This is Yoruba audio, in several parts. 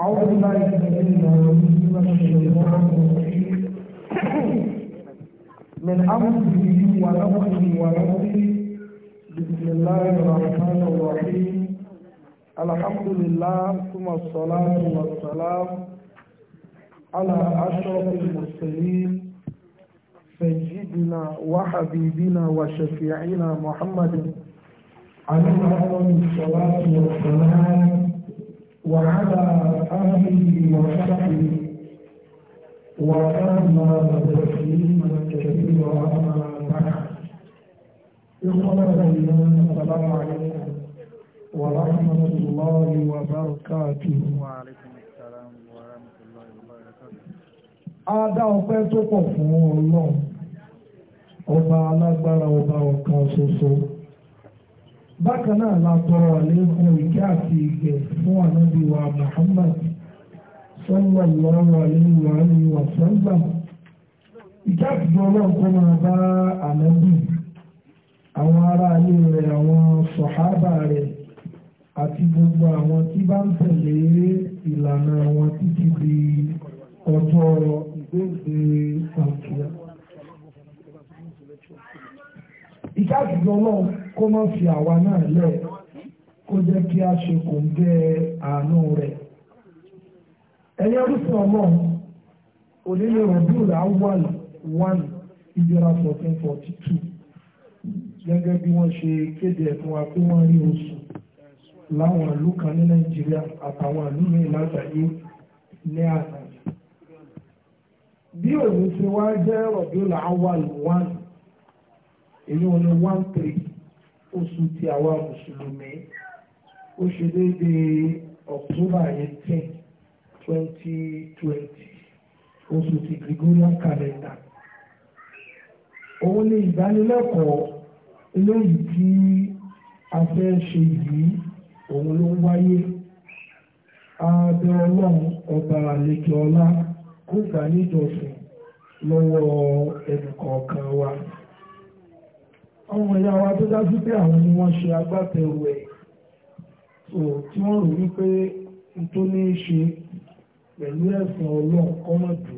أعوذ بالله من من أمره ونفخه ونفخه بسم الله الرحمن الرحيم الحمد لله ثم الصلاة والسلام على أشرف المرسلين سيدنا وحبيبنا وشفيعنا محمد عليه الصلاة والسلام Wa ụmụ ụmụ ada okpeteppụl ụbala gbara ụbra ka ọtụtụ bákan náà la tọrọ àlékún ìkẹ́ àti ìgẹ̀ fún ànábì wa Muhammad sallallahu alaihi wa alihi wa sallam ìkẹ́ àtijọ́ ọlọ́run kó máa bá ànábì àwọn ará ilé rẹ̀ àwọn sọ̀hábà rẹ̀ àti gbogbo àwọn tí bá ń tẹ̀lé ìlànà àwọn títí di ọjọ́ ìgbéǹde àkíyà. ìkẹ́ àtijọ́ ọlọ́run kó má fi àwa náà lẹ̀ kó jẹ́ kí a ṣe kò ń gẹ́ àánú rẹ̀. ẹ̀yẹ orúkọ ọlọ́run onílé rọ̀dúrà wà one ìjọra fourteen forty two gẹ́gẹ́ bí wọ́n ṣe kéde ẹ̀fún wa pé wọ́n rí oṣù láwọn ìlú kan ní nàìjíríà àtàwọn ìlú mi lágbàáyé ní àná. bí òun ṣe wá jẹ́ rọ̀dúrà wà one èyí wọn ni one three oṣù tí àwa mùsùlùmí ó ṣe déédéé october eighteen 2020, twenty oṣù ti gregorian calendar òun ni ìdánilẹ́kọ̀ọ́ eléyìí tí a fẹ́ ṣe yìí òun ló ń wáyé abẹ ọlọ́run ọba àlejò ọlá kó gbà níjọsìn lọ́wọ́ ẹnìkọ̀ọ̀kan wa ọmọ ìyá wa tó dájú pé àwọn ni wọ́n ṣe agbátẹrù ẹ̀ tí wọ́n rò wípé tó ní í ṣe pẹ̀lú ẹ̀sìn ọlọ́run kọ́mọ̀dù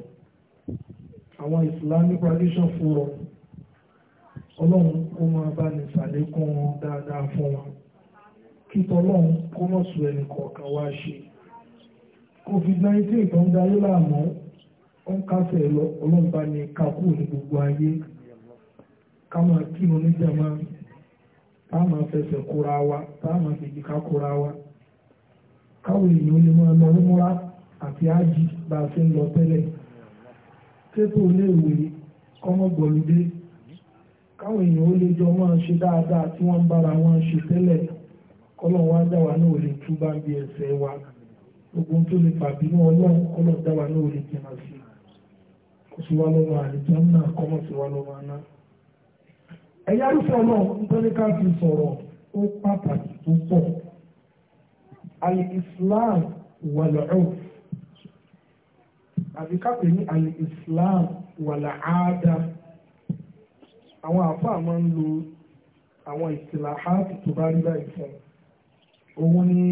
àwọn Islamic Coalition Forum ọlọ́run kó máa bá ní ṣàlékún wọn dáadáa fún wọn kí tọ́lọ́run kó mọ̀ sùn ẹnì kọ̀ọ̀kan wá ṣe COVID-19 tó ń darí láàmú ó ń kásẹ̀ lọ ọlọ́run bá ní kakú ní gbogbo ayé ká máa kírun níjàmá tá a máa fẹsẹ̀ kóra wa tá a máa fèjì ká kóra wa káwọn èèyàn lè máa lọ múra àti ájì bá a ṣe ń lọ tẹ́lẹ̀ kétò léèwé kọ́mọ́gbọ̀lùdé káwọn èèyàn ó lè jọ máa ṣe dáadáa tí wọ́n ń bára wọn ṣe tẹ́lẹ̀ dá wa náà lè túbá bí ẹsẹ̀ wa gbogbo tó lè ọlọ́run dá wa náà lè jìnnà sí kò sí ẹ̀yà rúfẹ́ ọlọ́run nítorí ká fi sọ̀rọ̀ ó pàtàkì tó pọ̀ al-islam wal-urf àbí kápẹ́ ní al-islam wal-aada àwọn àfáà máa ń lo àwọn ìsìláhàtì tó bá rí báyìí fún òun ni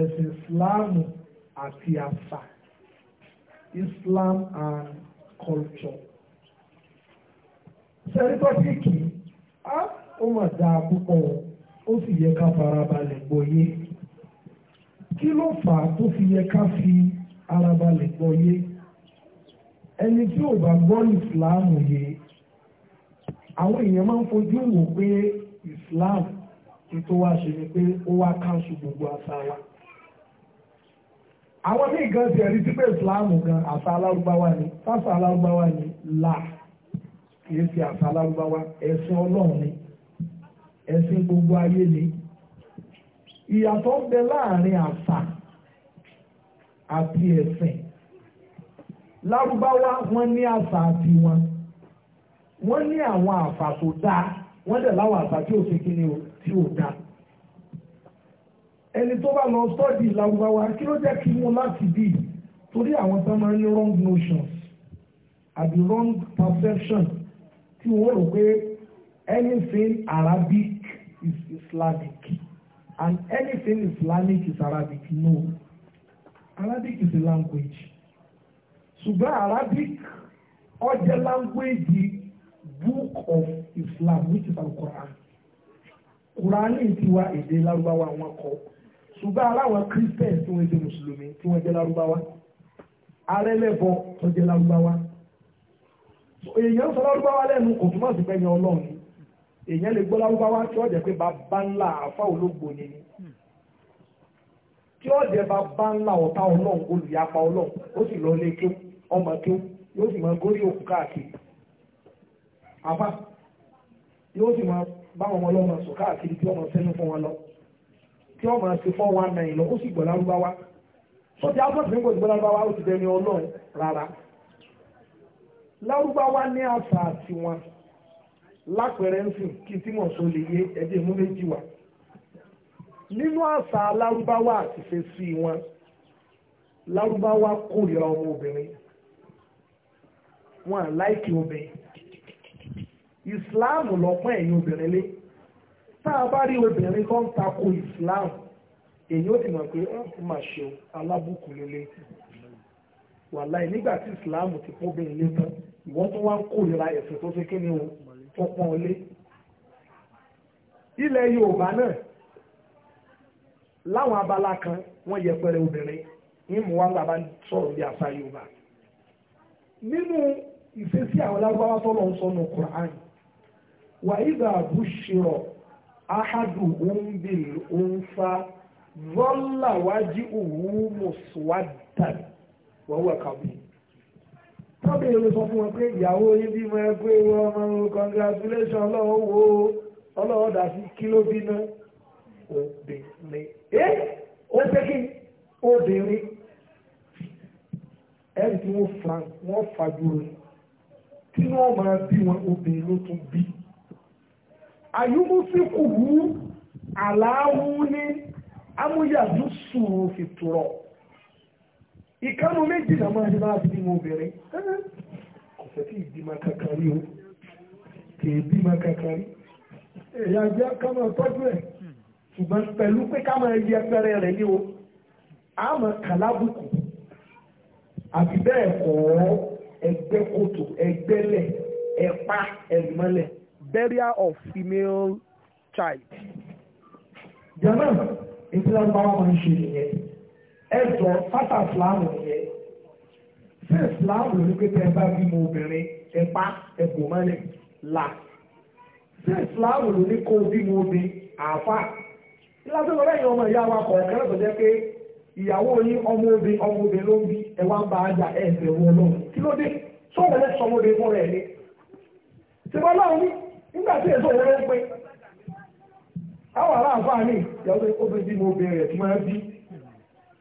ẹ̀sìn islam àti àṣà islam and culture sẹ́rí tọ́síkì á ó mà dáa púpọ̀ ó sì yẹ ká farabalẹ̀ gbọ́yé kí ló fà á tó fi yẹ ká fi arabalẹ̀ gbọ́yé ẹni tí ò bá gbọ́ ìsìláàmù yé àwọn èèyàn máa ń fojú wò pé ìsìláàmù tó wá ṣe ni pé ó wá káṣù gbogbo àṣà wa àwọn míì gan ti ẹ̀rí pé ìsìláàmù gan àṣà alárúbáwá ni fásà alárúbáwá ni láà kì í ṣe àṣà lárúbáwá ẹ̀sìn ọlọ́run ni ẹ̀sìn gbogbo ayé ni ìyàtọ̀ ń bẹ láàrin àṣà àti ẹ̀sìn lárúbáwá wọ́n ní àṣà àti wọn wọ́n ní àwọn àṣà tó dáa wọ́n dẹ̀ láwọn àṣà tí ò ṣe kí ni o tí ò dáa ẹni tó bá lọ sọ́ọ̀dì lárúbáwá kí ló jẹ́ kí mú láti bíi torí àwọn tó máa ń ní wrong notions àbí wrong perception tí wọ́n rò pé anything Arabic is Islamic and anything Islamic is Arabic no Arabic is a language ṣùgbọ́n Arabic ó jẹ́ language book of Islam which is Al-Quran Kùránì tiwa èdè larubawa wọn kọ ṣùgbọ́n aláwọ̀ christian tí wọ́n ṣe mùsùlùmí tí wọ́n jẹ́ Lárúbáwá arẹ́lẹ́bọ tó jẹ́ èèyàn sọ lárúbáwá lẹ́nu kò túmọ̀ sí pé ẹni ọlọ́run èèyàn lè gbọ́ lárúbáwá tí ó jẹ́ pé bàbá ńlá àfa olóògbò ni ni tí ó jẹ́ bàbá ńlá ọ̀tá ọlọ́run olùyapa ọlọ́run ó sì lọ lé kéw ọmọ kéw yóò sì máa górí òkú káàkiri àbá yóò sì máa bá wọn lọ́mọ sùn káàkiri tí wọ́n máa sẹ́nu fún wọn lọ tí wọ́n máa ṣe four one nine lọ ó sì gbọ́ lárúbáwá sọ́jà ápọ̀tì nígbà tí gbọ́ lárúbáwá ó ti dẹni ọlọ́run lárúbáwá ní àṣà àtiwọn lápẹẹrẹ ń sìn kí tí mọ̀ sọ lè yé ẹbí mú méjì wá nínú àṣà lárúbáwá àti fẹ́ sí wọn lárúbáwá kórìíra ọmọ obìnrin wọn àláìkì obìnrin ìsìláàmù lọ́pọ̀ ẹ̀yìn obìnrin lé tá a bá rí obìnrin kan tako ìsìláàmù èyí ó ti mọ̀ pé wọ́n ti máa ṣe alábùkù lélẹ̀ wàláì nígbà tí ìsìláàmù ti pọ́bìnrin lé tán ìwọ́n tó wá kórìíra ẹ̀sìn tó ṣe kí ni o tó pọ́n ọ lé ilẹ̀ Yorùbá náà láwọn abala kan wọ́n yẹpẹrẹ obìnrin ní mò wá ń sọ̀rọ̀ bí àṣà Yorùbá nínú ìṣesí àwọn lágbára tó lọ ń Quran wà ìgbà àbúṣirọ̀ ahadu ombil onfa zọ́là wájú òwú mùsùlùmí wàhùwà kàwé tọ́bí ìlú sọ fún wọn pé ìyàwó yín bí mọ ẹgbẹ́ ìwọ ọmọ ọmọ congratulation ọlọ́wọ́ wo ọlọ́wọ́ dà sí kíló bínú obìnrin ẹ́ ó pé kí obìnrin ẹni tí wọ́n fa wọ́n fagoro tí wọ́n máa bí wọn obìnrin ló tún bí àyùmú sí ní amúyàdúsù fìtúrọ̀ ìkánu méjì náà máa ní máa bí wọn obìnrin kò fẹ́ kí ìbímọ kankan rí o kì í bímọ kankan rí èyí ajá ká máa tọ́jú ẹ̀ ṣùgbọ́n pẹ̀lú pé ká máa yẹ pẹrẹ rẹ̀ ní o a máa kàlábùkù àbí bẹ́ẹ̀ kọ́ ẹgbẹ́ kòtò ẹgbẹ́lẹ̀ ẹ̀pá ẹ̀mọ́lẹ̀ burial of female child. jọ̀nà ìtura bá wọn máa ń ṣe nìyẹn ẹjọ́ pátá ìsìláàmù yẹn ṣé ìsìláàmù ní pé tẹ́ bá bímọ obìnrin ẹ pa ẹ̀gbọ́n mọ́lẹ̀ là ṣé ìsìláàmù ló ní kó bímọ obìnrin àáfà ìlàsọ lọ́rẹ́ yẹn ọmọ ìyá wa kọ̀ọ̀kan lọ́sọ̀ jẹ́ pé ìyàwó yín ọmọ obìnrin ọmọ obìnrin ló ń bí ẹ wá ń bá ajá ẹ̀ ẹ̀fẹ̀ wọn lọ́wọ́ kí ló dé sọ́wọ́n lẹ́ sọmọdé fún rẹ̀ ni ṣùgbọ́n láwọn ní nígbà tí èso òun ló ń pè àwọn aláàfáà ní ìyàwó obìnrin bí mo bẹ̀rẹ̀ tí máa ń bí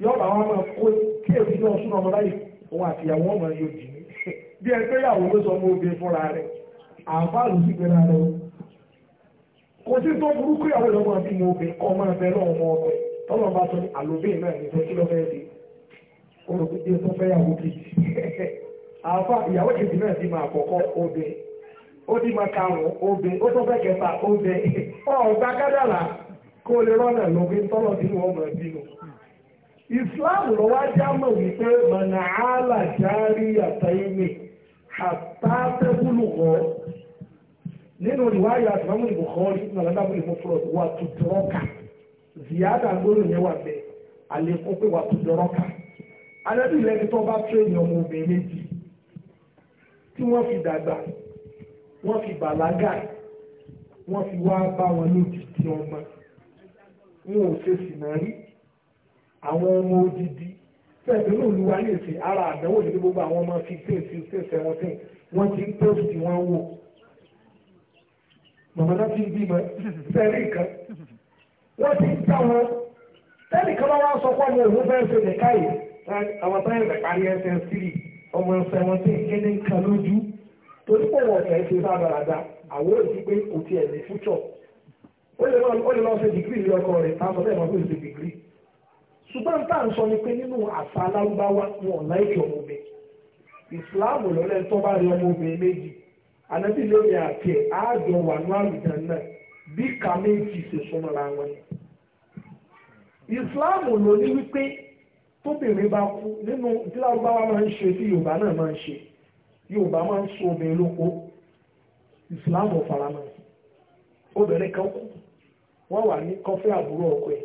yọba wọn máa kó náà súnà ọmọ láyè òun àti ìyàwó ọmọ yóò dì í bí ẹ pé ìyàwó ló sọ ọmọ obìnrin fúnra rẹ̀ àbáàlù sì gbéra rẹ̀ o kò sí tó burúkú ìyàwó ọmọ bíi mo bẹ ọmọ ẹgbẹ́ náà ọmọ tọlọ bá náà kí ló di tó yàwó kejì ìyàwó kejì náà ti máa ó ti máa karùn ó tó kẹta ọ̀ọ́ islam ló wá já mọ̀ wípé mọ̀nà àálà járí àtàyèmí àtàtẹ́kùlùkọ́ nínú ìwáyà àtàmù ìbùkọ́rí nàlọ́dàmù ìmúfúrọ̀dù wà tùdúrọ́kà ziyada gbóòrò yẹn wà bẹ́ẹ̀ àlékún pé wà tùdúrọ́kà alẹ́bí lẹ́ni tó bá tún èèyàn ọmọ obìnrin méjì tí wọ́n fi dàgbà wọ́n fi bàlágà wọ́n fi wá bá wọn lójú ọmọ wọn ò ṣe sì náà rí àwọn ọmọ odidi fẹ́ẹ̀dùn ní olúwa lè ṣe ara àdánwò ní gbogbo àwọn ọmọ fifteen sixteen seventeen wọ́n ti ń post wọn wò màmá náà ti ń bímọ sẹ́rí kan wọ́n ti ń tà wọn sẹ́rí kan bá wá sọ pé ọmọ òun fẹ́ẹ́ ṣe nìka yìí àwọn táyà rẹ̀ parí ẹsẹ̀ sírì ọmọ seventeen kéde ń kan lójú torí pé wọ́n fẹ́ẹ́ ṣe sábàràdà àwọn òsì pé kò tiẹ̀ ní fútsọ̀ ó lè lọ ṣe dìgírì lọ́kọ rẹ̀ táwọn ọ̀sẹ̀ ìmọ̀ fún ìṣe dìgírì ṣùgbọ́n tá à ń sọ ni pé nínú àṣà aláwùbáwá wọn láìkí ọmọ mi ìsìláàmù lọ́lẹ́ tó bá rí ọmọ mi méjì ànábì lórí àti àjọ wà ní àwùjọ náà bí ká méjì ṣe súnmọ́ra wọn ni. ìsìláàmù ló ní wípé tóbìnrin bá kú nínú tí láwùbáwá máa ń ṣe tí yorùbá náà máa ń ṣe yorùbá máa ń sún obìnrin lóko ìsìláàmù faramọ́ obìnrin kan kú wọ́n wà ní kọfí àbúrò ọkọ ẹ̀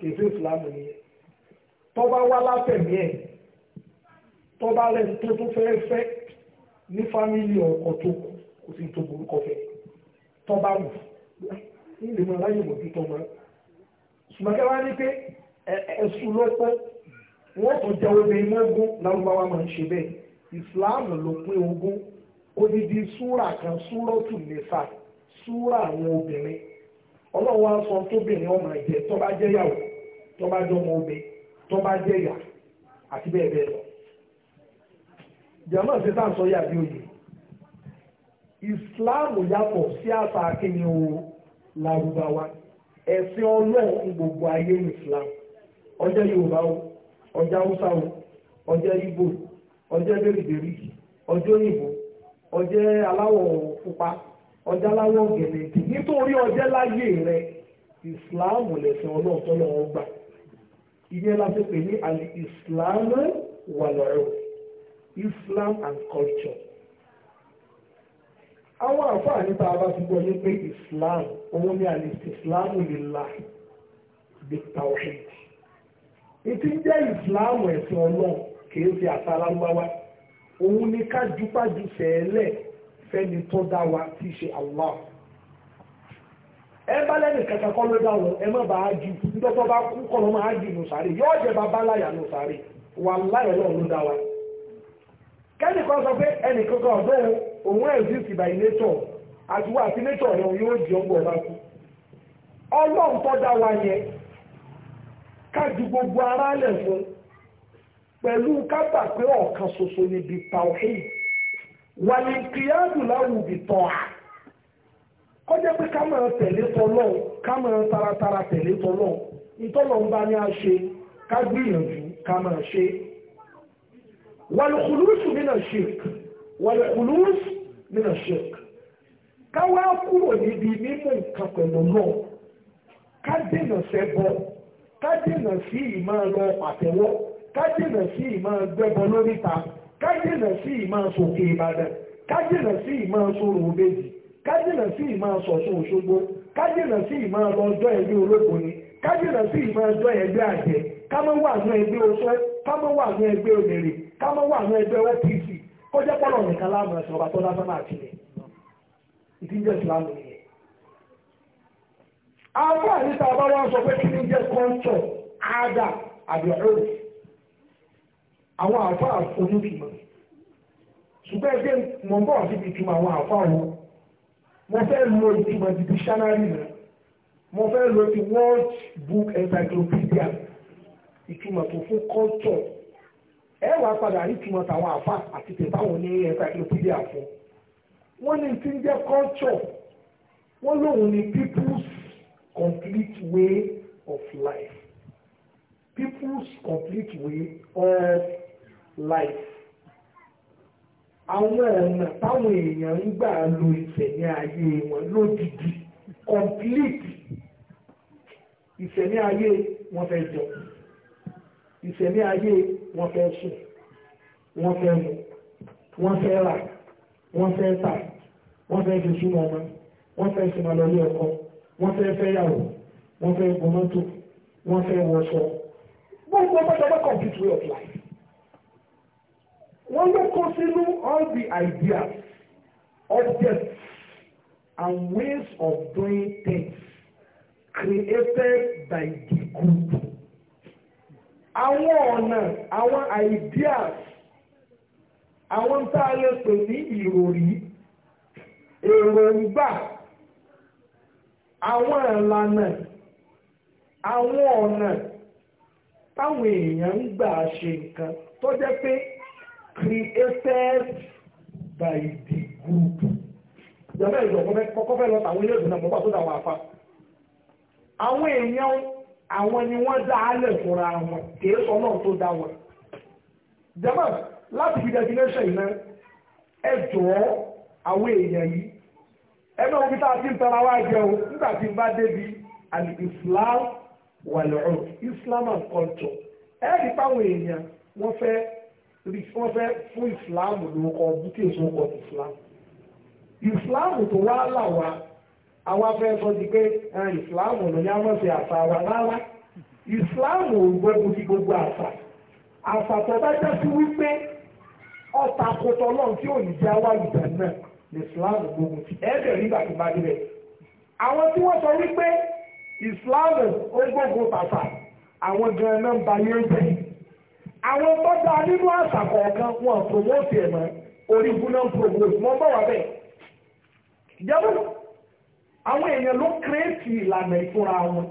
kèfé ìsìláàmù nìyẹn tọ́ba wá látẹ̀mí ẹ̀ tọ́ba lẹ́nu tó tún fẹ́ fẹ́ ní fámìlì ọkọ tó kù kò sí tó burúkọ fẹ́ tọ́ba wù ní ìlú máa láyè mọ̀jú tó máa sùmọ́kẹ́ wá ní pé ẹ̀sùn lọ́pọ̀ wọ́n tó jẹ́ omi inú ogún lárúbáwá máa ń ṣe bẹ́ẹ̀ ìsìláàmù ló pín ogún odidi súrà kan súrọ́tù nìfà súrà àwọn obìnrin ọlọ́run á sọ tóbìnrin ọmọ ẹ̀jẹ̀ tọ́ba jẹ́yàwó tọ́ba jọmọ obìnrin tó bá jẹ́ ìyà àti bẹ́ẹ̀ bẹ́ẹ̀ lọ. jẹ́mọ́ ṣe tá à ń sọ yà bí òye ìsìláàmù yàtọ̀ sí àṣà akínyìn o lárúbáwá ẹ̀sìn ọlọ́run gbogbo ayé ìsìláàmù ọjọ́ yorùbá o ọjọ́ haúsá o ọjọ́ ìgbò ọjọ́ bẹ́rìbẹ́rì ọjọ́ òyìnbó ọjọ́ aláwọ̀ pupa ọjọ́ aláwọ̀ nítorí ọjọ́ láyé rẹ ìsìláàmù lẹ̀sìn ọlọ́run gbà ìyẹn la ṣe pè ní àlè islam wàlọ́rọ̀ islam and culture àwọn àǹfààní tá a bá ti gbọ́ yé pé islam òun ni àlè islam lè la The tawhid ìtí ń jẹ́ islam ẹ̀sìn ọlọ́run kìí ṣe àṣà alágbáwá òun ni ká jupájú sẹ́ẹ̀lẹ̀ fẹ́ni tó dá wa ti ṣe Allah ẹ kẹta kọ́ ló dáwọn ẹ má bàá jù ndọ́tọ́ bá kú kọ́nà máa jù yóò jẹ bàbá láyà wà ló kan sọ pé ẹnì kankan ọ̀dọ́ òun by nature àti yóò kú. ọlọ́run dá wa yẹn gbogbo ara lẹ̀ fún pẹ̀lú pé ọ̀kan ṣoṣo níbi kọjá pé ká máa tẹ̀lé tọ́lọ́ ká máa taratara tẹ̀lé tọ́lọ́ ìtọ́lọ́ ń bá ní a ṣe ká gbìyànjú ká máa ṣe. wàlúkùlùsù nínà ṣèk wàlúkùlùsù nínà ṣèk ká wá kúrò níbi mímú nǹkan pẹ̀lú náà ká dènà sẹ́bọ ká dènà sí ìmọ̀ lọ pàtẹ́wọ́ ká dènà sí ìmọ̀ gbẹ́bọ lóríta ká dènà sí ìmọ̀ sòkè ìbàdàn ká dènà sí ìmọ̀ sòrò òbejì kájìnà sí ìmọ̀ sọ̀tún òṣogbo kájìnà sí ìmọ̀ ọjọ́ ẹgbẹ́ ológun ni kájìnà sí ìmọ̀ ọjọ́ ẹgbẹ́ àjẹ́ kámọ́ egbe ẹgbẹ́ oṣó kámọ́ ẹgbẹ́ òmìnir kámọ́ ẹgbẹ́ opc kọjá pọ́lọ̀ nìkan láàmú ẹ̀sìn ọba tó lásán máa tilẹ̀ ìdí ìsìlámù nìyẹn. àwọn àyíká ọba wa sọ pé kí ni jẹ́ kọ́ńtọ̀ ádà àbí mo fẹ́ lo ìtumọ̀ di dictionary rẹ̀ mo fẹ́ lo ti world book encyclopedia ìtumọ̀ tó fún culture ẹ wàá padà rí ìtumọ̀ tàwọn àfa àti tẹ̀síwọ̀n ní encyclopedia fún wọ́n ní ti ń jẹ́ culture wọ́n lóun ní people's complete way of life people's complete way of life àwọn ọ̀nà táwọn èèyàn ń gbà lo ìsẹ̀mí ayé wọn lódìdí complete ìsẹ̀mí ayé wọn fẹ́ jọ ìsẹ̀mí ayé wọn fẹ́ sùn wọ́n fẹ́ mu wọ́n fẹ́ rà wọ́n fẹ́ tà wọ́n fẹ́ fi súnmọ́ ọmọ wọ́n fẹ́ sinmi lọ́lé ọkọ wọ́n fẹ́ fẹ́yàwó wọ́n fẹ́ gbọmọ́tò wọ́n fẹ́ wọṣọ gbogbo pátápátá complete way of life wọ́n ló kó sínú all the ideas objects and ways of doing things created by the group. àwọn ọ̀nà àwọn ideas àwọn tá a lè pè ní ìròrí èròǹgbà àwọn ìlànà àwọn ọ̀nà táwọn èèyàn ń gbà ṣe nǹkan tó jẹ́ pé created by the group. Ìjọba ìjọba kọ́kọ́ fẹ́ lọ sàwọn ilé ìdùnnà mọ́gbà tó dàwọn afá. Àwọn èèyàn àwọn ni wọ́n dá alẹ̀ fúnra wọn, kìí sọ náà tó dá wọn. Ìjọba láti fi definition iná, ẹ jọ̀ọ́ àwọn èèyàn yìí. Ẹ náà wọ́n fi tá a ti ń tara wá jẹun nígbà tí n bá débi al-Islam wal-urf, Islam and culture. Ẹ̀ẹ́dì páwọn èèyàn wọ́n fẹ́ torí wọ́n fẹ́ fún ìsìláàmù ló kọ búkẹ́ ìsúnkọ ìsìláàmù ìsìláàmù tó wá là wá àwọn afẹ́ sọ di pé ìsìláàmù ló ní àwọn ṣe àṣà wa rárá ìsìláàmù ò gbẹ́gun sí gbogbo àṣà àṣà tó bá já sí wípé ọ̀tà kòtò náà tí ò ní já wá ìgbà náà ní ìsìláàmù gbogbo tí ẹ̀ẹ́dẹ̀ nígbà tó bá débẹ̀ àwọn tí wọ́n sọ wípé ìsìláàmù ó gbógun tàṣà àwọn gan-an náà ń ba yẹn jẹ́ àwọn tó dá nínú àṣà kọ̀ọ̀kan wọn promote ẹ̀ mọ́ orí ibùdó promote wọn bọ̀ wá bẹ́ẹ̀ ìjẹ́bù àwọn èèyàn ló kírètì ìlànà ìfúnra wọn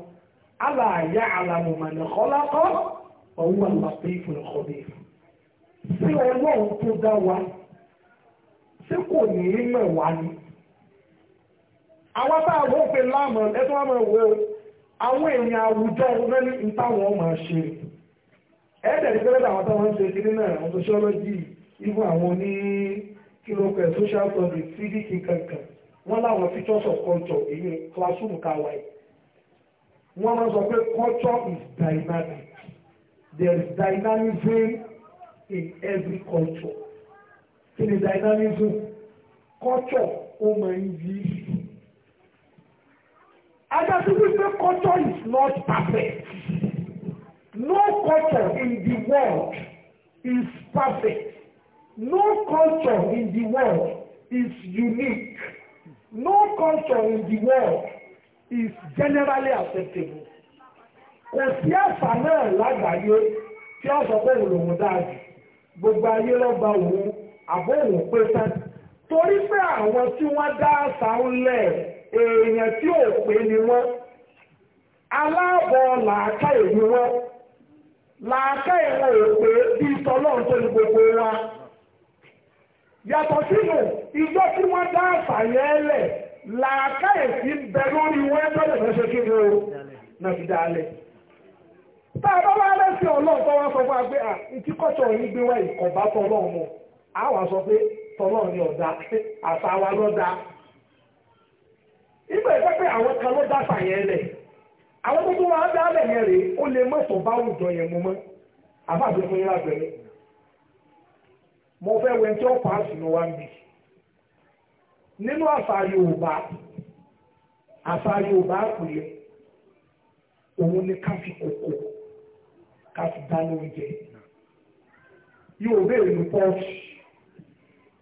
aláàyá alàmùmọ̀nà kọ́lákọ́ ọ̀hún àlàpé ìfúnakọ́bí sí ọlọ́run tó dá wa tí kò ní í mọ̀ wá ni àwọn táà ló ń pè láàmọ̀ ẹ̀tọ́ àmọ̀ ìwé àwọn èèyàn àwùjọ náà ní ìtàwọn ọmọ ṣe rè ẹ̀ẹ́dẹ̀ẹ́dẹ́ pẹ́lẹ́ àwọn táwọn ń ṣe kiri náà àwọn sociology irú àwọn oní kílókẹ̀ social studies civic kankan wọ́n láwọn features of culture èyí classroom káwa yìí wọ́n máa sọ pé culture is dynamic there is dynamism in every culture kí ni dynamism culture ó máa ń yí. Adásí wípé culture is not perfect. No culture in the world is perfect. No culture in the world is unique. No culture in the world is generally acceptable. Kò sí àṣà náà lágbàáyé tí ó sọ pé òun lòun Gbogbo ayé ló gba òun àbóhùn pé tán. Torí pé àwọn tí wọ́n dá àṣà ń lẹ̀ èèyàn tí ò pé ni wọ́n. Aláàbọ̀ làákà èyí wọ́n. làákà ìwọ̀n òpè bí tọ́lọ́run tó ní gbogbo wa yàtọ̀ sínú ìjọ tí wọ́n dá àṣàyẹ́ ẹlẹ̀ làákà ìsí bẹ lórí wọn ẹgbẹ́ lẹ́fẹ́ ṣe kí ni o náà fi dálẹ̀ a bá wá lẹ́sìn ọlọ́run tó wá sọ fún wa pé à ìtí yìí gbé wá ìkọ̀bá tọ́lọ́run mu á wà sọ pé tọ́lọ́run ni ọ̀dà àṣà wa lọ́dà ìgbà pé kan ló dá àwọn gbogbo wa dálẹ̀ yẹn rèé ó lè mọ̀tò bá òòjọ́ yẹn mú mọ́ àbájọ fún yín lábẹ́rẹ́ mo fẹ́ wẹ tí ó pa àsìnú wa ń bì nínú àṣà Yorùbá àṣà Yorùbá àpèlé òun ni ká fi kòkó ká fi dáná oúnjẹ yóò béèrè lu pọ́ọ̀sì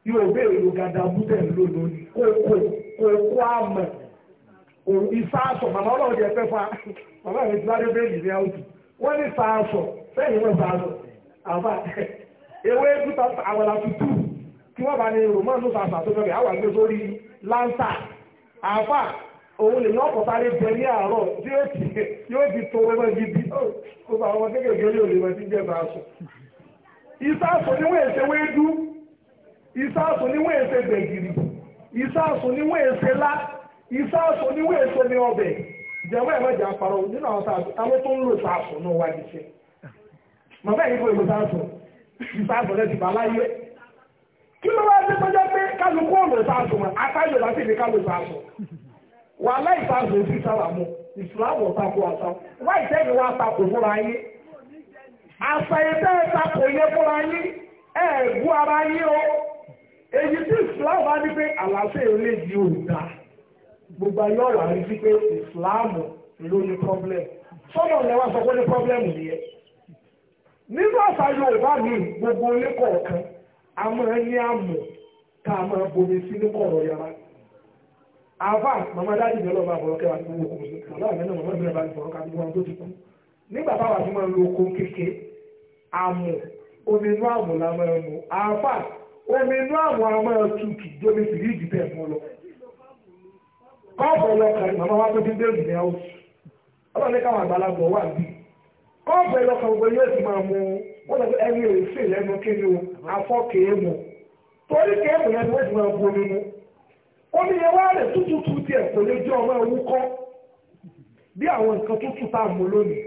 yóò béèrè lu gàdàbúdẹ̀ lónìí kókó kókó àmọ̀ òun ìsáàsọ̀ màmá ọlọ́run jẹ́ pẹ́ fún wa màmá rẹ̀ ti láyé bẹ́ẹ̀ nìyẹn àwùjọ wọ́n ní sáàsọ̀ sẹ́yìn wọ́n sáàsọ̀ àbá ewé tuta àwàlà tutù tí wọ́n bá ní roman ló sàṣà tó fẹ́ àwọn àgbẹ̀ sórí láńtà àbá òun lè yọ ọkọ̀tà lè bẹ ní àárọ̀ tí yóò ti tó wọ́n gidi ó bá wọn kékeré yóò lè wọ́n ti jẹ́ sáàsọ̀ ìsáàsọ̀ ni wọ́n èsè wéédú ìsáàsọ̀ ni wọ́n èsè gbẹ̀gìrì ìsáàsọ̀ ni wọ́n ìsáàsù oníwé èso ní ọbẹ̀ ìjẹ̀wọ́ ẹ̀mọ́ ìjà parọ́ nínú àwọn sáàsù táwọn tó ń lò sáàsù náà wá níṣẹ́ màmá yìí kò èlò sáàsù ìsáàsù rẹ̀ ti bà láyé kí ló wá dé tọ́jọ́ pé kálukú ọ̀nà sáàsù mọ́ akáyọ̀ láti ní kálù sáàsù wà láì sáàsù òfin sábà mọ́ ìsìláàmù ọ̀tàkù àṣà wá ìtẹ́yìn wá takò fúnra yín àṣà ìtẹ́ takò yẹ fúnra yín ẹ̀ẹ́gú ara yín o èyí tí ìsìláàmù á ní pé àlàáfíà ilé yìí ò dáa gbogbo ayé ọ̀rọ̀ àrí sí pé ìsìláàmù ló ní problem sọ́nà lẹ́wà sọ pé ní problem nìyẹn nínú àṣà Yorùbá mi gbogbo ilé kọ̀ọ̀kan a máa ní àmọ̀ tá a máa bomi sí ní kọ̀ọ̀rọ̀ yàrá àbá màmá dájú ìjọba ọba àbọ̀rọ̀ kẹwàá tó wọ kùnú bàbá àmì náà màmá mi náà bá ti bọ̀rọ̀ ká gbogbo àwọn tó ti kú nígbà báwa ti máa lo oko kéke àmọ̀ omi inú àmọ̀ la máa mọ̀ àbá omi inú àmọ̀ a máa tutù domi sì rí ìdìbẹ̀ mọ́ lọ kọ́ọ̀bù ẹlọ́kàn ni màmá wa tó ti dé òdì ní ọ̀hún ọlọ́run ní káwọn àgbàlagbọ̀ wà bí kọ́ọ̀bù ẹlọ́kàn gbogbo yóò ti máa mu wọ́n lọ ẹni ò sí lẹ́nu kí ni o afọ́ kéémù torí kéémù yẹn ni wọ́n ti máa bu omi mu omi yẹn wá rẹ̀ tútútù tiẹ̀ kò lè jẹ́ ọmọ ewu kọ́ bí àwọn nǹkan tútù tá à ń mu lónìí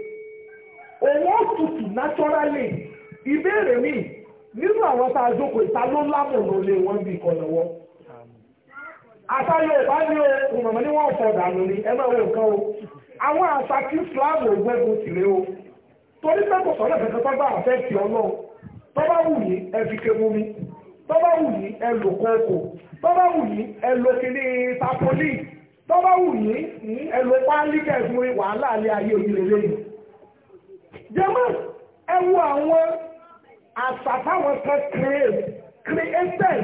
òun ó tutù naturally ìbéèrè mi nínú àwọn tá a jókòó ìta ló lámọ̀nà lé wọn bí ìkọ̀nà wọn àtàlẹ́ ò bá ní ohun mọ̀mọ́ ní wọ́n fọ̀ dànù ni ẹ máa wo nǹkan o àwọn àṣà tí ògbẹ́gun sì o torí pé kò sọ̀rọ̀ ẹ̀fẹ̀ tó bá àfẹ́ ti ọlọ́run tó bá wù yí ẹ fi ké mú mi tó bá wù yí ẹ lò kókò tó bá wù yí ẹ lò kíní tapoli tó bá wù yí hmm, ẹ lò páálí kẹfún wàhálà alẹ́ ayé òyìnbó lẹ́yìn. jẹ́mọ́ ẹ wo àwọn àṣà táwọn kan create created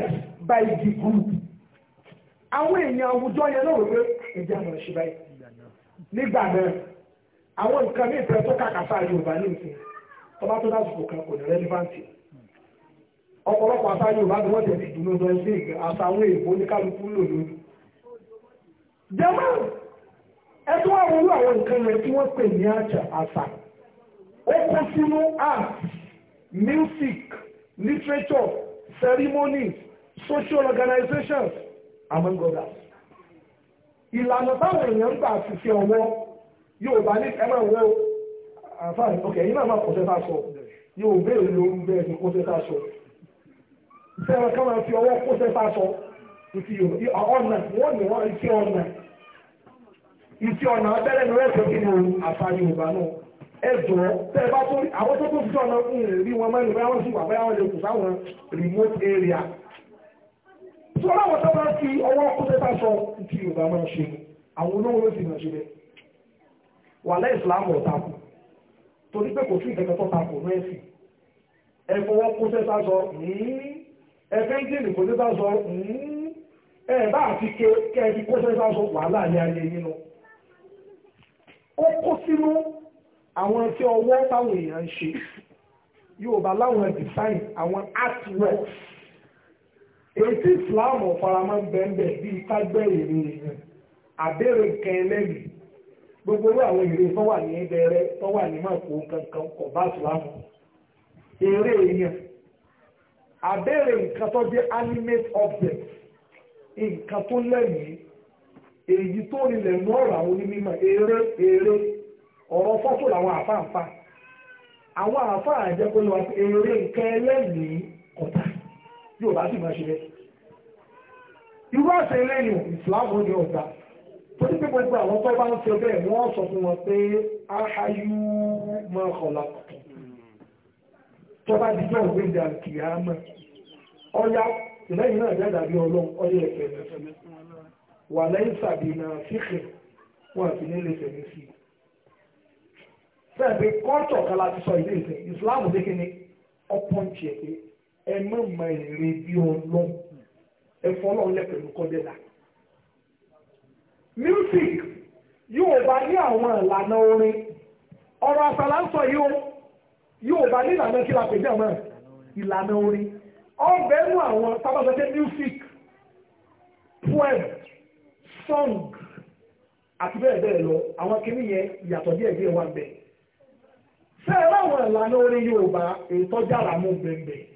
by the group àwọn èèyàn àwùjọ yẹn náà wípé ìjà náà ṣe báyìí nígbà náà àwọn nǹkan ní ìfẹ́ tó kàkàfà yorùbá ní ìsìn tọ́ba tó dásìkò kan kò ní rẹ́lífáǹtì ọ̀pọ̀lọpọ̀ àṣà yorùbá ni wọ́n jẹ̀ ti dùn lọ́dọ̀ sí àṣà àwọn èèbó ní kálukú lò lórí. jẹ́mọ́ ẹ tó wá wọlé àwọn nǹkan yẹn tí wọ́n pè ní àjà àṣà ó kó sínú art music literature ceremonies social organizations among others. ìlànà táwọn èèyàn ń gbà àfìsí ọwọ́ yóò bá ní ẹ̀rọ ìwé àfáàní ok yìí náà máa kọ́ sẹ́ta sọ yóò béèrè lórí bẹ́ẹ̀ ni kó sẹ́ta sọ sẹ́wọ̀n kan máa fi ọwọ́ kó sẹ́ta sọ ìfi ọ̀nà wọ́n ní wọ́n ìfi ọ̀nà ìfi ọ̀nà abẹ́rẹ́ ni wọ́n fẹ́ kí ni àfáàní yorùbá náà ẹjọ tẹ bá tó àwọn tó tó fi ọ̀nà fún rí wọn mẹ́rin báyọ̀ sí wà báyọ̀ lè kù sáwọn remote area tí wọ́n láwọn tó bá fi ọwọ́ kúté tá sọ ti yorùbá máa ṣe àwọn olówó ló fi hàn ṣe bẹ́ẹ̀ wà láì ìsìlámù ọ̀tá kù torí pé kò sí ìkẹ́kẹ́ tó ta kù náà sì ẹ fọwọ́ kúté tá sọ ẹ fẹ́ ń dìrì kúté tá sọ ẹ bá àti ké kẹ́ ẹ fi kúté tá sọ wàhálà ní ayé nínú ó kó sínú àwọn tí ọwọ́ táwọn èèyàn ń ṣe yorùbá láwọn design àwọn artworks ètí ìsìláàmù faramọ́ bẹ́ẹ̀ bíi kágbẹ́ èrè èèyàn àbẹ̀rẹ̀ gbogbo owó àwọn èrè tó wà ní ẹgbẹ̀rẹ́ tó wà ní kankan kò bá ìsìláàmù èrè èèyàn àbẹ̀rẹ̀ nǹkan tó jẹ́ animate object nǹkan tó lẹ́yìn èyí tó rinlẹ̀ mú ọ̀rọ̀ àwọn onímọ̀ eré eré ọ̀rọ̀ fọ́tò làwọn àfáàfáà àwọn àfáà àjẹkọ́lọ́ eré nǹkan ẹlẹ́yìn kọ̀tà. yóò bá sì máa ṣe bẹ́ẹ̀. irú àṣẹ lẹ́yìn ìsìláàmù ni ọ̀gá tó ní pé gbogbo àwọn tó bá ń sọ bẹ́ẹ̀ wọ́n sọ fún wọn pé áháyú máa kọ̀lá tó bá dijọ́ ògbéǹde àkìyàmọ̀ ọ̀yá ìlẹ́yìn náà jáde àbí ọlọ́run ọyẹ ẹ̀fẹ̀ wà lẹ́yìn sàbìnà fífẹ̀ wọn àti nílé fẹ̀mí sí i fẹ́ẹ̀ pé kọ́ńtọ̀ kan láti sọ ilé ìfẹ́ ìsìláàmù dé kíni ọpọ́ǹtì ẹ̀ pé ẹ má mọ èrè bí ọlọ́n ẹ fọlọ́n lẹ pẹ̀lú kọ́dẹ́dà. music yóò bá ní àwọn ìlànà orin ọ̀rọ̀ àṣàlà ń sọ yóò bá ní ìlànà kí la pè ní àwọn ìlànà orin ọbẹ̀ nù àwọn sábàṣẹ́ṣẹ́ music poem song àti bẹ́ẹ̀ bẹ́ẹ̀ lọ àwọn kìíní yẹn ìyàtọ̀ díẹ̀ díẹ̀ wà bẹ́ẹ̀ fẹ́ẹ́ láwọn ìlànà orin Yorùbá ètò jára mú bẹ́ẹ̀ bẹ́ẹ̀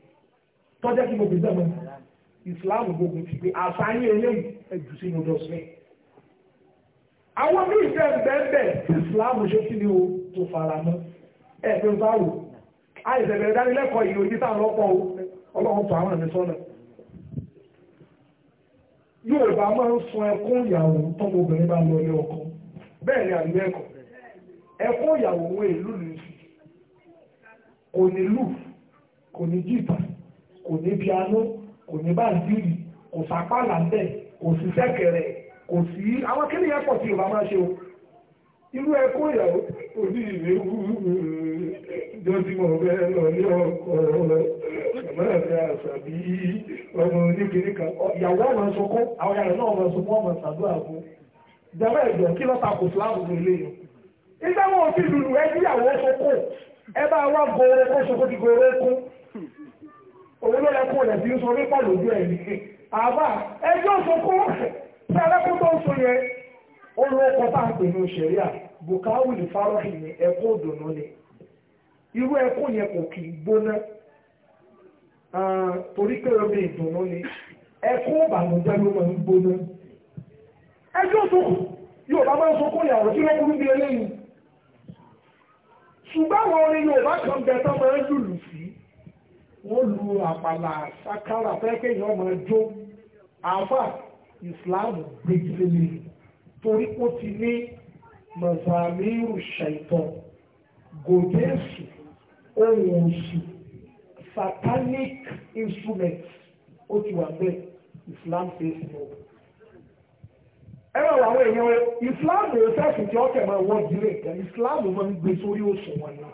tọ́jẹ́ kí mo fi bẹ́ẹ̀ mọ́ ìsìláàmù gbogbo ti pé àṣàyàn eléyìí ẹ̀jù sínú dọ̀sìn. àwọn bí ìfẹ́ bẹ́ẹ̀ tí ìsìláàmù ṣe kí ni o tó fara mọ́ ẹ̀ pé bá wò àìsẹ̀ bẹ̀rẹ̀ dánilẹ́kọ̀ọ́ yìí òjì táwọn ọlọ́pọ̀ ọlọ́run tó àwọn ẹ̀mí sọ́nà. Yorùbá máa ń sun ẹkún ìyàwó tọ́mọbìnrin bá lọ ilé ọkọ bẹ́ẹ̀ ni àbí ẹ̀kọ́ ẹkún ìyàwó wọn èlú nìyí kò ní lù kò ní jìbà kò ní piano kò ní bàǹdìrì kò sápàlà ń bẹ̀ kò sí sẹ́kẹ̀rẹ̀ kò sí àwọn kíni yẹn pọ̀ tí yorùbá máa ṣe o irú ẹkọ ìyàwó òní ìwé jọ tí mo fẹ́ lọ ní ọkọ̀ ọmọ ẹ̀fẹ́ àṣàbí ọmọ oníkiri kan ìyàwó ọmọ ṣokó àwọn ìyàwó náà ọmọ ṣokó ọmọ ṣàdúrà fún ìjọba ẹ̀jọ̀ kí lọ́ta kò fúláàbù tó lé yìí nígbà wọn ò fi lùlù ìyàwó ṣokó ẹ bá wá gòrò kó ṣokó ti gòrò kún òun ló lẹ́kùn rẹ̀ bí ń sọ nípa lójú ẹ̀ ní àbá ẹjọ́ sọkó tí alẹ́kùn tó ń sọ yẹn ó ló kọ́ bá ń pè ní òṣèré à bukawu lè farọ́ ìyẹn ẹkún òdùnnú ni irú ẹkún yẹn kò kì í gbóná torí pé omi ìdùnnú ni ẹkún ìbànújẹ́ ló máa ń gbóná ẹjọ́ sọkó Yorùbá máa ń sọkó ìyàwó tí wọ́n kúrú bí eléyìí ṣùgbọ́n àwọn orin Yorùbá kan bẹ tó máa ń lùlù wọ́n lu àpàlà sákàrà fẹ́kẹ́ ìyọ́ ọmọ jó àfà ìsìláàmù gbèjìlélẹ̀ torí ó ti ní mọ̀sàmírù ṣàìtọ̀ gòdẹ́sù ohun oṣù satanic instruments ó ti wà bẹ́ẹ̀ islam face no. ẹ̀rọ àwọn èèyàn islam ò sẹ́sùn tí ọ̀kẹ́ máa wọ́n dílé ìtàn islam máa ń gbé sórí òṣùwọ̀n náà.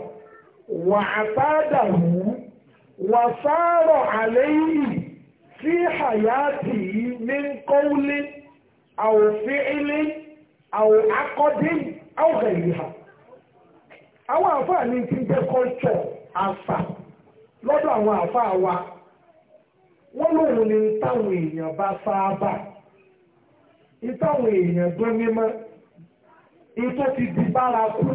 wàtádàhù wàsáàrọ̀ àléyìí fi hayati ní kọ́wúlé àwòfíìlé àwòakọ́dé àwòrẹ̀lìhà àwọn àfáà ní ti jẹ́ kọ́ńtọ̀ àṣà lọ́dọ̀ àwọn àfáà wa wọ́n lóun ni táwọn èèyàn bá sáábà ìtàwọn èèyàn gbọ́n mímọ́ ìtò ti di bárakú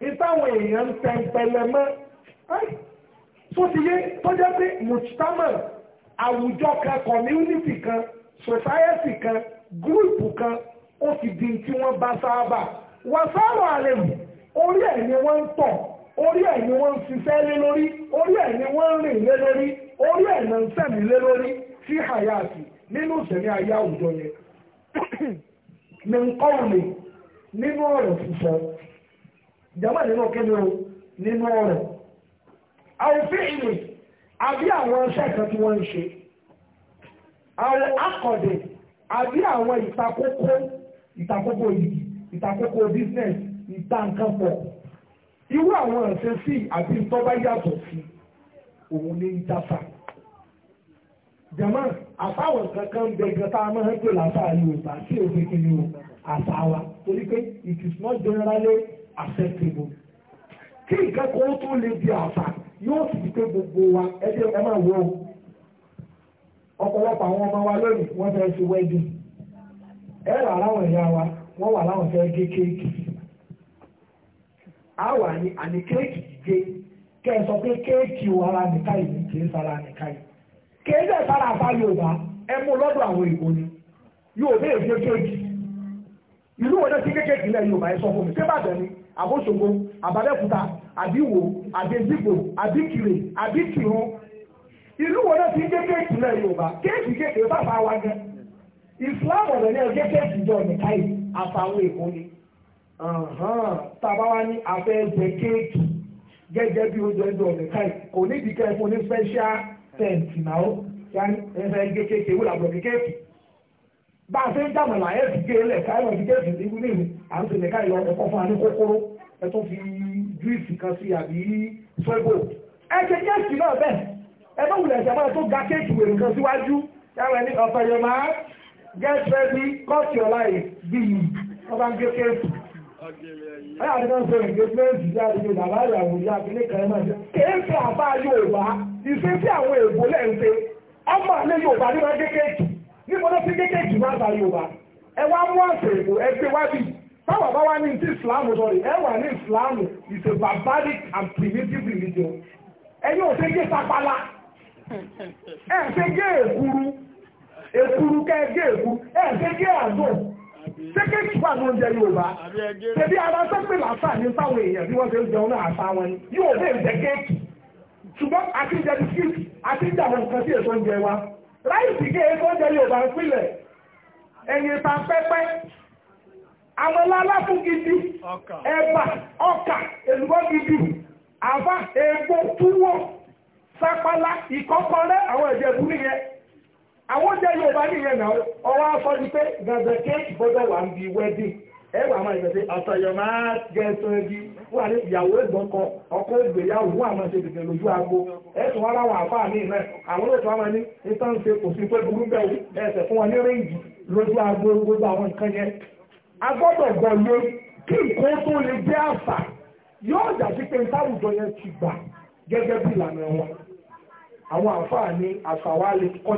ìtàwọn èèyàn ń tẹ ìpẹlẹ mọ́ tó ti yé tó jẹ́ pé mùtámà àwùjọ kan community kan society kan gúrùpù kan ó ti di tí wọ́n bá sáábà wàsáàrọ̀ àlẹ́ yìí orí ẹ̀ ni wọ́n ń tọ̀ orí ẹ̀ ni wọ́n ń ṣiṣẹ́ lé lórí orí ẹ̀ ni wọ́n ń rìn lé lórí orí ẹ̀ náà ń sẹ̀mí lé lórí sí hayati nínú ìṣẹ̀lẹ̀ ayé àwùjọ yẹn ní nǹkan òní nínú ọ̀rọ̀ sísọ jama nínú kíni o nínú ọ̀rọ̀ àwòfin ìlú àbí àwọn iṣẹ́ kan tí wọ́n ń ṣe àwọn akọ̀dẹ̀ àbí àwọn ìtakókó ìtakókó yìí ìtakókó business ìta nǹkan pọ̀ irú àwọn ẹ̀sẹ̀ sí àbí ìtọ́ bá yàtọ̀ sí òun ní ìtafà jama àfáwọn kankan ń bẹ gan tá a máa ń pè láfáà Yorùbá sí òfin kìnìún àṣà wa torí pé it is not generally acceptable kí ìkẹ́kọ̀ọ́ tó lè di àṣà yóò sì di pé gbogbo wa ẹjẹ́ ẹ máa wọ ọ̀pọ̀lọpọ̀ àwọn ọmọ wa lónìí wọ́n fẹ́ fi wẹ́dì ẹ wà láwọn ẹ̀yà wa wọ́n wà láwọn fẹ́ gé kéèkì á wà ní àní kéèkì gé kẹ́ ẹ sọ pé kéèkì o ara nìka yìí kì í sara nìka yìí kì í dẹ̀ sára afá Yorùbá ẹ mú lọ́dọ̀ àwọn èèbó ni Yorùbá èèbó kéèkì ìlú wọn náà ti kéèkì ni àbóṣogbo àbádẹ́kúta àbíwò àbẹ́sígbò àbíkìrè àbíkìrún ìlú wo náà ti ń gé kéèkì náà yorùbá kéèkì kéèkì bá bá wa gan ìsìláàmù ọ̀rọ̀ ní ọjọ́ kéèkì jọ nìka yìí àfàwọn èkó ni tàbá wa ní afẹ́ jẹ kéèkì gẹ́gẹ́ bí oúnjẹ jọ nìka yìí kò ní ìdíkẹ́ fún ní special tent náà ó yá ẹ̀fẹ́ gé kéèkì ewúrẹ́ àbọ̀ kéèkì bá a ṣe ń jàmọ̀lá ẹ̀ fi gé lẹ̀ káyọ̀ fi gé fi ní wílé mi à ń tẹ̀lé káyọ̀ ẹ̀kọ́ fún àní kókóró ẹ tó fi júìsì kan sí àbí sọ́gbò ẹ ṣe kéèkì náà bẹ́ẹ̀ ẹ bá wùlẹ̀ ẹ̀ṣẹ̀ máa tó ga kéèkì wèrè kan síwájú káwọn ẹni ọ̀pẹ̀ yẹn máa get ready cut your life bí ọba ń gé kéèkì. ẹ àti kan sọ engagement ìyá àdúgbò bàbá ìyàwó ìyá abilé kan náà kéèkì àbá Yorùbá ìfẹ́ sí àwọn èèbó lẹ́ ọmọ àlẹ́ Yorùbá ní wọn gé kéèkì níbo ló ti kéèké jù náà sáré yorùbá ẹ wá mú àṣẹ èkó ẹ gbé wá bì táwọn bá wá ní ti ìsìláàmù sọrí ẹ wà ní ìsìláàmù is a barbaric and primitive religion ẹ̀yin ò ṣe gé sapala hmm. ẹ ṣe gé èkuru èkuru kẹ gé èkuru ẹ ṣe gé àdùn ṣéké jù wà ní oúnjẹ yorùbá ṣèbí ara sẹ́pẹ̀ làásà ní táwọn èèyàn bí wọ́n ṣe ń jẹun náà àṣà wọn ni yóò lè jẹ kéèkì ṣùgbọ́n àti ìjẹ bisikíìtì àti ìjà àwọn nǹkan sí èso oúnjẹ wa ráìsì gé ẹgbẹ́ oúnjẹ Yorùbá ń pìlẹ̀ ẹ̀yìn ta pẹ́pẹ́ àwọn aláfún gidi ẹ̀bà ọkà èlùbọ́ gidi àbá egbò túwó sápálá ìkọ́kọrẹ́ àwọn ìjẹ̀bú nìyẹn àwọn oúnjẹ Yorùbá nìyẹn náà ọwọ́ afọ́ pé gàdẹ̀kẹ́ gbọ́dọ̀ wà ń bi wedding ẹwà máa ìgbẹ̀ sí àtọ̀yọ̀ máa gẹ̀ẹ́sùn ẹbí wà ní ìyàwó ìgbọ́kọ ọkọ ìgbéyàwó wà máa ṣe tètè lójú agbo ẹ̀sùn wá láwọn àfáà ní ìmẹ́ àwọn ètò àmà ní ìtàn ṣe kò sí pé burú bẹ́ẹ̀ ẹsẹ̀ fún wọn ní réǹjì lójú agbo gbogbo àwọn nǹkan yẹn a gbọ́dọ̀ gbọ́ lé kí nǹkan tó lè jẹ́ àṣà yóò jà sí pé táwùjọ yẹn ti gbà gẹ́gẹ́ bí ìlànà wọn àwọn àfáà ní àṣà wa lè kọ́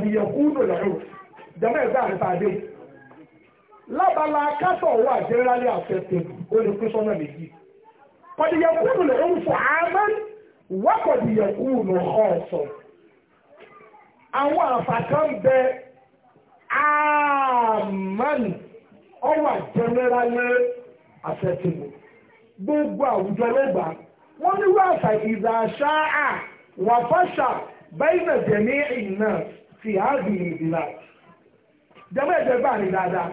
lábala kátọ̀ wa generally accepted ó lè pín sọ́nà méjì kọ̀dìyẹ̀kúrù lè ń fọ àmán wá kọ̀dìyẹ̀kúrù lè hàn ọ̀sọ̀ àwọn àfàkàn bẹ àmán ó generally accepted gbogbo àwùjọ lọ́gbà wọ́n ní wọ́n àṣà ìdá ṣáà wà fọ́ṣà bẹ́ẹ̀nà jẹ̀mí ìnà fi ààbì ìdìlà jẹ́mọ́ ẹ̀jẹ̀ gbà ní dáadáa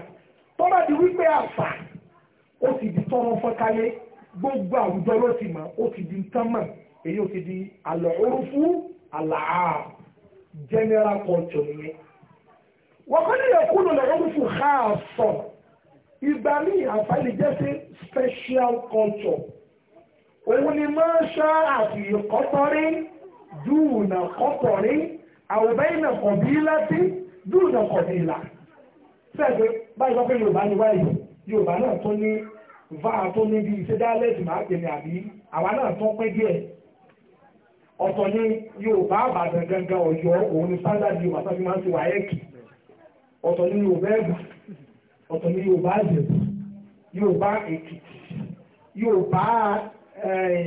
tọ́lá di wípé àṣà ó ti di tọ́rọ fọ́káyé gbogbo àwùjọ ló ti mọ̀ ó ti di tánmọ̀ èyí ó ti di àlọ́ orúfú àlàá general culture nìyẹn. wọ́n kọ́ nílẹ̀ kúlò lọ orúfú káàsọ̀ ìgbà ní àǹfààní jẹ́ sí special culture òun ni máa ṣá àfihàn kọ́tọ́rí dùnà kọ́tọ́rí àwòbẹ́yìn náà kọ̀bí láti dùnà kọ̀bí là. sẹ́gbẹ̀ẹ́ báyìí wọ́n pé yorùbá ní wáyé yorùbá náà tó ní vaa tó níbi iṣẹ́ dálẹ́tì máa pè ní àbí àwa náà tó pẹ́ díẹ̀ ọ̀tọ̀ ní yorùbá àbàdàn gangan ọ̀yọ́ òun ní standard yorùbá tó fi máa ń ti wáyẹ́kì ọ̀tọ̀ ní yorùbá ẹ̀bù ọ̀tọ̀ ní yorùbá àjẹ̀bù yorùbá èkìtì yorùbá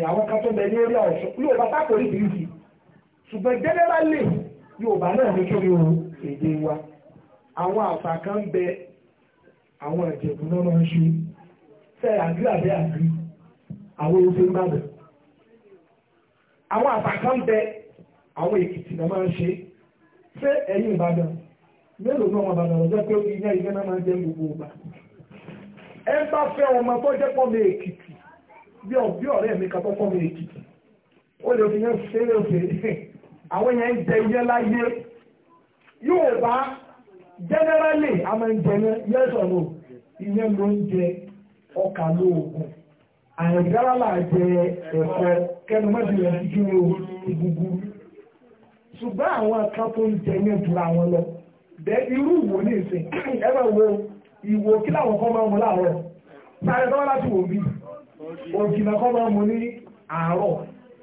àwọn kan tó bẹ ní orí ọ̀ṣọ́ yorùbá sápò oríṣiríṣi ṣùgbọ́n generally yorùbá náà ní kí àwọn ìjẹ̀bù náà máa ń ṣe fẹ́ àgbé àbí àgbé àwọn oṣù ń bàbẹ̀. àwọn àtàkà ń bẹ àwọn èkìtì náà máa ń ṣe fẹ́ ẹ̀yìn ìbàdàn mélòó náà wọn bàdàn ọjọ́ pé ó ní iná iná náà máa ń jẹ́ gbogbo ọgbà. ẹ bá fẹ́ ọmọ tó jẹ́ pọ́ mi èkìtì bí ọ̀rẹ́ mi kan tó pọ́ mi èkìtì ó lè fi yẹn fẹ́rẹ̀ fẹ́rẹ̀ àwọn yẹn ń jẹ iye láyé yóò bá generally a máa ń jẹ ní yes or no ìyẹn ló ń jẹ ọkà lóògùn àìdára là jẹ ẹ̀fọ́ kẹnu mọ́bìlẹ̀ jíjú ìgbùgbù ṣùgbọ́n àwọn kan tó ń jẹ ní ìtura wọn lọ dẹ irú ìwò ní ìsìn ẹ máa wo ìwò kí làwọn kan máa mú láàárọ̀ sáré tọ́wọ́ láti wò bí òjìnà kan máa mú ní àárọ̀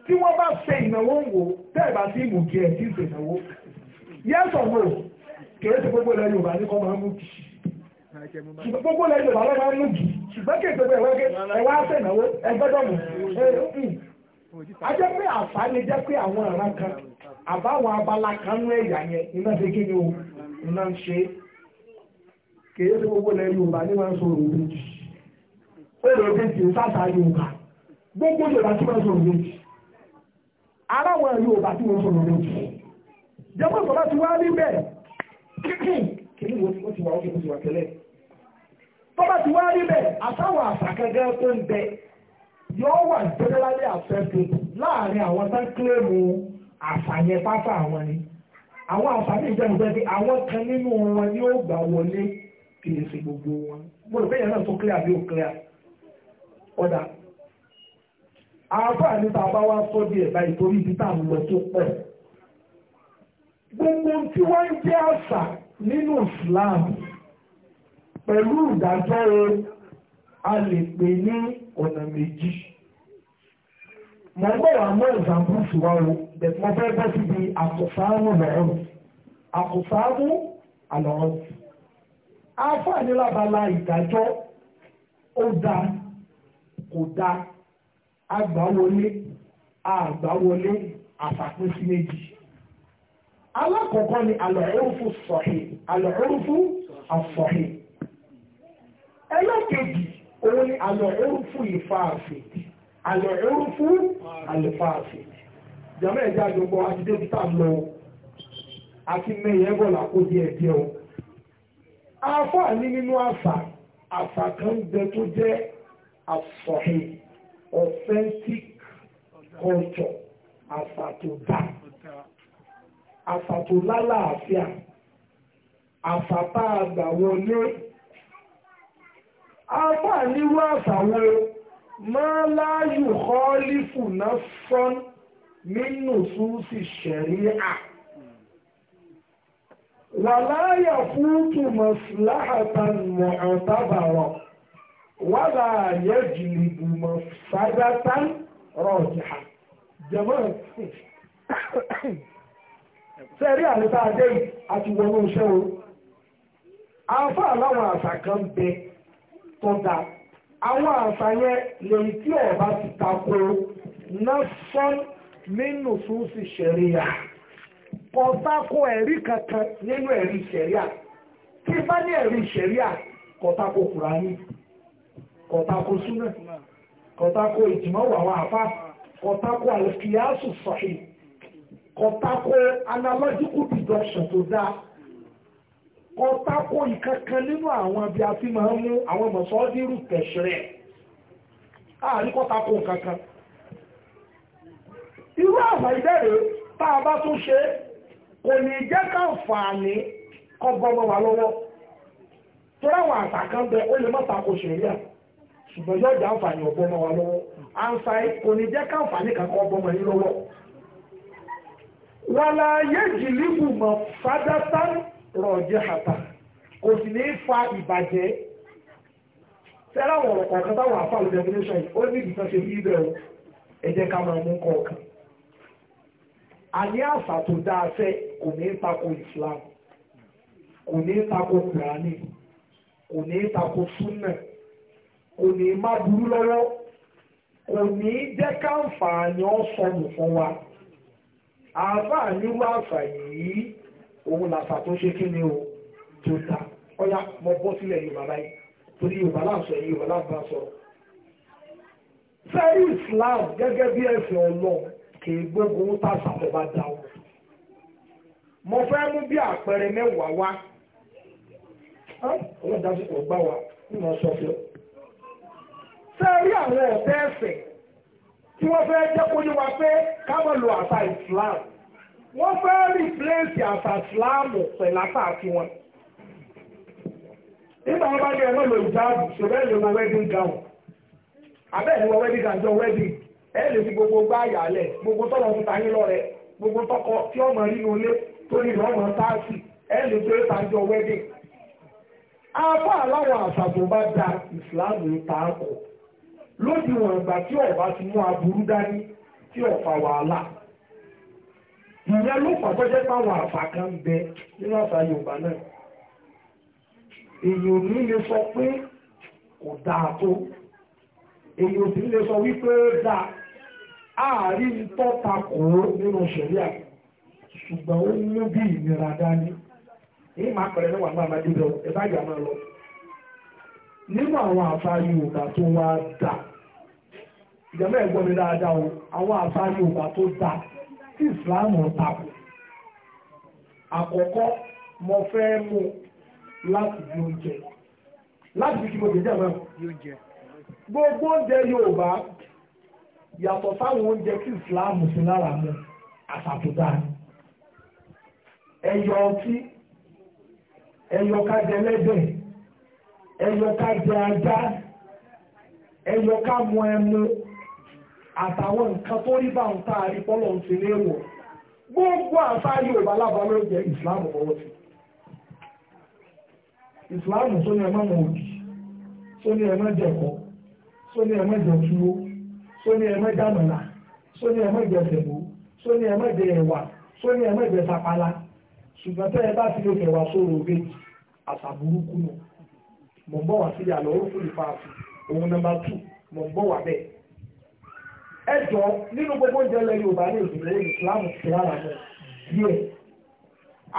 tí wọ́n bá ṣe ìnáwó ń wò tẹ́ẹ̀ bá sí ìmùkí ẹ̀ tí ì kìí sí gbogbo ilẹ̀ Yorùbá ní kọ́ máa mú kì í gbogbo ilẹ̀ Yorùbá lọ́ máa mú kì í ṣùgbọ́n kí ìgbẹ́gbẹ́ ìwẹ́gẹ́ ẹ̀wá sẹ̀náwó ẹgbẹ́dọ̀ mú a jẹ́ pé àṣà ni jẹ́ pé àwọn ará kan àbáwọn abala kan nú ẹ̀yà yẹn iná ṣe kí ni o iná ń ṣe kìí sí gbogbo ilẹ̀ Yorùbá ní wọ́n ń sọ òrò méjì òrò méjì sáṣà Yorùbá gbogbo Yorùbá tí wọ́n ń sọ òrò méjì aráwọn Yorùbá tí wọ́n ń sọ òrò méjì jẹ́ pọ̀ sọ́lá ti wá níbẹ̀ kíní wo ti wọ́n ti wà ó ti wà tẹ́lẹ̀ tọ́ba ti wá rí bẹ́ẹ̀ àtàwọn àṣàkẹ́gẹ́ tó ń bẹ yóò wà generally accepted láàrin àwọn tó ń kílèmù àṣàyẹn pápá àwọn ni àwọn àṣàyẹn ìjẹun pé àwọn kan nínú wọn ni ó gbà wọlé kì í ṣe gbogbo wọn mo rò pé ìyẹn náà tó clear bí ó clear ọ̀dà àáfàá nípa bá wá sódì ẹ̀ báyìí torí ibi tá à ń lọ tó pọ̀ gbogbo tí wọ́n ń jẹ́ àṣà nínú Islam pẹ̀lú ìdájọ́ a lè pè ní ọ̀nà méjì mo ń bọ̀wọ̀ àmọ́ example sí wa o but mo fẹ́ bọ́ síbi àkùsáàmù lọ́rùn àkùsáàmù àlọ́rùn àǹfààní lábala ìdájọ́ ó dáa kò dáa agbáwọlé àgbáwọlé àfàpín méjì alákọ̀ọ́kọ́ ni alọ̀rúfù sọ̀hìn alọ̀rúfù àsọ̀hìn ẹlẹ́kejì òun ni alọ̀rúfù ìfààfì alọ̀rúfù àlùfààfì jàmọ́ ẹ̀jẹ̀ àjọpọ̀ àti dókítà lọ àti mẹ́yẹ̀ bọ̀ làkó díẹ̀ díẹ̀ o àáfàá ní nínú àṣà àṣà kan bẹ tó jẹ́ àsọ̀hìn authentic culture àṣà tó dáa àfàtò lálàáfíà àfàtà àgbàwọlé apá níwọ̀ àfàwọ̀ máa láàyò họ́ọ́lífù náà fọ́n nínú súnsì ṣẹ̀ríà wà láyà fúùtù mọ̀síláhàtàn mọ̀ọ́tàbàrọ̀ wà láàyè jìlìbù mọ̀sádátàn rọ̀jà jẹ̀mọ́ sẹ́rí àlùfáà adé yìí àti wọnú iṣẹ́ o àáfà àṣà kan bẹ tó ga àwọn àṣà yẹn tí ọba ti tako násán nínú fúnṣì ṣẹ̀ríà kò tako ẹ̀rí kankan nínú ẹ̀rí ṣẹ̀ríà tí bá ní ẹ̀rí ṣẹ̀ríà kò tako kùránì kò tako súnà kò tako ìjìmọ̀wò àwọn kò kọtakọ analogical deduction tó dáa kọ̀tàkó ìkankan nínú àwọn abí a ti máa mú àwọn mọ̀sọ́dírù tẹ̀sírẹ̀ àárín kọ̀tàkó kankan irú àwà ìbẹ̀rẹ̀ tá a bá tún ṣe kò ní jẹ́ wà lọ́wọ́ tó àtàkàn bẹ ó lè mọ́ta kò ṣe rí à ṣùgbọ́n yóò jẹ́ àǹfààní wà lọ́wọ́ àǹfààní kò ní jẹ́ kankan wọ́lá yéjì líbùmọ̀ fádátá rọ̀jẹ́ àtà kò sì ní fa ìbàjẹ́ tẹ́lá wọ̀rọ̀ kọ̀ọ̀kan táwọn àfàlù definition ó ní ìtàn ṣe bíbẹ̀ o ẹ jẹ́ ká máa mú kọ̀ọ̀kan a ní àṣà tó dáa fẹ́ kò ní tako Islam kò ní tako Kùránì kò ní tako súnà kò ní má burú lọ́wọ́ kò ní jẹ́ káǹfààní ọ̀sọ̀nù fún wa àáfàá nírú àfà yìí òun làfà tó ṣe kí ni o tó ta ọyá mo bọ́ sílẹ̀ yorùbá báyìí torí yorùbá láàṣọ yìí yorùbá láàbá sọ̀rọ̀ fẹ́ẹ́ islam gẹ́gẹ́ bí ẹ̀sìn ọlọ́run kì í gbógun tàṣà tó bá dá o mo fẹ́ mú bí àpẹẹrẹ mẹ́wàá wá ọlọ́dà sì kò gbá wa nínú ọ̀sọ̀ fún ọ. fẹ́ẹ́ rí àwọn ọ̀tẹ́ ẹ̀sìn tí wọ́n fẹ́ jẹ́ kó ní wa pé káwọn lo àṣà Islam wọ́n fẹ́ rìpléǹsì àṣà Islam pẹ̀lú àṣà àti wọn. nígbà wọn bá ní ẹ̀rọ lo ìjáàbù ṣùgbọ́n èlò wọ wedding gown abẹ́ẹ̀ ni wọ wedding gown jọ wedding ẹ̀ lè fi gbogbo gbá àyàlẹ̀ gbogbo tọ́lọ̀ fún tayín lọ́rẹ̀ gbogbo tọkọ tí ọmọ nínú ilé tó ní ìrọ̀mọ táàsì ẹ̀ lè gbé tàjọ wedding. afọ aláwọ̀ àṣà tó bá da Islam ń ta lódiwọ̀n ìgbà tí ọ̀bá ti mú aburú dání tí ọ̀fà wàhálà ìyẹn ló fà tọ́jẹ́ páwọn àfà kan bẹ nínú àṣà Yorùbá náà èyí ò ní lè sọ pé kò dáa tó èyí ò sì lè sọ wípé dáa ààrí tọ́ta kò ó nínú ṣẹ̀ríà ṣùgbọ́n ó mú bí ìnira dání èyí máa pẹ̀lẹ́ náà wà máa máa dé ẹ bá yà máa lọ. nínú àwọn àṣà Yorùbá tó wá dà ìjọba ẹ̀gbọ́n mi dáadáa o àwọn àṣà Yorùbá tó dà tí ìsìláàmù takò àkọ́kọ́ mo fẹ́ mú láti bí oúnjẹ láti bí kí mo mọ́ gbogbo oúnjẹ Yorùbá yàtọ̀ sáwọn oúnjẹ tí Islam sí lára mọ́ ẹyọ ká jẹ ajá ẹyọ ká mu ẹmu àtàwọn nǹkan tó rí báwọn tá a rí bọ́lọ̀ ń ti léwọ̀ gbogbo àṣà Yorùbá lábàá ló jẹ Islam ọwọ́ sí Islam tó ní ẹmọ́ mọ̀ òbí tó ní ẹmọ́ jẹ̀kọ́ tó ní ẹmọ́ jẹ̀túwó tó ní ẹmọ́ jàmọ̀là tó ní ẹmọ́ jẹ̀sẹ̀bù tó ní ṣùgbọ́n tẹ́ ẹ bá ti lè fẹ̀wà sóòrò bẹ́ẹ̀ àṣà náà mò ń bọ̀ wá sí àlọ́ orúkú lè fa òun nọ́mbà tù wá ẹ jọ nínú gbogbo oúnjẹ ilẹ̀ Yorùbá ní òṣèlú ìsìlámù ti rárá mọ́ díẹ̀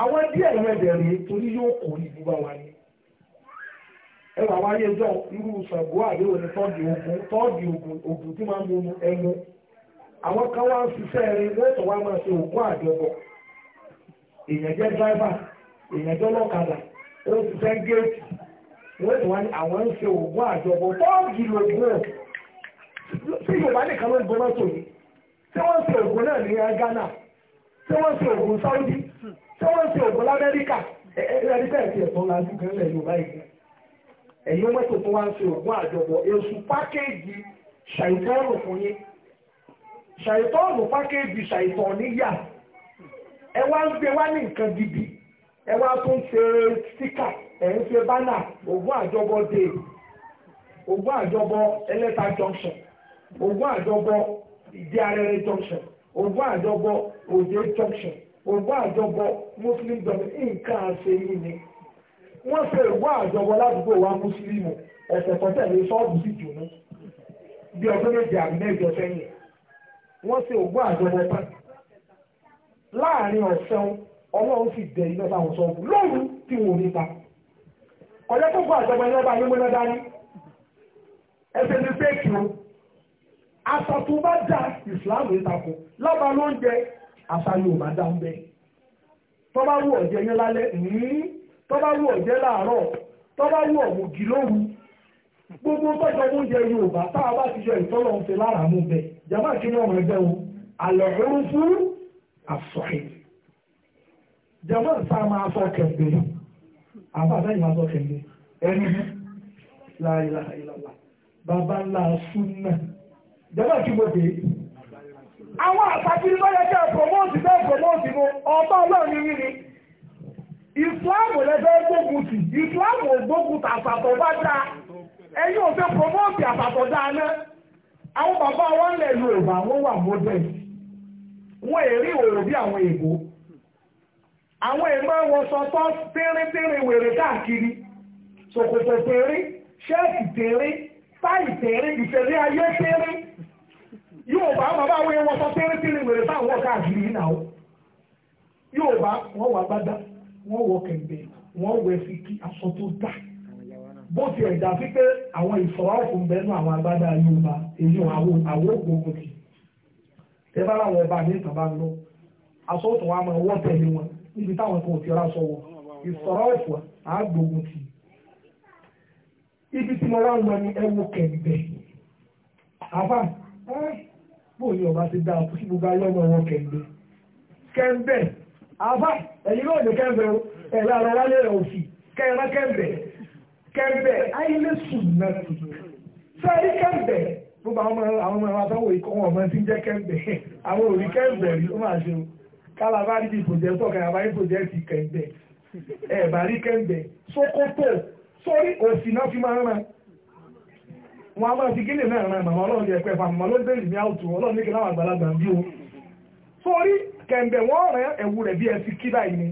àwọn díẹ̀ lọ́wọ́ ẹ̀bẹ̀rẹ̀ torí yóò kó ìbú bá wa ní. ẹ wà wáyé jọ irú Ṣàngó àbẹ̀wò ní tọ́ọ̀dì ogun tọ́ọ̀dì ogun ogun tí máa ń ẹmu àwọn kan wá ń ṣiṣẹ́ wá máa ṣe ògùn wọ́n tún wá ní àwọn ń ṣe ògùn àjọpọ̀ bọ́ọ̀gì lògùn tí yorùbá nìkan ló ń gbóná tó yìí tí wọ́n ń ṣe ògùn náà ní Ghana tí wọ́n ń ṣe ògùn Saudi tí wọ́n ń ṣe ògùn lamẹ́ríkà ẹ̀ẹ́dẹ́gbẹ́ ẹ̀sìn ẹ̀tọ́ la ju kan lẹ̀ yorùbá yìí ẹ̀yin mọ́tò tó wá ń ṣe ògùn àjọpọ̀ èṣù pákéèjì ṣàìtọ́ọ̀nù fún yín ṣàìtọ́ọ̀nù pákéèjì ṣàìtọ́ọ̀ níyà ẹ wá ń gbé wá ní nǹkan gidi ẹ wá tún ṣe síkà ẹ̀ ń ṣe bánà ògùn àjọbọ dé ògùn àjọbọ ẹlẹ́ta junction ògùn àjọbọ ìdí arẹrẹ junction ògùn àjọbọ òjé junction ògùn àjọbọ muslim junction nǹkan àṣẹ yìí ni wọ́n ṣe ògùn àjọbọ ládùúgbò wa muslim ọ̀sẹ̀ tọ́tẹ̀ lè sọ́ọ̀bù sí jùlọ bí ọdún méje àbí mẹ́jọ sẹ́yìn wọ́n ṣe ògùn àjọbọ pa láàrin ọ̀sẹ̀ ọlọ́run sì dẹ̀ iná sáwọn sọ́ọ̀bù lóru tí wọ́n rí pa kọjá tó kọ àjọgbọ ẹni ọba yín múná dání ẹsẹ̀ ní fẹ́ẹ̀kì o aṣọ tó bá dá ìsìláàmù ìtakùn lábàá ló ń jẹ àṣà Yorùbá dá ń bẹ tó bá wù ọ̀jẹ̀ yín lálẹ́ tó bá wù ọ̀jẹ̀ láàárọ̀ tó bá wù ọ̀mùgì lóru gbogbo tọ́jọ́ oúnjẹ Yorùbá tá a bá ti yọ ìtọ́lọ̀ ń fi lára mú bẹ jàmbá kí ni ọmọ ẹgbẹ́ o àlọ́ òun fún àsọ̀hìn jàmbá sáà máa sọ kẹ̀gbẹ́ yìí àbáta ìwà sọ kẹ̀lé ẹni láìlà ìlàlà bàbá ńlá súnà jẹ́bà kí mo dé àwọn àpàtì lọ́yẹ kẹ́ promote bẹ́ẹ̀ promote mo ọba ọlọ́run yín ni ìsìláàmù lẹ́fẹ́ gbógun tì ìsìláàmù ògbógun tàfàtọ̀ bá dáa ẹ̀yin ò fẹ́ promote àpapọ̀ dáadáa àwọn bàbá wọn lẹ̀ Yorùbá wọn wà modest wọn èrí òòrùn bí àwọn èèbó àwọn ìmọ̀ wọn sọ tọ́ tínríntírín wèrè káàkiri ṣòkòtò tẹ́rín ṣẹ́ẹ̀kì táì ayé tẹ́rín yóò bá bàbá àwọn ìwọ̀n sọ tínríntírín wèrè táwọn káàkiri náà yóò bá wọ́n wà gbádá wọ́n wọ wọ́n wẹ̀ sí kí dá bó ti àwọn bá ọba níbi táwọn kan ò ti ra sọ wọ ìsọ̀rọ̀ ẹ̀fọ́ àgbògùn tì ibi tí mo wá ń lọ ní ẹwọ kẹ̀ǹbẹ̀ àbá bó ni ọba ti dáa kí gbogbo ayé ọmọ wọn kẹ̀ǹbẹ̀ kẹ̀ǹbẹ̀ àbá ẹ̀yin náà ní kẹ̀ǹbẹ̀ o ẹ̀rọ àrọ̀ wálé rẹ̀ òsì kẹ̀ǹbẹ̀ kẹ̀ǹbẹ̀ kẹ̀ǹbẹ̀ ayélé sùn náà tì sẹ́yìn kẹ̀ǹbẹ̀ gbogbo àwọn ọmọ àwọn ọmọ àtàwọn ìkọ́ wọn ọmọ ti ń jẹ́ kẹ̀ǹbẹ̀ àwọn òrí kẹ̀ǹbẹ̀ rí ó máa ṣe o. kálàbá rí bí pòjẹ́tọ̀ kàyàbá rí pòjẹ́tì kẹ̀ǹbẹ̀ kemgbe rí kemgbe sókótó to òsì náà fi máa ń wọn a máa fi gílè na ràn màmá ọlọ́run jẹ́ pẹ́ fà o wọ́n rẹ̀ ewu re bi e fi kí ni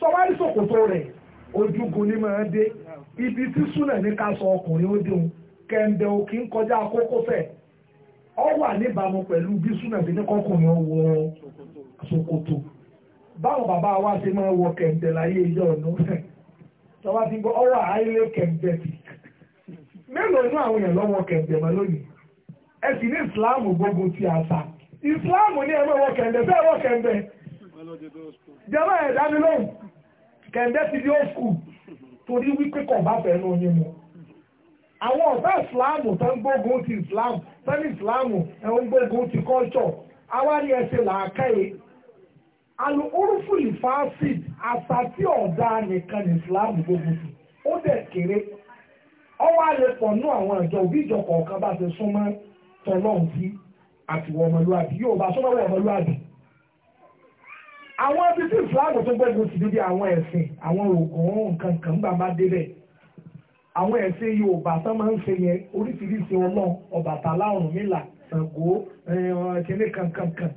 sọ wá to re rẹ̀ ojúgun ní ibi ọ wà níbàámu pẹ̀lú bí súnà sí ní kọkùnrin wọ ṣòkòtò báwọn bàbá wa ṣe máa wọ kẹ̀ǹtẹ̀ láyé ìjọ ọ̀nà tọ́wá ti gbọ́ ọwọ́ àìlè kẹ̀ǹtẹ̀ mélòó inú àwọn èèyàn lọ́wọ́ kẹ̀ǹtẹ̀ mọ́ lónìí ẹ sì ní ìsìláàmù gbógun ti àṣà ìsìláàmù ní ẹ máa wọ kẹ̀ǹtẹ̀ bẹ́ẹ̀ wọ kẹ̀ǹtẹ̀ jẹ́wọ́ ẹ̀dá mi lóhùn kẹ̀ǹtẹ̀ ti di ó skul torí wípé kọ̀ bá fẹ́ nù yín mu àwọn ọ̀tá ìsìláàmù tó ń gbógun ti ìsìláàmù tẹ́lẹ̀ ìsìláàmù ẹ̀hún gbógun ti kọ́ńtọ̀ awárí ẹsẹ̀ làákàyè alùpùrùfù ìfásit àṣà tí ọ̀dà nìkan ní ìsìláàmù gbógun ti ó dẹ̀ kéré ọwọ́ alẹ́ pọ̀ nú àwọn àjọ òbí ìjọ kọ̀ọ̀kan bá ti súnmọ́ tọ́lọ́hún sí àtiwọ̀ ọmọlúwàbí yóò bá súnmọ́ wọ̀ ọmọlúwàbí àwọn ibi tí ìsìláàmù tó gbógun ti dídí àwọn ẹ̀sìn àwọn òògùn nǹkan kan bá má débẹ̀ àwọn ẹ̀sìn Yorùbá tán máa ń ṣe yẹn oríṣiríṣi ọlọ́run Ọbàtálá Ọ̀rúnmìlà Ṣàngó kíní kankankan.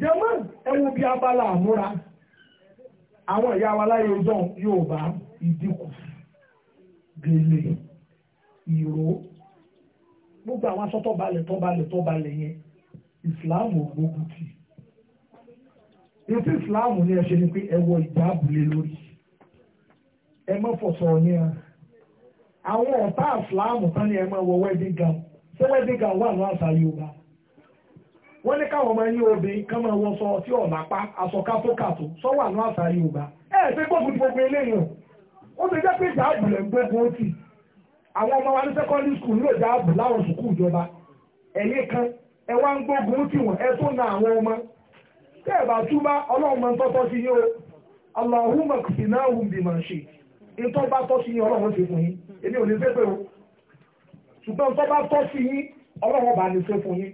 jẹ́mọ́ ẹ wo bí abala àmúra àwọn ìyá wa láyé ọjọ́ Yorùbá ìdínkù gèlè ìró gbogbo àwọn aṣọ tọ́balẹ̀ tọ́balẹ̀ tọ́balẹ̀ yẹn ìsìláàmù ògbógun ti ètò ìsìláàmù ni ẹ ṣe ni pé ẹ wọ ìjà àbúlé lórí ẹ má fọ̀sọ̀ yẹn hàn àwọn ọ̀tá àfúláàmù tán ni ẹ máa wọ wedding gown ṣé wedding gown wà ní àṣà Yorùbá wọ́n ní káwọn ọmọ ẹni obìnrin kan máa wọ sọ ọtí ọ̀nà pa aṣọ sọ wà ní àṣà Yorùbá ẹ ẹ ṣe gbógun gbogbo eléyìí ó ti jẹ́ pé ọmọ wa ní secondary school na àwọn ọmọ tẹ́ ẹ bá ọlọ́run máa ń tọ́tọ́ sí Allahumma bìmọ̀ ìtọ́ bá tọ́ sí yín ọlọ́run ṣe fún yín èmi ò ní fẹ́ pé o ṣùgbọ́n tó bá tọ́ sí yín ọlọ́run ọba ní ṣe fún yín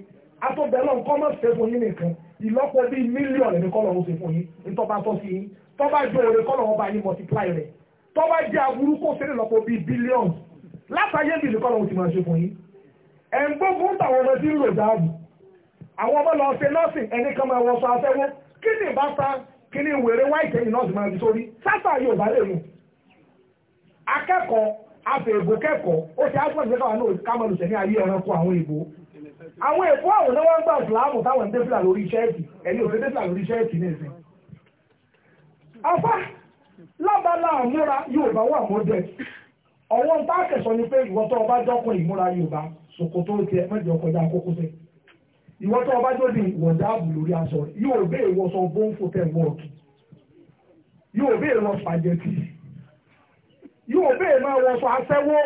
atọ́bẹ̀ lọ́n kọ́ mọ̀ ṣe fún yín nìkan ìlọ́pọ̀ bíi mílíọ̀nù ní kọ́lọ́run ṣe fún yín ìtọ́ bá tọ́ sí yín tó bá jẹ́ òre kọ́lọ́run ọba yín multiply rẹ̀ tó bá jẹ́ aburú kó ṣe lọ́pọ̀ bíi bílíọ̀nù látàyè bíi kọ́lọ́run ti máa ṣe fún yín ẹ̀ ń gbógun táwọn ọmọ tí ń lò dáàbò àwọn ọmọ lọ ṣe nọ́ọ̀sìn ẹni kan máa wọṣọ afẹ́wọ́ kí ni ìbá sa kí ni ìwèrè wáìtẹ́yìn nọ́ọ̀sì máa fi sórí sásà yóò bá lè mú akẹ́kọ̀ọ́ afẹ́ẹ̀bò kẹ́kọ̀ọ́ ó ti ágbọ́n ìjẹ́ká wà náà kámọ́lù sẹ́ni ayé ẹranko àwọn èbò àwọn èbò àwọn náà wọ́n gbà ìsìláàmù táwọn dẹ́fìlà lórí ṣẹ́ẹ̀tì ẹni òfin dẹ́fìlà lórí ṣẹ́ẹ̀tì ní ìsìn afá lábala àmúra Yorùbá wà mọ́dẹ̀ ọ̀wọ́n tá a kẹsọ ni pé ìwọ tó ọba jọkùn ìmúra Yorùbá ṣòkòtò tiẹ̀ mẹ́jọ kọjá àkókò sẹ ìwọ tó ọba jọ ní ìwọ̀dà ààbò lórí aṣọ yóò bẹ́ẹ̀ wọ bóńfò tẹ̀ wọ́ọ̀kì yóò bẹ́ẹ̀ lọ spaghetti yóò bẹ́ẹ̀ máa wọṣọ aṣẹ́wó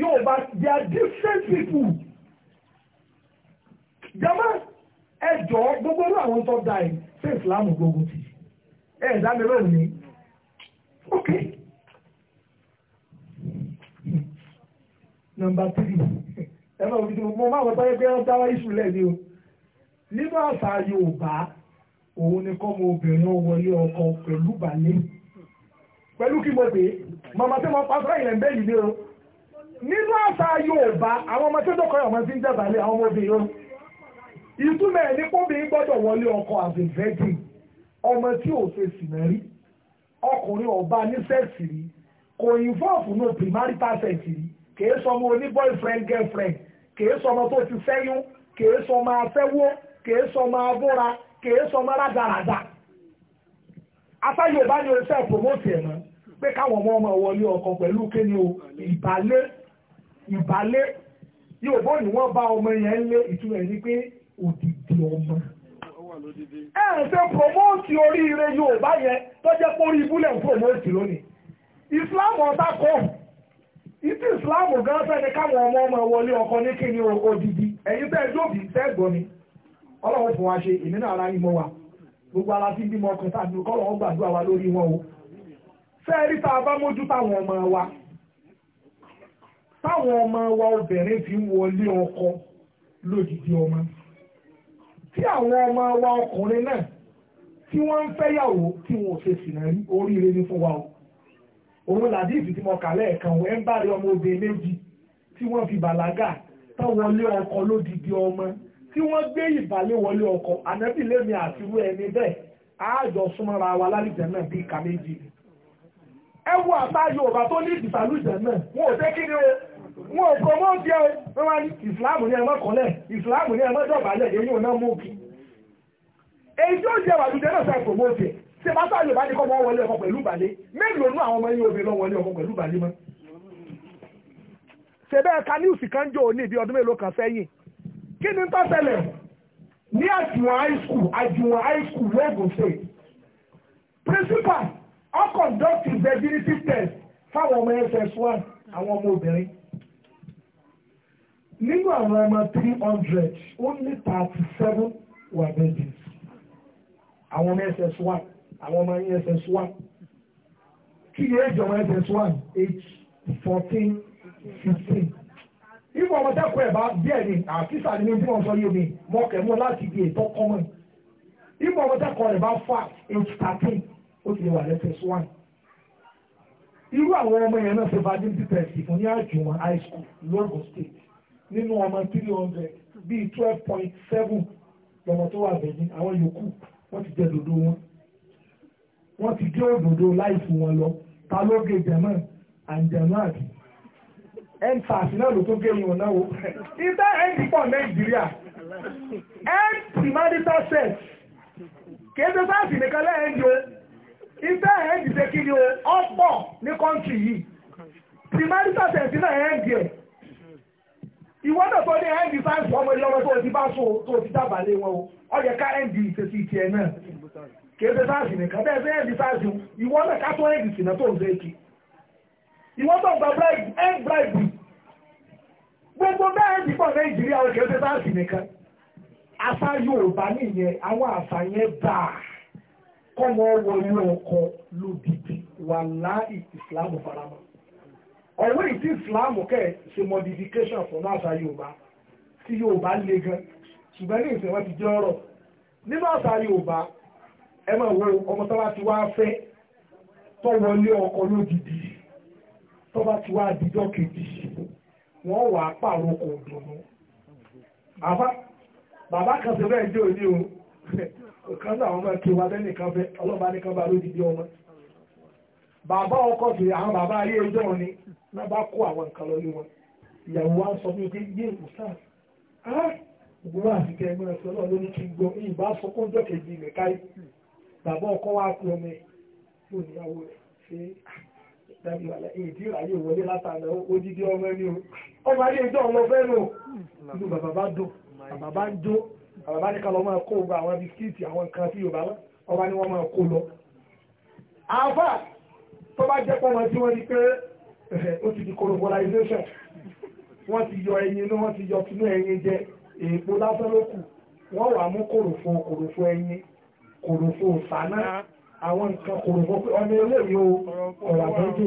yóò bá they are different people. jama ẹjọ́ gbogbo ní àwọn tó da ẹ̀ ṣé ìsìlámù gbogbo ti ẹ̀ ẹ̀dá mi lónìí ni ok. nọmba tírì ẹ máa wọ́n mo máa wọ́n táyé pé wọ́n dáwọ́ iṣu lẹ́ni o nínú àṣà Yorùbá òun ni kọ́mọ obìnrin wọlé ọkọ pẹ̀lú balẹ̀ pẹ̀lú kí mo pè é màmá tí wọ́n pa fẹ́yìn rẹ̀ ń bẹ́yìn ní o nínú àṣà Yorùbá àwọn ọmọ tí ó dọ́kọ̀ ọmọ tí ń jẹ́ balẹ̀ àwọn obìnrin o ìtumọ̀ ẹ̀ ní kóbìnrin gbọ́dọ̀ wọlé ọkọ àbẹ̀fẹ́dì ọmọ tí ò ṣe sìnẹ́rí ọkùnrin ọba nísẹ̀sì rí kò ìfọ́ọ̀fù náà primary percent rí kìí sọmọ oní boyfriend girlfriend kìí sọmọ tó ti sẹ́yún kìí sọmọ afẹ́wó kìí sọmọ abúra kìí sọmọ rádaràdà afá Yorùbá ni o ẹ̀ promote ẹ̀ náà pé káwọn ọmọ ọmọ wọlé ọkọ pẹ̀lú kéde o ìbálé ìbálé yóò bó ni wọ́n bá ọmọ yẹn lé ìtumọ̀ ní pé òdìdí ọmọ ẹ̀ ń ṣe promote oríire bá yẹn tó jẹ́ pórí ibúlẹ̀ ń lónìí Islam kọ́ gan fẹ́ ni káwọn ọmọ ọkọ ni ẹ̀yin bẹ́ẹ̀ ni ọlọ́run fún wa fẹ́ẹ̀rí tá a bá mójú táwọn ọmọ wa táwọn ọmọ wa obìnrin fi ń wọlé ọkọ lójijì ọmọ tí àwọn ọmọ wa ọkùnrin náà tí wọ́n ń fẹ́yàwó tí wọn ṣe sìnà rí oríire ní fún wa o òun làdí ìfì tí mo kà lẹ́ẹ̀kan ẹ̀ ń bá rí ọmọ obìnrin méjì tí wọ́n fi bàlágà táwọlé ọkọ lódìdí ọmọ tí wọ́n gbé ìbàlẹ̀ wọlé ọkọ ànábì lèmi àti ẹni bẹ́ẹ̀ àájọ súnmọ́ra wa lálìjẹ́ náà bíi ìka ni ẹwọ àṣà Yorùbá tó ní ìdìsàlú ìjẹ̀mẹ̀ wọn ò tẹ́ promote ẹ wọn wá ní ìsìláàmù ní ẹmọ kọlẹ̀ ìsìláàmù ní ẹmọ dọ̀bálẹ̀ èyí ò náà mú òkè èyí promote ẹ ṣe bá sáà Yorùbá ní kọ́ wọn wọlé ọkọ pẹ̀lú ìbàlẹ̀ mélòó nú àwọn ọmọ yìí obìnrin lọ wọlé ọkọ pẹ̀lú ìbàlẹ̀ mọ́ ṣẹbẹ́ ka níwùsì kan jò ní ibi ọdún mélòó kan sẹ́yìn kí ni tó ṣẹlẹ̀ ní àjùwọ̀n high school àjùwọ̀n high school lọ́gùn state principal ó conduct virginity test fáwọn ọmọ ss1 àwọn ọmọ obìnrin nínú àwọn ọmọ three hundred only thirty seven were babies àwọn ọmọ ss1 àwọn ọmọ yín ss1 kí ni age ọmọ ss1 age fourteen fifteen ibo ọmọ dẹ́kun ẹ̀ bá díẹ̀ ni àkísà ni mi tí wọ́n sọ yé mi mọ̀kẹ́ mọ́ láti di ètò kọ́mọ̀ ibo ọmọ dẹ́kun ẹ̀ bá fà age thirteen ó ti wà lẹ́sẹ̀sì wáìn irú àwọn ọmọ yẹn náà ṣe virginity test fún ní àjùmọ̀ high school lọ́gọ̀ state nínú ọmọ three hundred bíi twelve point seven lọ́mọ tó wà bẹ̀yìn àwọn yòókù wọ́n ti jẹ dòdò wọn wọ́n ti gé òdòdó láìfù wọn lọ ta ló gé jẹ̀mọ́ àǹjẹ̀mọ́ àbí ntàsí náà ló tó gé yìí wọn náà wò ibẹ̀ ẹ̀ǹdì pọ̀ nàìjíríà ẹ̀ǹdì marital sex kì í ṣe sáàsì nìkan lẹ́ẹ̀ǹdì o ibẹ̀ ẹ̀ ń dìde kí ni o ọ̀pọ̀ ní kọ́ńtì yìí primary service náà ẹ̀ ń di ẹ̀ ìwọ́n náà tó ní ẹ̀ ń di sáyẹ̀nsì ọmọ ilé ọmọ tó ti bá so tó ti dábà lé wọn o ó yẹ ká ẹ̀ ń di ìṣesí tiẹ̀ náà kìí ṣe sáyẹ̀nsì nìkan bẹ́ẹ̀ ṣe ẹ̀ ń di sáyẹ̀nsì ìwọ́n náà ká tó ẹ̀ ń di sìnà tó ń ṣe kí ìwọ́n tó gba bribe ẹ̀ ń bribe gbogbo bẹ́ẹ̀ ń di pọ̀ Nàìjíríà kìí ṣe sáyẹ̀nsì nìkan àṣà Yorùbá nìyẹn àwọn kọ́mọ wọ ilé ọkọ lódìdí wà láì ìsìláàmù faramọ́ ọ̀wọ́ ìdí ìsìláàmù kẹ́ ṣe modification fún àṣà Yorùbá tí Yorùbá le gan ṣùgbọ́n ní ìsìn wọn ti jẹ́ ọ̀rọ̀ nínú àṣà Yorùbá ẹ máa wo ọmọ tó bá ti wá fẹ́ tó wọlé ọkọ lódìdí tó bá ti wá àdìjọ́ kejì wọ́n wà á pààrọ̀ kò dùnú bàbá kan ṣe bẹ́ẹ̀ jẹ́ òní o kan ọmọ kí wa bẹ́ẹ̀ nìkan fẹ́ ọlọ́ba nìkan bá ọmọ bàbá ọkọ àwọn bàbá ayé ni náà bá kó àwọn nǹkan lọ wọn ìyàwó wa sọ fún mi pé yé ìmùsáà ẹ̀sọ́ náà ló ní kí n gbọ́ rẹ̀ káyé bàbá ọkọ wa kú ọmọ rẹ̀ dábì wà láyé wọlé látàlẹ́ ọmọ bàbá ní ká lọ máa kó gba àwọn bisikíìtì àwọn nǹkan tí yorùbá ọba ni wọ́n máa kó lọ. àáfà tó bá jẹ́ pọ́nmọ tí wọ́n di pé ó ti di colonization wọ́n ti yọ ẹyin inú wọ́n ti yọ tinú ẹyin jẹ èèpo lásán ló kù wọ́n wà mú kòròfo kòròfo ẹyin kòròfo ìfàná àwọn nǹkan kòròfo pé ọmọ eléyìí o ọ̀rọ̀ àtọ́jú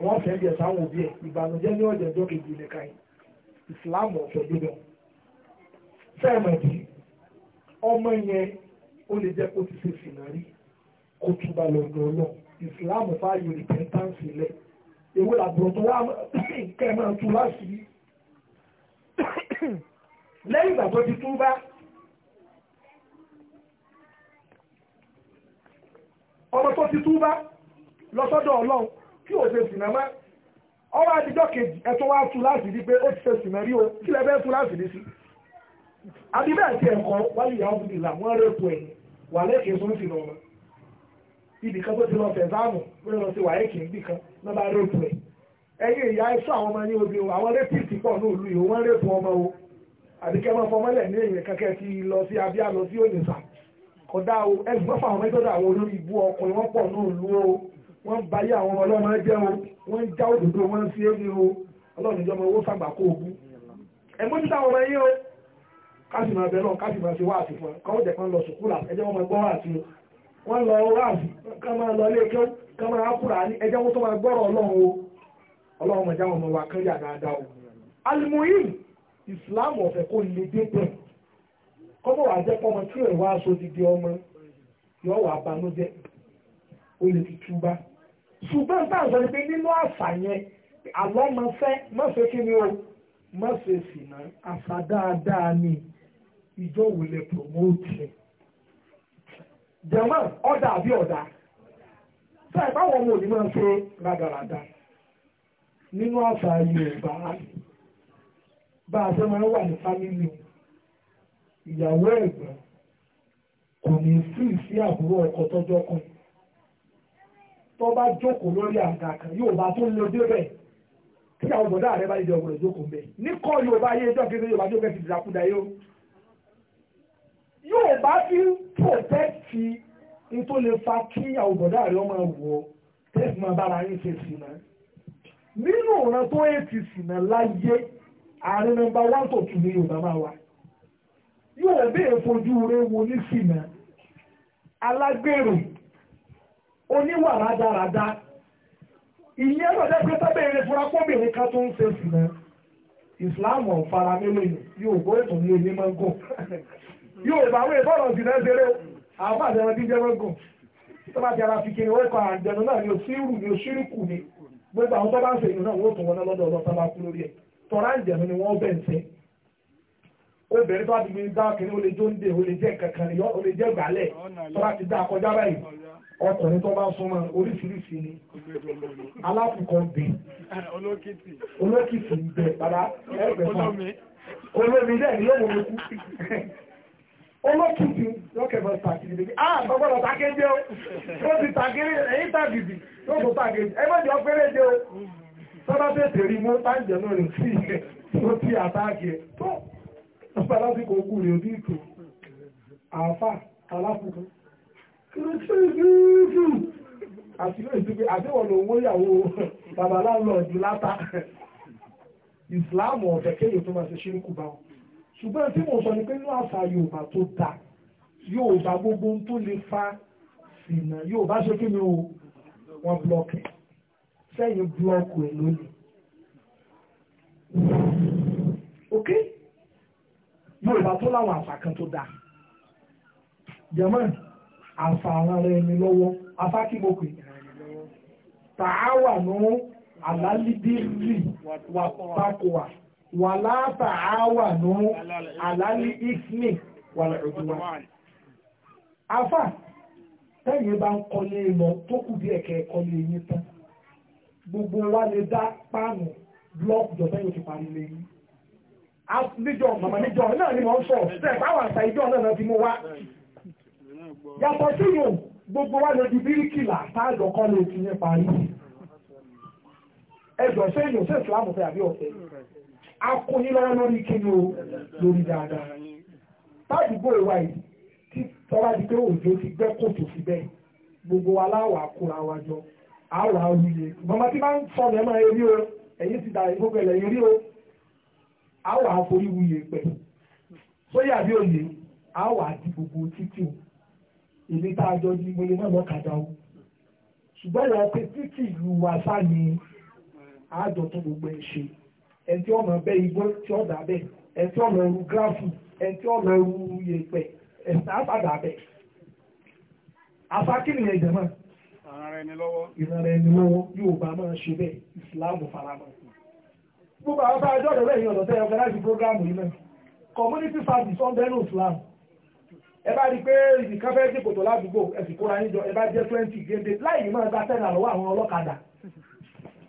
o wọ́n fẹ́ jẹ sáwọn òbí ẹ̀ ìbànújẹ́ ní ọ̀jẹ̀jọ́ kejì nìkan yìí sẹ́ẹ̀mẹ̀dì ọmọ yẹn ó lè jẹ́ kó ti ṣe sìnárì kó túbà lọ́dọ̀ ọlọ́run ìsìláàmù fáyọ repentance lẹ̀ èwo làbùrọ̀ tó wá kẹ́ máa tú láṣìírí lẹ́yìn ìgbà tó ti túbà. ọmọ tó ti túbá lọ́sọ́dọ̀ ọlọ́run kí o ṣe sinimá ọwọ́ àdìjọ́ kejì ẹ̀tọ́ wá tú láti rí pé ó ti ṣe sinimá rí o kí lẹ fẹ́ tú láti rí sí i. àbíbẹ̀ àti ẹ̀kọ́ wáyé ìyá ọdún ìlà wọ́n rẹ̀pù ẹ̀ wà lẹ́kẹ̀ẹ́ tó ń sì lọ́wọ́ ibì kan tó ti lọ fẹ̀sáàmù wọ́n lọ sí kan bá ẹ̀ ẹ̀yìn ìyá àwọn ọmọ obìnrin àwọn rẹ́pìtì pọ̀ ní òlu yìí wọ́n ọmọ o àbíkẹ́ máa fọmọ́lẹ̀ ní èyàn kankan ti lọ sí lọ sí ònìṣà kódà o ẹgbẹ́ àwọn o ba yé àwọn ọlọ́mọ káàsì máa bẹ náà káàsì máa ṣe fún ẹ lọ sùkúlà ẹjẹ́ wọn máa gbọ́ ká máa lọ ilé ká máa ní ẹjẹ́ wọn tó máa gbọ́rọ̀ ọlọ́run o ọlọ́run wọn máa wà kán yà dáadáa o. alimuhim islam ọ̀fẹ́ kò lè dé pẹ̀ kọ́mọ̀ wà jẹ́ pọ́mọ tí ẹ̀ wá aṣọ didi ọmọ yọ wà banújẹ́ ó lè ìjọ wò lè promote jama ọ̀dà àbí ọ̀dà sọ ẹ̀ báwọn ọmọ onímọ̀ ṣe rádaràda nínú àṣà Yorùbá bá a ṣe máa ń wà ní fámìlì ìyàwó kò ní sí ọkọ tọjọ kan tó bá jókòó lórí kan Yorùbá tó ń kí àwọn bá lè jẹ ní Yorùbá yé kí Yorùbá yóò bá fi ń pòtẹ́kì ní tó lè fa kí àwòbọ̀dá rẹ̀ ọmọ wọ̀ tẹ́sí máa bára yín ṣe sí náà nínú ọ̀ràn tó ètì sí náà láyé ààrẹ nọ́mbà wá tó tù ní Yorùbá máa wà yóò béè fojú rẹ̀ wo ní sí náà alágbèrè oníwà rádaràda ìyẹn lọ́dẹ́ pé tábẹ̀rẹ̀ fúra pọ́bìnrin ká tó ń ṣe sí náà ìsìláàmù ọ̀fara mélòó yóò gbọ́ ètò ní onímọ̀ gùn yóò bá wé bọ́ọ̀lù ọ̀sìn náà ṣeré àwọn àti ẹran tí ń jẹ́ mọ́gùn tó bá ti ara fi kiri wọ́n kọ àjẹnu náà ni òṣìrù ni òṣìrù kù ni gbogbo àwọn tó bá ń ṣe ìlú náà wọ́n tún wọn lọ́dọ̀ ọ̀dọ̀ tó bá kú lórí ẹ̀ tọ́ra àjẹnu ni wọ́n bẹ̀ ń ṣe obìnrin tó bá ti gbin dáa kiri ó lè jó ń dè ó lè jẹ́ kankan yọ ó lè jẹ́ gbàlẹ̀ tó bá ti dá kọjá báyìí ọkùnrin tó bá súnmọ́ oríṣiríṣi ni aláfùkọ gbè olókìtì ń bẹ bàbá ẹgbẹ̀fọ́ olómi náà ni yóò olókìkí lọ́kẹ̀fọ́ tàkìrì bèbí ah gbọ́gbọ́dọ̀ tàkéjé o ó ti tàkìrì ẹ̀yìn tàbìbì tó kò tàkéjé ẹgbẹ́jọ péréje o tọ́lá tètè rí mú táǹjẹ̀ náà rẹ̀ sí ẹ̀ tó ti àtàkì tó ọ̀pọ̀lọpọ̀ òkú rẹ̀ òbí ìtò àáfà aláfùkú àti ló ìdúgbé àdéhùn lòwó ìyàwó babaláwo ọ̀dùn látà ìsìláàmù ọ̀fẹ́ kéèyàn tó máa ṣe ṣírúkú báwọn ṣùgbọ́n tí mo sọ ni pé inú àṣà Yorùbá tó dáa Yorùbá gbogbo tó lè fa sínà Yorùbá ṣe kí ni o wọ́n blọọkì sẹ́yìn blọọkù ẹ̀ lónìí ok Yorùbá tó láwọn àṣà kan tó dáa jẹ́mọ́ àṣà àwọn ará ẹni lọ́wọ́ afá kí mo pè tàá wà ní alálídéèrè wà pákó wà. wà látà ní àlálí ismi wà afá tẹ́yìn bá ń kọ́lé lọ tó kù bí ẹ̀kẹ́ kọ́lé yín tán gbogbo wa lè dá páànù blọọkù jọ̀bẹ́ yóò ti parí lé yín. níjọ màmá níjọ náà ni mo ń sọ náà náà gbogbo wa di bíríkìlà kọ́lé sẹ́yìn ìsìlámù fẹ́ àbí a kún ní lọ́wọ́ lórí o lórí dáadáa tádùúgbò ìwà yìí tí tọ́lá di pé òjò ti gbẹ́ kòtò gbogbo wa láwàá kóra jọ àwàá wuyè màmá tí bá ń sọ ní ẹ o ẹ̀yìn ti dàrí gbogbo o forí pẹ̀ sóyè àbí òye di gbogbo títì o èmi tá a jọ di mo lè ẹni tí ọmọ bẹ́ igbó tí ó dà bẹ́ẹ̀ ẹni tí ọmọ ẹrú gíráfù ẹni tí ọmọ ẹrú yèpẹ̀ ẹ̀sìn àpàdà bẹ́ẹ̀. afa kí nìyẹn ìjàmọ́. ìrànra ẹni lọ́wọ́. ìrànra ẹni lọ́wọ́ yóò máa ṣe bẹ́ẹ̀ ìsìláàmù faramọ́. gbogbo àwọn bá ẹjọ́ ìrọ̀lẹ́ yìí ọ̀dọ̀ tẹ́ ọ̀gáláìsì yìí náà community service ọ̀bẹ ní islam ẹ bá rí i pé ìdìkan fẹ́ẹ́ dìbò tó ládùúgbò ẹ̀sìn kóra yín jọ ẹ bá jẹ́ twenty gèdè láì ní máa gba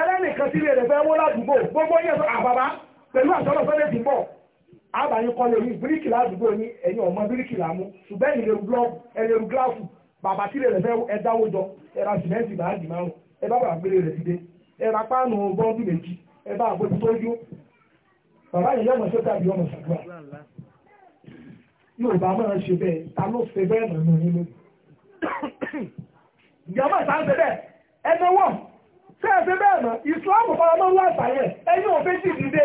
ẹlẹ́nìkan sílé rẹ̀ fẹ́ wó ládùúgbò gbogbo yẹn sọ àbàbá ah, pẹ̀lú àtọ́lọ́ sọ́dẹ̀ ti bọ̀ àbáyé kọlẹ̀ yìí bíríkì ládùúgbò ní ẹ̀yìn ọmọ bíríkì làmú ṣùgbọ́n ẹ̀yẹ̀rù gíláàfù bàbá sílé rẹ̀ fẹ́ ẹdáwó jọ ẹ̀ra sìmẹ́ǹtì báàgì márùn ẹ bá bàbá gbére rẹ̀ síde ẹ̀ra páànù bọ́ọ̀dù méjì ẹ bá àgbo tó yó bàbá yẹn yọmọ sókè àbí ọmọ sàdúrà Yorùbá máa ń ṣe bẹ́ẹ̀ ta ló fẹ́ bẹ́ẹ̀ nà nínú ìjọba ìta ń ṣe bẹ́ẹ̀ ẹgbẹ́ wọ̀ tẹ́ẹ̀sẹ̀ bẹ́ẹ̀ mọ̀ ìsìláàmù fara mọ́ láìsàyẹ̀ ẹ̀yìn òfin ti dìde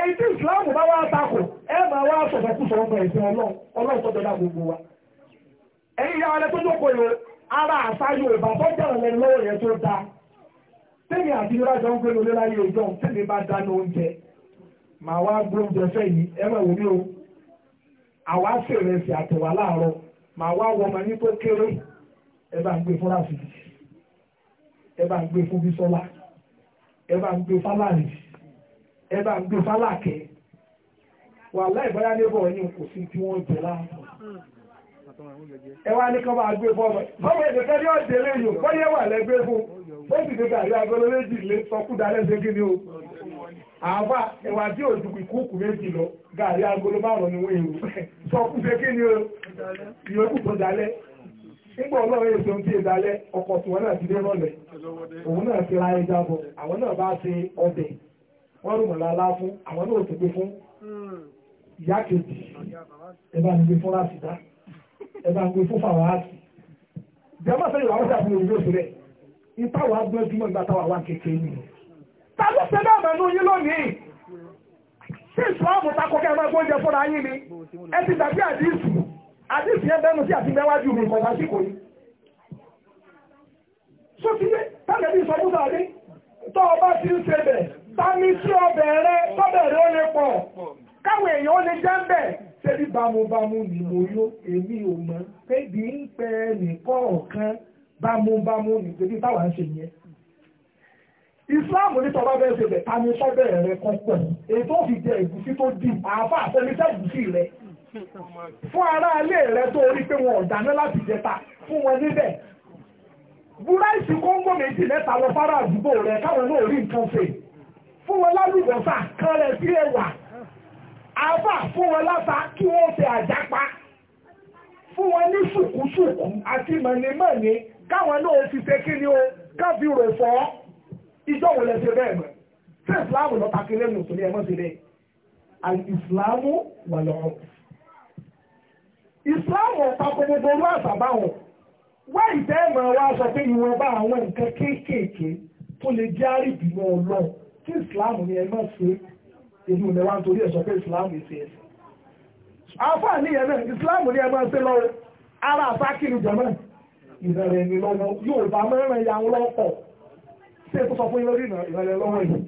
èyí tí ìsìláàmù bá wá takò ẹ máa wá sọ̀tọ̀kùsọ ọgbà ìsìn ọlọ́run tó dọ́dá gbogbo wa ẹ̀yìn ìyá ọlẹ́ tó jókòó yìí ara àṣà Yorùbá tó jẹ́rọ̀ lẹ́nu lọ́wọ́ yẹn tó dáa tẹ́mi àti ìrájọ ń gbé lórí láyé ìjọ tẹ́mi bá dáná oúnjẹ màá wá gbé oúnjẹ fẹ́ yìí ẹ máa wò o àwa ṣèrèsì àtẹ̀wà láàárọ̀ màá wá wọ ọmọ yín tó kéré ẹ bá ń gbé fúnra sí i ẹ bá ń gbé fún bísọ́lá ẹ bá ń gbé fálàní ẹ bá ń gbé fálàkẹ́ wà láì bọ́yá níbọ̀ ní kò sí tí wọ́n jẹ láàbọ̀ ẹ wá ní kán bá gbé fọ́ọ̀mù fọ́ọ̀mù ìdíkẹ́ ní ọ̀dẹ̀ lẹ́yìn bọ́yẹ̀ wà lẹ́gbẹ́ fún ó sì dìgbà àrí agolo méjì lé sọkú dalẹ́ ṣe ni o àwa ẹ̀wà tí ò ju ìkúùkù méjì lọ gàrí agolo márùn-ún ni wọ́n èrò sọkú ṣe ni o ìyókù tó dalẹ́ nígbà ọlọ́run èso ń tí ì dalẹ̀ ọkọ̀ tí wọ́n náà ti dé rọ̀lẹ́ òun náà ti ra ẹja bọ̀ àwọn náà bá ṣe ọbẹ̀ wọ́n rùn mọ̀lá alá fún àwọn náà ti gbé fún ìyá kejì ẹ bá ń gbé fún láti dá ẹ bá ń gbé fún fàwọn àti jẹ́mọ́ sẹ́yìn àwọn ṣàfihàn òyìnbó sílẹ̀ ipa wàá gbọ́n jùmọ̀ nígbà táwa wà kékeré nìyẹn tàbí sẹ́dá àmàlú yín lónìí sí ìsúlámù takọ́kẹ́ máa gbóúnjẹ fúnra yín ni ẹ àdísì ẹ bẹ́nu sí àti mẹ́wájú rẹ̀ kọ̀ lásìkò yìí só ti gbé tánàbí sọ fún sàdé tó ọba ti ń ṣe bẹ̀ tani sí ọbẹ̀ rẹ tọ́bẹ̀rẹ̀ ó lè pọ̀ káwọn èèyàn ó lè jẹ́ ń bẹ̀ ṣé bí bámúbámú ni mo yó èmi ò mọ̀ pé bí ń pẹ nìkan ọ̀kan bámúbámú ni pé bí táwa ń ṣe yẹn ìsìláàmù ní tọ́ba bẹ́ẹ̀ ṣe bẹ̀ tani sọ́bẹ̀rẹ̀ rẹ kọ́ èyí tó fi jẹ ìgúsí tó dì àáfà àfẹnisẹ́ ìgúsí rẹ̀ fún ará ilé rẹ tó rí pé wọn ò dáná láti jẹta fún wọn níbẹ̀ búráìsì kóńgò méjì mẹ́ta lọ fara àdúgbò rẹ káwọn náà rí nǹkan fè fún wọn lálùbọ́sà kan rẹ sí ẹ̀wà àbá fún wọn láta kí wọ́n fi àjápa fún wọn ní ṣùkúṣùkú àti mọ̀nìmọ̀nì káwọn náà fi ṣe kí ni o káfí rò fọ́ ìjọ wọlé ṣe bẹ́ẹ̀ mọ̀ sí ìsìláàmù lọ́ta kí lẹ́nu òṣèlú ẹ̀mọ́ sí bẹ́ẹ̀ àìsìláàmù wà lọ́rùn ìsìláàmù ọ̀pápọ̀ gbogbo orú àṣàbáwọn wá ìtẹ́ ẹ̀mọ̀ wa sọ pé ìwọ̀n bá àwọn nǹkan kéékèèké tó lè jẹ́ àríbìnú ọlọ́run tí ìsìláàmù ni ẹ má ṣe inú ilẹ̀ wa nítorí ẹ̀ sọ pé ìsìláàmù ìṣe ẹ̀sìn. àfáà ní ìyẹn náà ìsìláàmù ni ẹ má ṣe lọ́wọ́ ara àsákìrì jọ̀mọ́ ìrẹ̀lẹ̀ ni lọ́wọ́ yóò bá mẹ́rin ya ń lọ́pọ̀ ṣé tó sọ fún yín lórí ìrẹ̀lẹ̀ lọ́wọ́ yìí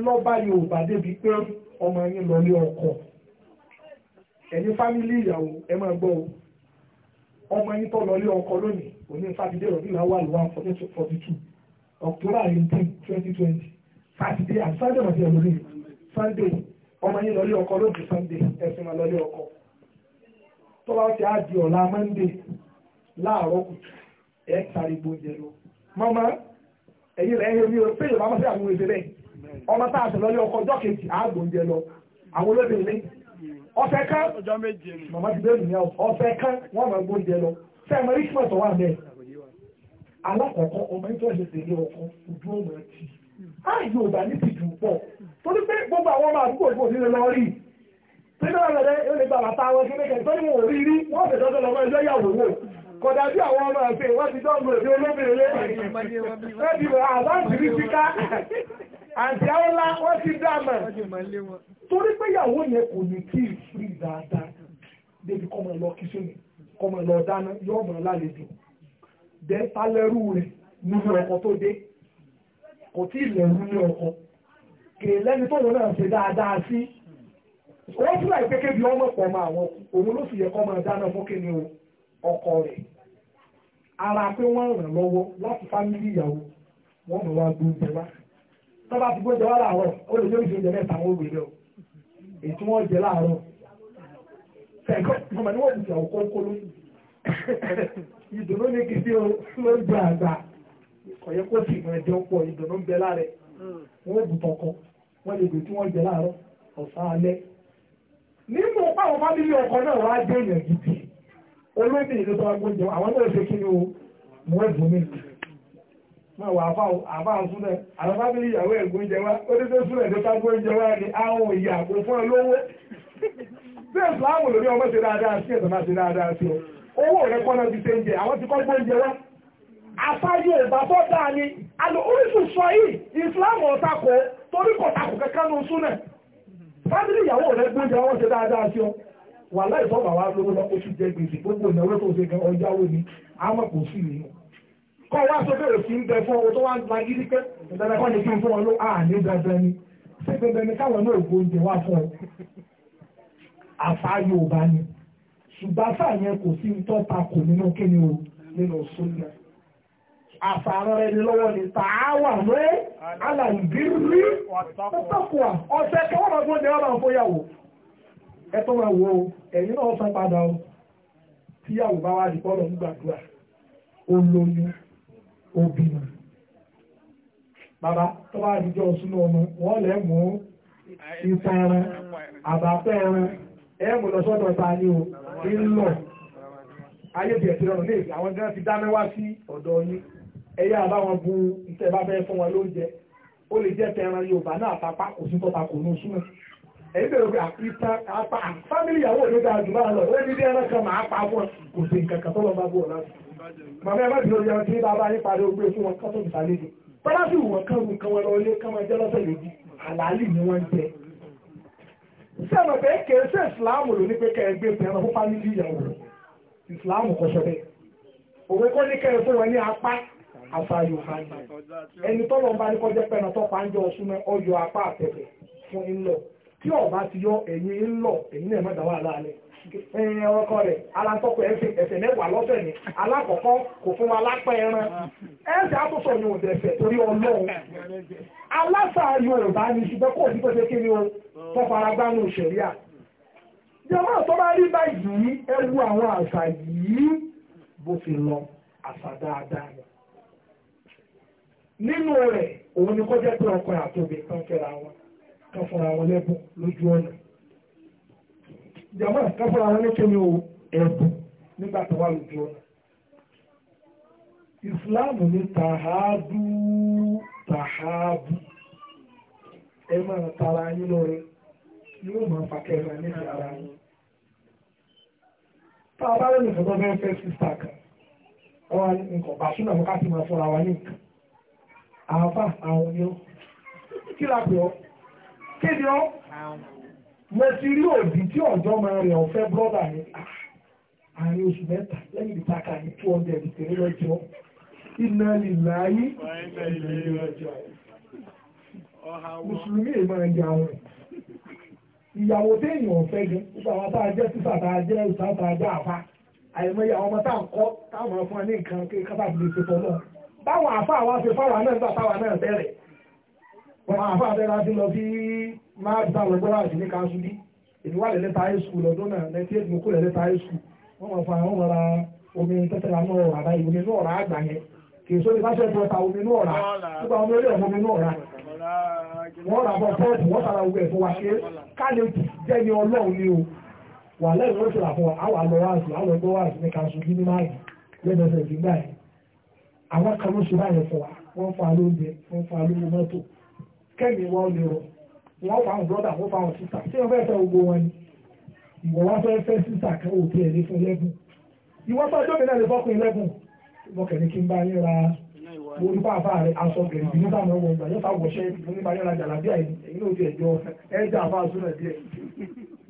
ńlọ́ba yóò bá débi pé ọmọ yín lọ ní ọkọ̀ ẹ̀yin fámílì ìyàwó ẹ máa gbọ́ o ọmọ yín tó lọlé ọkọ lónìí òní sátidé wà lọ́wọ́ forty forty two october eighteen twenty twenty sátidé àti lórí sunday ọmọ yín ọkọ lónìí ọkọ ti á di ọ̀la láàárọ̀ kùtù ẹ̀ lọ ẹ̀yin rẹ̀ ẹ̀yẹ mi ò àwọn ìṣẹ̀lẹ̀ ọmọ tá a ọkọ ọjọ́ kejì ọ̀sẹ̀ kan màmá ti bẹ́ẹ̀ nìyà ọ̀sẹ̀ kan wọ́n máa gbóúnjẹ lọ sẹ́ẹ̀mọ̀ richmond wà mẹ́ẹ̀ alákọ̀ọ́kọ́ ọmọ ẹgbẹ́ ọ̀sẹ̀ tẹ̀lé ọkọ ojú ọmọ ẹtì láì yóò bá ní ti dùn pọ̀ torí pé gbogbo àwọn ọmọ àdúgbò ìbò nílé lọ rí nínú ọ̀rẹ́ yóò lè gba bàtà wọn kí nìkan tó ní wọn ò rí rí wọ́n fẹ́ dọ́dọ̀ lọ́mọ ẹjọ́ yàwó wò kọ̀dà bí àwọn ọmọ ẹ̀sìn wọ́n ti dọ́gbọ̀n èdè olóbìnrin lé ẹ̀dì àbáǹtì rí síká àti àwọlá wọ́n ti dáàmà torí pé ìyàwó yẹn kò ní kí ìfúri dáadáa débi kọ́mọ lọ kí sómi kọ́mọ lọ dáná yóò mọ̀ lálejò dẹ́ talẹ́rù rẹ̀ nínú ọkọ̀ tó dé kò tí ì lẹ̀rú ní ọkọ̀ kèé lẹ́ni tó wọn náà ṣe dáadáa sí wọ́n fúnra ìpẹ́kẹ́ bí ọmọ pọ̀ mọ́ àwọn òun ló sì yẹ kọ́mọ dáná fún kíni ọkọ rẹ̀ ara pé wọ́n ràn lọ́wọ́ láti fámílì ìyàwó wọ́n mọ̀ wá gbóúnjẹ wá tọ́ba ti gbóúnjẹ wá láàárọ̀ ó lè lórí ìjọba mẹ́ta àwọn òwe lọ èyí wọ́n jẹ láàárọ̀ fẹ̀kọ́ ìfọ̀mọ̀ ni wọ́n ti sọ̀rọ̀ kónkóló ìdùnnú ní kìsí o ló gbà àgbà ọ̀yẹ́ kó sì fún ẹjọ́ ìdùnnú ń láàrẹ̀ wọ́n bù tọkọ wọ́n lè gbé tí wọ́n jẹ láàárọ̀ ọ̀sán alẹ́ máa wà àbá súnlẹ̀ àwọn ìyàwó ẹ̀gbọ́n jẹ wá ó dédé súnlẹ̀ tó tágbó jẹ wá ní àwọn ìyà fún ẹ lówó láwọn olórí ti ṣe ń jẹ ti kọ́ wá dáa ni àlọ́ sọ yìí ìsìláàmù torí kò takò ló fábílì ìyàwó ṣe dáadáa sí ọ wà láì gbogbo ìnáwó tó ṣe gan kọ́ wá sọ bẹ̀rẹ̀ sí ń bẹ fún owó tó wá ń la gidi pé dandan kọ́ ni kí n fún ọ ló à ní dandan ni ṣé dandan ni káwọn náà gbó oúnjẹ wá fún ọ. àṣà Yorùbá ni ṣùgbọ́n àṣà yẹn kò sí tọ́ta kò nínú kíni o nínú sunna àfààrọ̀ ẹni lọ́wọ́ ni tààwà lé alàǹdírí ọ̀tọ́kùwà ọ̀sẹ̀ tó wọ́n gbọ́dé ọ̀rọ̀ fóyàwó ẹ̀tọ́ máa wo ẹ̀yìn náà san padà o tíyàwó bá wà ní bọ́ọ̀lù gbàdúrà olóyún Obi na bàbá tó bá ọsụnụ súnú ọmọ mú ìta ẹran ẹran ni o ńlọ àwọn gan ti dáná wá sí ọ̀dọ̀ yín àbáwọn bu bá fún wọn lóúnjẹ ó lè tẹran Yorùbá náà kò sí tọ́ta kò ní bẹ̀rẹ̀ lọ ó ní bí ẹran kan máa pa Bàbá ẹgbẹ́ ìlú ọjọ́ tí bàbá yín parí ogbé fún wọn kọ́tọ̀ ìsàlejò. Bọ́lá sì wọ̀n kán gun kan wọn lọ ilé kán wọn jẹ́ lọ́sẹ̀ lójú. Àlàálì ni wọ́n ń jẹ. Sẹ́mi pé kèé sí ìsìláàmù ló ní pé kẹ́ ẹ gbé fẹ́ràn fún fámìlì ìyàwó. Ìsìláàmù kọ́ sọ bẹ́ẹ̀. Òwe kọ́ ní kẹ́ ẹ fún wọn ní apá àṣà Yorùbá ni. Ẹni tọ́lọ̀ ń bá ní kọjá pẹ́ràn tọ́pá ń jọ ọ̀ṣun náà ọyọ apá àtẹ̀tẹ̀ fún ńlọ. Tí ọ̀bá ti yọ ẹ̀yin ńlọ, ẹ̀yin náà má dá wàhálà alẹ́. Eh, ọkọ rẹ̀ alátọ́kọ̀ ẹsẹ̀ mẹ́wàá lọ́sẹ̀ ni alákọ̀ọ́kọ́ kò fún wa lápẹ́ ẹran ẹsẹ̀ àtúntò ni òdẹ̀sẹ̀ torí ọlọ́run aláṣà yorùbá ni ṣùgbọ́n kò sí pẹ́sẹ́ kí ni o tó faragbá ní òṣèríà jọba tó bá rí báyìí ẹ wú àwọn àṣà yìí bó ti lọ àṣà dáadáa ni nínú rẹ̀ òun ni kó jẹ́ pé ọkọ àtòbí kan fẹ́ra wọn kan fúnra wọn lẹ́bùn lójú ọ̀nà jàmọ́ káfíńà wọn ní kíni o ẹ̀bùn nígbà tó wà lójú ọ̀nà ìsìláàmù ní tàhádù tàhábù ẹ máa tara yín lórí yóò máa fàkẹ́rẹ́ níbi ara yín tá a bá lè nìkan tó fẹ́ fẹ́ sísá kan ọwọ́ nǹkan bá súnà mọ́ ká sì máa fọ́ra wa ní nǹkan àáfà àwọn ni ó kí lápẹ̀ ọ́ kéde ọ́ mo ti rí òbí tí ọ̀dọ́ máa rẹ̀ ọ̀fẹ́ brọ́dà yẹn ah, àárín oṣù mẹ́ta lẹ́yìn ìta ka ní two hundred tèrè lọ́jọ́ iná lílà ayé ìlú lọ́jọ́ mùsùlùmí yìí máa ń ya wọn ìyàwó téèyàn ọ̀fẹ́ gan nígbà wọn a jẹ́ sísà tá a jẹ́ ìsà tá a jẹ́ àfa àìmọye àwọn ọmọ tá à ń kọ́ táwọn afún wa ní nǹkan kí kábà fi lè ṣe tọ́ náà báwọn àfa àwa ṣe fáwọn náà nígbà táwọn náà bẹ̀rẹ̀ wọn àfa àbẹ̀rẹ̀ á lọ sí máa gbà lọ́gbọ́n láti ní dị bí èmi wà high school lọ́dún náà ninety eight high school wọ́n mọ̀ àwọn ọ̀rá omi tẹ́tẹ́ ra náà ọ̀rá báyìí omi inú ọ̀rá àgbà yẹn kì í sóni báṣẹ́ omi ọ̀rá nígbà omi ni ọlọ́run ni o wà lẹ́yìn ló wọ́n fáwọn brọ́dà wọ́n fáwọn sísà tí wọ́n fẹ́ fẹ́ gbogbo wọn ni ìwọ wá fẹ́ fẹ́ sísà kan ò tiẹ̀ lé fún lẹ́gùn ìwọ fẹ́ jókè náà lè fọ́kùn lẹ́gùn mo kẹ̀ ní kí n bá yín ra olùkọ́ àbá rẹ̀ aṣọ gẹ̀rẹ́ ìbí nígbà náà wọ̀ gbà yóò fà wọ̀ṣẹ́ mo ní bá yín ra jàlá bí àyè ẹ̀yin ò tiẹ̀ jọ ẹ̀ẹ́dà àbá díẹ̀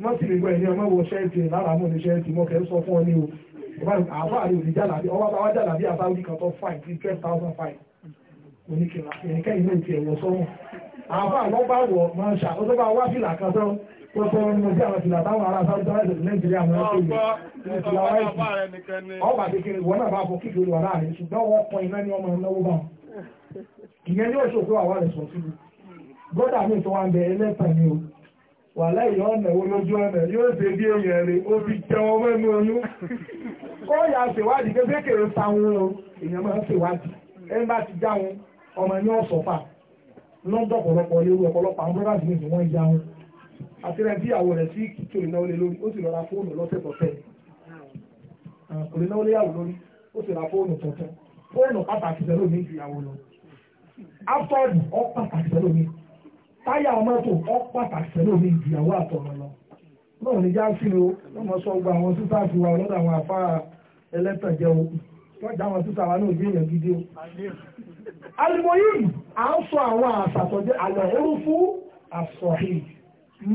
wọ́n sì lè gbọ́ ẹ̀yin ọmọ wọ ṣẹ́ẹ̀tì lára mọ́ ní ṣẹ́ẹ̀tì mo kẹ̀ sọ fún ọ ní o àbá rẹ̀ ò jàlá bí ọwọ́ bá jàlá bí àbá kan tó fine three twelve thousand five oníkìlá ẹ̀yìn kẹ́yìn náà tiẹ̀ àwọn àwọn bá wọ̀ máa ṣà ó tó bá wá fìlà kan tán tó tọ́ ní ojú àwọn fìlà táwọn ará sáwọn tó láìsẹ̀ nàìjíríà àwọn ẹgbẹ́ ìlú ìfìlà wáìsì ọba kékeré wọn náà bá fọ kékeré wà láàrin ṣùgbọ́n wọ́n pọn iná ní ọmọ ìnáwó bá ìyẹn ní oṣù òkú àwọn rẹ̀ sọ sí i bọ́dà mi tó wà ń bẹ ẹlẹ́tàn ni o wà lẹ́yìn ọ̀nà owó lójú ọ̀nà yóò ṣe bí èèyàn rẹ̀ ó fi jẹun mẹ́nu oyún ó yà ṣèwádìí kékeré sáwọn èèyàn máa ń ṣèwádìí ẹ bá ti já ọmọ ní ọ̀sọ̀fà lọ́dọ̀ ọ̀pọ̀lọpọ̀ lérú ọ̀pọ̀lọpọ̀ àwọn brothers mi wọ́n ya wọn àtẹ́rẹ́ bí àwọ̀ rẹ̀ sí kìtò ìnáwó lé lórí ó sì lọ ra fóònù lọ́sẹ̀ tọ̀tẹ̀ kò lè náwó léyàwó lórí ó sì ra fóònù tọ̀tẹ̀ fóònù pàtàkì sẹ́lò mi ju ìyàwó lọ afọ́ọ̀dù ọ pàtàkì sẹ́lò mi táyà mọ́tò ọ pàtàkì sẹ́lò mi ju ìyàwó àtọ̀rọ̀ lọ náà ní já sí o lọ́mọ sọ gba àwọn sísáàsì wa lọ́dọ̀ àwọn àfáà ẹlẹ́tàn jẹun wọ́n já àwọn wa náà gbé èèyàn gidi o alimoyin à ń sọ àwọn àṣàtọ̀jẹ́ àlọ́ ẹrú fún àsọ̀hìn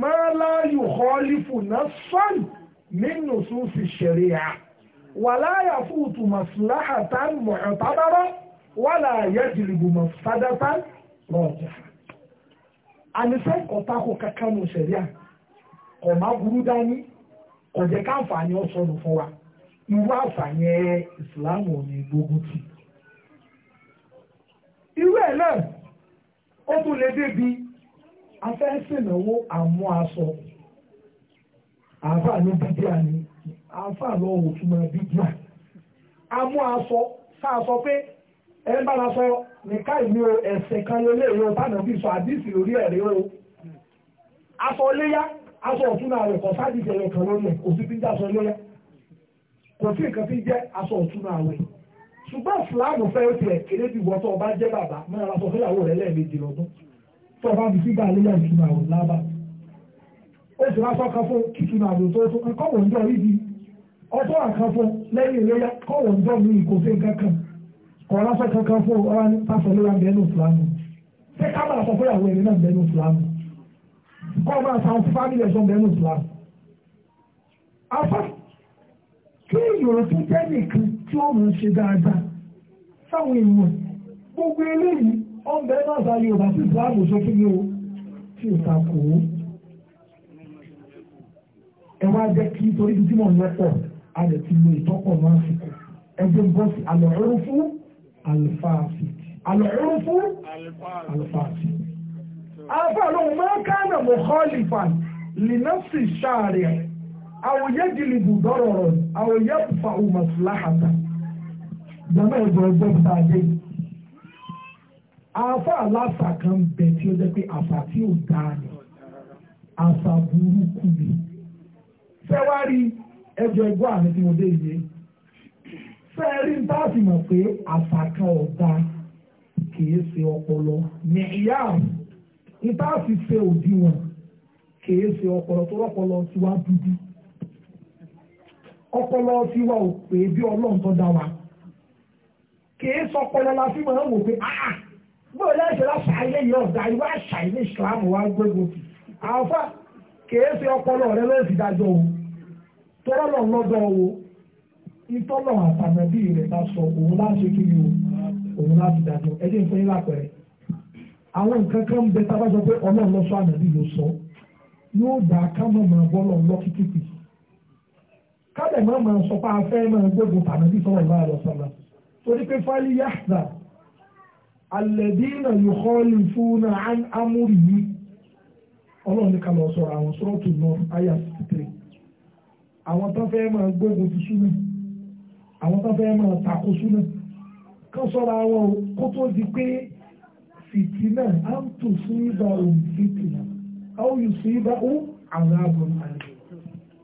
máa láàyò họ́ọ́lífù náà sọ́ọ̀nù nínú sùúrù ṣẹ̀ríà wàlá yàfùtù maslahatan mu'tabara wàlá yajlibu mafsadatan rajiha àníṣẹ́ ọ̀tako kankan ní ṣẹ̀ríà kò má burú dání kò káǹfààní ọ̀sọ̀rọ̀ fún wa irú àǹfààní ìsìláàmù ò ní gbógun tì í. irú ẹ̀ náà ó tún lè débi afẹ́sìnàwó àmú aṣọ àáfàá ní bídíà ni àáfàá lọ wò fún mi àmú aṣọ sáà pé ẹ ń bára sọ nìka o ese kan lélẹ̀ yóò bánà bí sọ àdìsí lórí ẹ̀rí o aṣọ léyà aṣọ ọ̀túnà rẹ̀ kọ̀ sáàdìsí ẹ̀yọ̀ kan lórí ẹ̀ kò sí ń ṣùgbọ́n ìsìláàmù fẹ́ ti ẹ̀ kéré bí wọ́n tó ọba jẹ́ bàbá mẹ́ra sọ fẹ́yàwó rẹ̀ lẹ́ẹ̀mejì lọ́dún tó ọba fi sígbà lé yàrá ìgbà òun lábà ó sì lásán kan fún kìkì náà àdó tó tó kọ́ wọ́n jọ rí bi ọjọ́ àkan fún lẹ́yìn ìléyà kọ́ wọ́n jọ mi kò sí nǹkan kan kọ́ lásán kankan fún ọ̀rá ní pásọ̀ lóra bẹ́ẹ̀ ní ìsìláàmù ṣé ká máa sọ fẹ́yàwó rẹ̀ náà bẹ́ẹ̀ ní ìsìláàmù kọ́ máa sa fámìlì ẹ̀sọ́ bẹ́ẹ̀ ní ìsìláàmù afá kí Yorùbá jẹ́ nìkan tí ó mú ṣe dáadáa sáwọn èèyàn gbogbo eléyìí ọ̀bẹ náà bá Yorùbá sí ìsìláàmù sọ fún mi o tí ò takò ó. ẹ wá jẹ́ kí torí ibi tí mò ń lọ pọ̀ a lè ti lo ìtọ́pọ̀ náà sí kù ẹgbẹ́ bọ́ sí àlọ́ọ̀rọ̀ fún àlùfáàsì àlọ́ọ̀rọ̀ fún àlùfáàsì. àlùfáà lóhùn máa ká nà mọ̀ họ́ọ̀lì fàn lìnàṣì ṣáàrẹ̀ àwòyé dìlìbù dọ́rọ̀rọ̀ àwòyé fàùmọ̀síláhàtà. jọba ẹ̀jọ̀ ọjọ́ ìta dé afa aláṣà kan bẹ̀ tí o je pe àṣà ti o dáa ni àṣà burúkú ni fẹ́wárí ẹ̀jọ̀ ẹ̀gbọ́n àmì tí mo dé ìyé fẹ́ẹ́rí bá si mọ̀ pe àṣà kan ò dáa kìí ṣe ọpọlọ ní ìyá ìta sì ṣe òdiwọ̀n kìí ṣe ọpọlọ tó rọpọlọ tiwa dúdú ọpọlọ tiwa o pé bí ọlọ́run tó dá wa. kìí sọ pẹlẹ la fi máa ń wò pé áà bó lẹ́sẹ̀ láṣà ilé yìí ọ̀dà ìwé àṣà ilé ìsìlámù wa gbégun àwọ̀fà kìí fi ọpọlọ rẹ lọ́ọ́ fi dájọ́ o tọ́rọ́ lọ lọ́dọ̀ o ìtọ́nà àtàmẹ́bí rẹ̀ bá sọ òun láti kí ni o òun láti dájọ́ ẹjẹ́ ìfẹ́ yín lápẹ̀rẹ̀ àwọn nǹkan kan ń bẹ tábàjọ pé ọlọ́run lọ́sọ àmẹ́bí ló sọ dá kámọ̀mọ̀ bọ́lọ̀ lọ́kìtìkì kábẹ̀ máa máa sọ pé afẹ́ máa gbógun tàbí sọ̀rọ̀ bá torí pé fálí yáàdà alẹ́dínà yòókọ́lì fúnà amúrì yìí ọlọ́run ní kalọ̀ sọ̀rọ̀ àwọn sọ́ọ̀tù náà àyà títẹ̀ àwọn tó fẹ́ máa gbógun ti súnà àwọn tó fẹ́ máa tako súnà kan sọ̀rọ̀ àwọn kó tó di pé fìtínà á ń tò sí ibà òun fìtínà á ó yù sí ibà ó àwọn àbọ̀ náà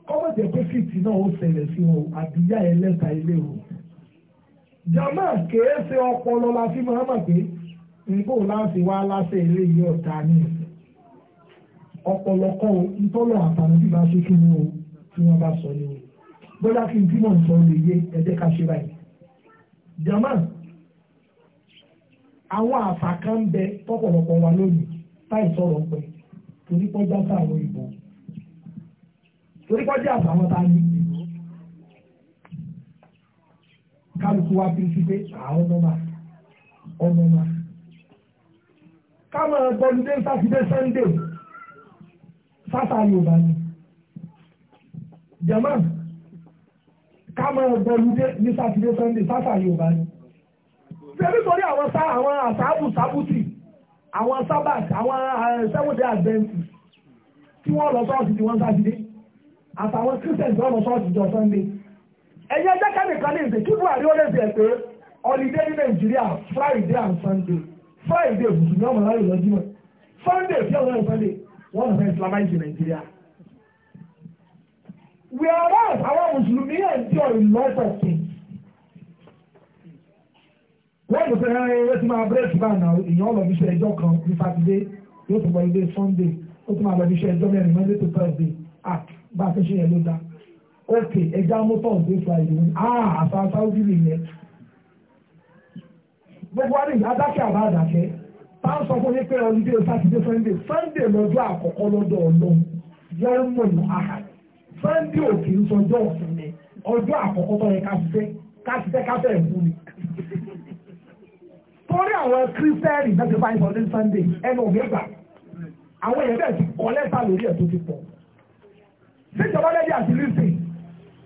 kọ́mọ̀jẹ̀ pé fìtínà ó ṣẹlẹ̀ sí wọn àbíyá ẹlẹ́ta ilé wọn. jọmọ kee se ọpọlọ la fi máa mbụ pé nbó láti wá láṣẹ eléyìí ọ̀tá ọpọlọpọ ọpọlọ kọ́ ntọ́lọ̀ àtàwọn bí ni o tí bá sọ ni o bóyá kí n tí mò ń sọ lè yé ẹ̀jẹ̀ ká wa lónìí táì pẹ torí pọjá sáwọn ìbò torí pọjá kálukú wá bí sí pé àwọn ọmọ máa ọmọ máa káwọn ọgbọ́nudé sátidé sẹ́ńdé sátà yorùbá ni jama káwọn ọgbọ́nudé ní sátidé sẹ́ńdé sátà yorùbá ni ṣebí torí àwọn sá àwọn àsáàbù sábùtì àwọn sábàt àwọn eh, sẹ́wọ̀dé àgbẹ̀ǹtì tí wọ́n lọ sọ́ọ̀tì tí wọ́n sátidé àtàwọn kírísẹ̀ǹtì wọ́n lọ sọ́ọ̀tì jọ sẹ́ńdé ẹ̀yẹ́ jẹ́kẹ́nìkan ní ìsìn kí buhari ó lè bẹ̀ pé holiday ní nàìjíríà friday and sunday friday mùsùlùmí ọmọ aráyè lọ́júmọ̀ sunday fi ọ̀rọ̀ ìfẹ́lẹ̀ wọ́n lọ fẹ́ islamize nàìjíríà. whereas àwọn mùsùlùmí ẹ̀ ń jọ ìlọ́sọ̀sìn wọ́n lọ fẹ́ ẹ ẹ ti máa bírèkì bá àná èèyàn lọ fi ṣe ẹjọ́ kan ní sátidé yóò tún bọ̀ ilé sunday ó tún máa lọ fi ṣe ẹjọ́ mẹ́rin monday to thursday ah bá a fẹ́ ṣe yẹn ok ẹja mọ́tọ̀ ọ̀gbẹ́ friday wọn ah àfàfà ojúlé yẹn gbogbo wa ní adákẹ́ àbá àdàkẹ́ tá a sọ fún yín pé ọlídé sátidé sunday sunday lọ́jọ́ àkọ́kọ́ lọ́dọ̀ ọlọ́run yẹ́rù mọ̀nà àhà sunday òkè ń sọjọ́ ọ̀sìnlẹ̀ ọjọ́ àkọ́kọ́ tó yẹ ká fẹ́ ká fẹ́ ká fẹ́ ẹ̀kú ni. torí àwọn kírísítẹ́rì náà ti fa ìfọ̀dé sunday ẹnu òmìnira àwọn èèyàn bẹ́ẹ̀ ti kọ́ lẹ́tà lórí ẹ̀ tó ti pọ̀. síjọba lẹ́yìn àti lísìn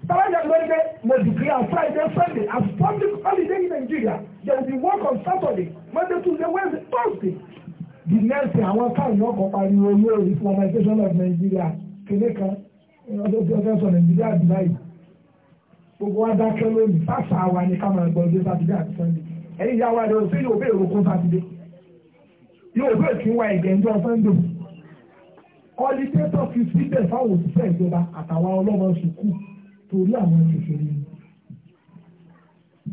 Saturday and Wednesday may declare on Friday and Sunday as public holiday in Nigeria. There will be work on Saturday, Monday, Tuesday, Wednesday, Thursday. The next day, àwọn káàmì ọkọ̀ pariwo ilé reformation of Nigeria kéde kan ọdún tí ọjọ́ sọ Nigeria Dubai. Gbogbo wa dákẹ́ lónìí, fásà wa ni ká máa gbọ́ ọdún Sátidé àti Sọ́ndé. Ẹ̀yin ìyá wa rẹ̀ òsè yóò bẹ̀rẹ̀ òkun Sátidé. Yóò bẹ̀rẹ̀ kí n wa ẹ̀gẹ̀ ńjọ Sọ́ndé holiday tó fi síbẹ̀ fáwọn òṣìṣẹ́ ìjọba àtàwọn ọlọ́mọ sùkúù torí àwọn kékeré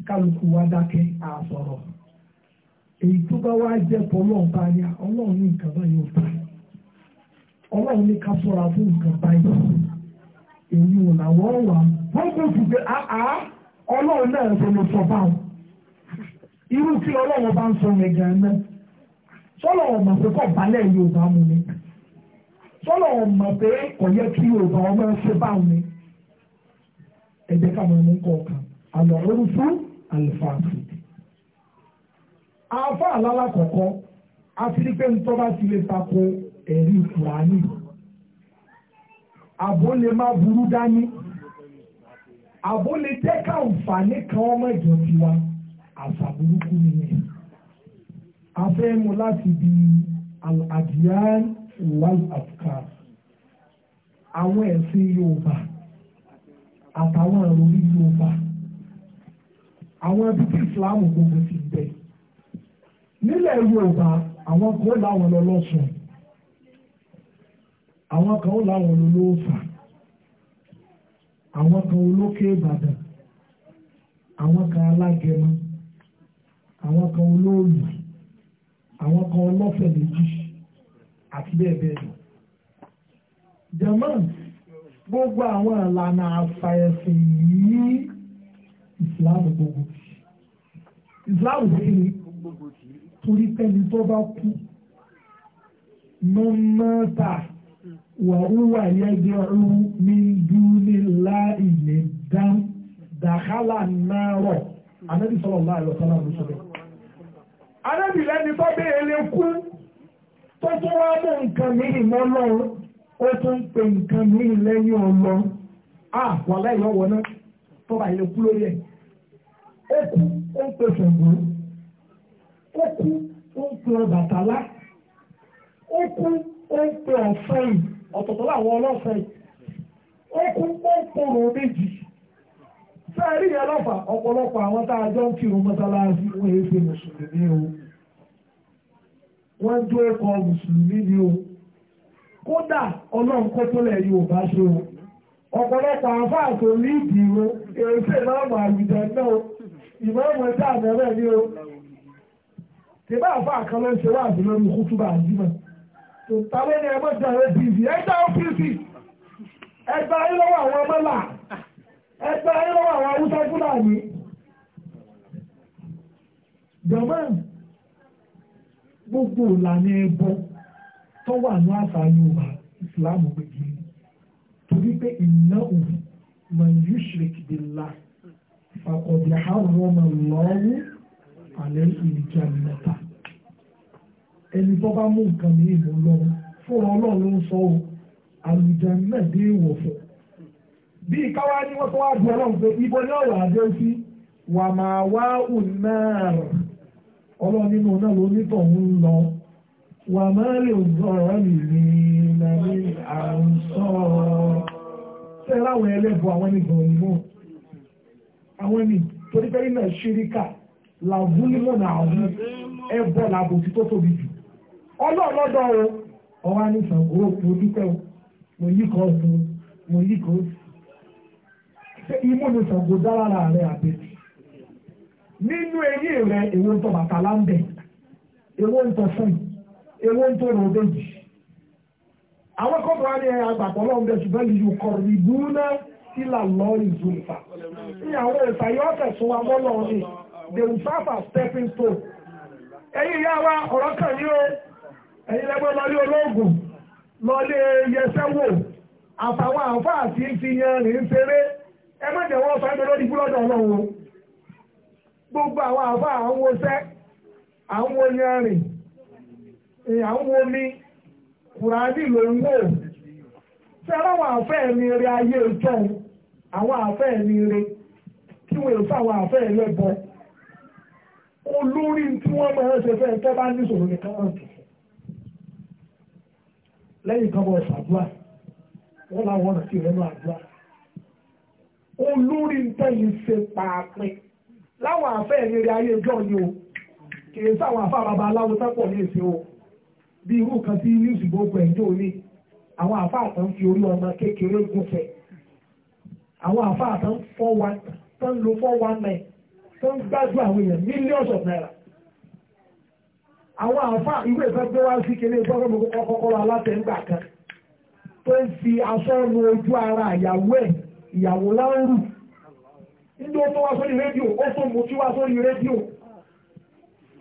kálukú wa dákẹ́ àsọ̀rọ̀ èyí tó bá wá jẹ́ pọ̀lọ́n bá ní ọlọ́run ní nǹkan báyìí ó ta ọlọ́run ní ká sọ̀ra fún nǹkan báyìí èyí ò wà wọ́n kò sì pé àá ah, ah, ọlọ́run náà ṣe sọ tí ọlọ́run bá ń sọ náà sọ́lọ̀ pé balẹ̀ mu ni sọ́lọ̀ pé ẹ jẹ́ ká máa mú kọ̀ọ̀kan àlọ́ orúfú àlùfáàfù. àáfà alálàkọ̀kọ́ afirikẹ́ ntọ́ba ti lè tako ẹ̀rí kùránì àbó lè má burú dání àbó lè jẹ́ káǹfààní kan ọmọ ìjọ tiwa àṣà burúkú nìyẹn afẹ́ mu láti di al-adiyan wal àwọn ẹ̀sìn Yorùbá àtàwọn ọ̀rọ̀ orí yorùbá àwọn ibi tí ìsìláàmù gbogbo ti bẹ̀ nílẹ̀ yorùbá àwọn kan ó láwọn lọ lọ́sùn àwọn kan ó láwọn lọ lóòfà àwọn kan olókè ìbàdàn àwọn kan alágẹmọ àwọn kan olóòlù àwọn kan ọlọ́fẹ̀ méjì àti bẹ́ẹ̀ bẹ́ẹ̀ lọ. germans gbogbo àwọn ìlànà àfàyẹ̀sìn yìí ìsìláàmù gbogbo tì ìsìláàmù sí ni torí pẹ́ni tó bá kú mọ́mọ́ta wà wúwà yẹ́gẹ́ ọ̀rún ní dúní láì lè dán dàkálà náà rọ̀ anábì sọ̀rọ̀ láàyè ọ̀sán àbúṣọ̀rọ̀ anábì lẹ́ni tó bẹ́ẹ̀ lè kú tó tún wá mú nǹkan mìíràn mọ́ lọ́rùn ó tún ń pe nǹkan ní lẹ́yìn ọlọ àwọn aláìlọ́wọ́ náà tó bá ilé kú lórí ẹ̀ ó kú ó ń pe Ṣàngó ó kú ó ń pe Ọbàtálá ó kú ó ń pe ọ̀fẹ́ yìí ọ̀tọ̀tọ̀ láwọn ọlọ́fẹ́ yìí ó kú ó ń korò méjì sẹ́ẹ̀rí yẹn lọ́fà ọ̀pọ̀lọpọ̀ àwọn tá a jọ ń kírun mọ́sálásí wọ́n èé ṣe mùsùlùmí o wọ́n jó ẹ̀kọ́ mùsùlùmí ni o kódà ọlọ́run kó tó lẹ̀ yóò bá ṣe o ọ̀pọ̀lọpọ̀ àfáà tó ní ìdìrò èrèsè ìmáàmù àlùjọ náà ìmáàmù ẹ̀ta àbẹ̀rẹ̀ ni o tìbá àfáà kan ló ń ṣe wáàbí lórí kútúbà àdìmọ̀ tó tàbí ni ẹgbẹ́ ti àwọn pv ẹgbẹ́ àwọn pv ẹgbẹ́ ayé lọ́wọ́ àwọn ọmọlà ẹgbẹ́ ayé lọ́wọ́ àwọn haúsá fúlàní gbogbo ìlànà ẹbọ tó wà ní àṣà yorùbá ìsìláàmù gbèjì torí pé iná òun man yushrik billah faqad harrama Allahu alayhi al-jannata ẹni tó bá mú nǹkan ní ìlú lọ́wọ́ fúnra ọlọ́run ń sọ ọ́ àlùjánnà náà dé ìwọ̀ fún bí káwá ní wọ́n tó wá di ọlọ́run pé ibo ní ọ̀rọ̀ àdé sí wà máa wá ùn náà ọlọ́run nínú náà ló nítọ̀ ń lọ wà máa lè bọ̀rọ̀ nìrí nàní àrùn sọ́ọ̀rọ̀ tẹ́ láwọn ẹlẹ́bọ̀ àwọn nìkan ni mọ́ àwọn ni torí pé nínú ṣíríkà làwọn nímọ̀ náà àwọn ẹbọ̀ làbò tí tó tóbi jù ọlọ́ọ̀lọ́dọ̀ o ọwá ní Ṣàngó òkú dúpẹ́ o mo yí kan fún mo yí kan sí imú ni Ṣàngó dá lára rẹ̀ àbẹ̀tì nínú eyín rẹ̀ èwo ń tọ́ bàtà láńbẹ̀ èwo ń tọ́ fún ewé ń tóró méjì àwọn kọ́kọ́rọ́ ni àgbàpọ̀ lọ́wọ́ bẹ̀ ṣùgbọ́n ìlú kọ̀rọ̀ ìbú náà sílà lọ ìlú ìfà ní àwọn ìfàyọ́ ọ̀tẹ̀sùn wa mọ́ lọ́wọ́ ni they will serve as stepping stone ẹ̀yin ìyá wa ọ̀rọ̀ kan ní o ẹ̀yin lẹ́gbẹ́ lọ́lé olóògùn lọ́lé yẹsẹ́ wò àtàwọn àǹfààní tí ń fi yan rìn ṣeré ẹ má jẹ́ wọ́n sáré lórí búlọ́dọ̀ ọlọ́run gbogbo àwọn àǹfààní àwọn oṣẹ́ àwọn oyin rìn ìyàwó omi kùránì ló ń wò tí aláwọ̀ àfẹ́ mi rí ayé ìjọ àwọn àfẹ́ mi rí kí wọ́n fà àwọn àfẹ́ ẹlẹ́bọ olórí tí wọ́n máa ń ṣe fẹ́ tẹ́ bá níṣòro nìkan náà kì í lẹ́yìn kan bọ̀ ṣàdúrà wọ́n láwọn ọ̀nà sí ìrẹ́nu àdúrà olórí tẹ́yìn ṣe pàápín láwọn àfẹ́ mi rí ayé ìjọ ni o kì í sáwọn àfẹ́ àbàbà aláwo sápọ̀ ní èsì o. bí irú kan tí ní ìṣùgbọ́n pẹ̀ ní àwọn àfáà tán fi orí ọmọ kékeré gúnfẹ̀ àwọn àfáà tán fọ́ wa lo fọ́ wa mẹ́ gbájú àwọn èèyàn millions naira àwọn àfáà ìwé ìfẹ́ gbé wá sí kéré gbọ́dọ̀ kọ́kọ́rọ́ kan tó ń fi ara ẹ̀ ìyàwó ó tó wá sórí rédíò ó tó mú wá sórí rédíò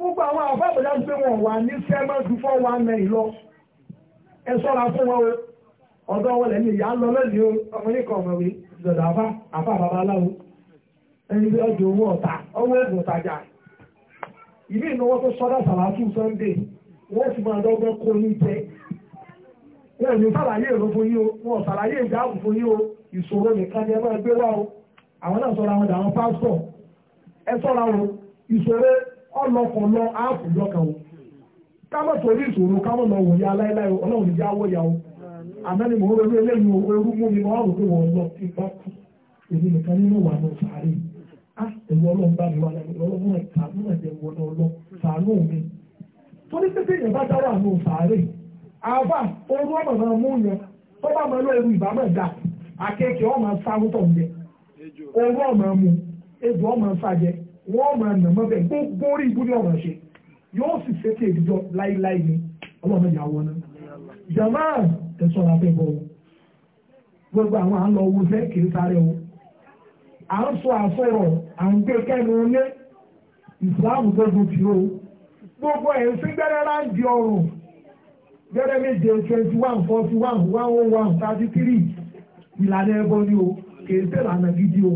gbogbo àwọn àbá àbẹ̀dá pé wọ́n wà ní sẹ́mọ́ ju fọ́ wa mẹ́rin lọ ẹ sọ́ra fún wọn ọ̀dọ́ wọn lẹ́nu ìyá lọ lẹ́nu ọmọ yìí kan ọ̀mọ̀wé ìdọ̀dọ̀ àbá àbá bàbá aláwo ẹni bí ọjọ́ owó ọ̀tá ọwọ́ oògùn ọ̀tajà ìlú ìnáwó tó sọ́dá sàlátù Sunday wọ́n ti máa dọ́gbọ́n kó ní jẹ́ wọn ní sàlàyé èrò fún yín o wọn sàlàyé ìdáàbò fún yín o ìṣòro nìkan ni ẹ máa gbé wá o àwọn náà sọ̀rọ̀ àwọn dàwọn pásítọ̀ ẹ sọ̀rọ̀ o ìṣòro ọlọ́kọ̀ọ́lọ́ áàpù lọ́kàn o kámọ̀ torí ìṣòro kámọ̀ lọ wòye aláìláì ọlọ́run ya o mò ń eléyìí mú mi pé lọ sí èmi nìkan nínú wà lọ sàárè ah, mi wà wọ lọ lọ sàánú mi torí bá àánú sàárè àbá náà mú yẹn tó bá ẹrú akéèké ń jẹ wọ́n máa nà mọ́bẹ̀ gbogbo orí ibú ní ọ̀rọ̀ ṣe yóò sì ṣètì ìdíjọ́ láíláí ni ọlọ́run ìyá wọn náà jàmá ẹ̀sọ́ la fẹ́ bọ̀ gbogbo àwọn à ń lọ wọṣẹ́ kì í sáré o à ń sọ àsọ̀rọ̀ à ń gbé kẹ́nu lé ìsìláàmù tó dùn tì o gbogbo ẹ̀ ń sí gbẹ́rẹ́ láǹdì ọrùn gbẹ́rẹ́ méje twenty one forty one one oh one thirty three ìlànà ẹbọ ni o kì í ṣèlànà gidi o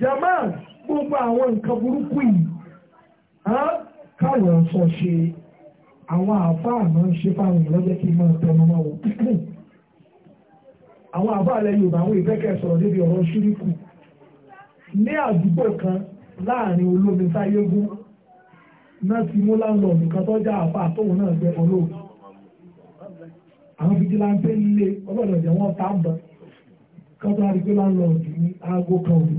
jàmá gbogbo àwọn nǹkan burúkú yìí káwọn sọ ṣe àwọn àáfàá náà ń ṣe fáwọn ìlọ́jẹ́ kí n máa tẹnu mọ́ wọn. àwọn àáfàá alẹ́ Yorùbá àwọn ìfẹ́kẹ̀ sọ̀rọ̀ débi ọ̀rọ̀ ṣíríkù ní àdúgbò kan láàrin olómi sáyégún náà ti mú láńlọ́ọ̀dù kan tó já àáfàá tóun náà jẹ́ olóògbé. àwọn fìdíláńtẹ́ líle ọgbọ́dọ̀ jẹ́ wọ́n tá ń bọ̀ kọ́tà àdúgbò láńlọ́ọ̀dù ní aago kan òru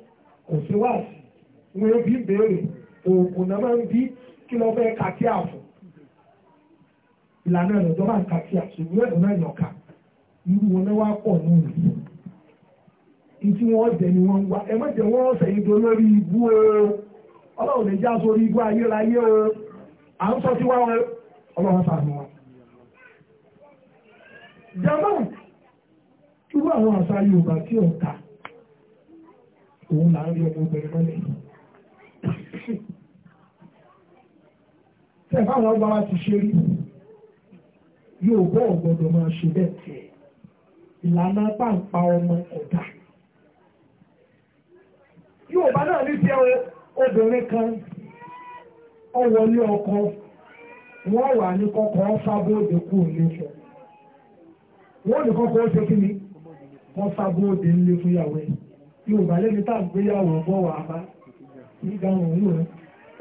kò sí wáàsí wọn ebi béèrè oògùn náà máa ń bí kí lọ fẹ́ kàkí àfọ ìlànà ìrọ̀jọ́ máa ń kàkí àfọ ìwé ẹ̀dùn náà yọ̀ọ̀ka irú wọn náà wá pọ̀ ní ìlú ìtí wọn jẹ ni wọn ń wá ẹ má jẹ wọn ọsẹ yìí dolórí ibú o Ọlọ́run lè já sórí ibú ayérayé o à ń sọ sí wá wọn Ọlọ́run sàánú wa. jama irú àwọn àṣà Yorùbá tí ò ta òun là ń rí ọmọbìnrin mọ́lẹ̀ yìí. tẹ́ báwọn ọgbà wa ti ṣe rí yóò bọ́ ọ̀gbọ́dọ̀ máa ṣe bẹ́ẹ̀ tẹ̀ ìlànà pàǹpà ọmọ ọ̀dà yóò bá náà ní tiẹ̀ obìnrin kan ọwọ́lé ọkọ wọ́n wà ní kọ́kọ́ fábóde kú òní fún wọ́n ní kọ́kọ́ ó ṣe kí ni wọ́n fábóde ńlé fún ìyàwó ẹ̀. Yorùbá lẹ́ni tá àgbéyàwó bọ́ wà bá ní gàrùn òun rẹ̀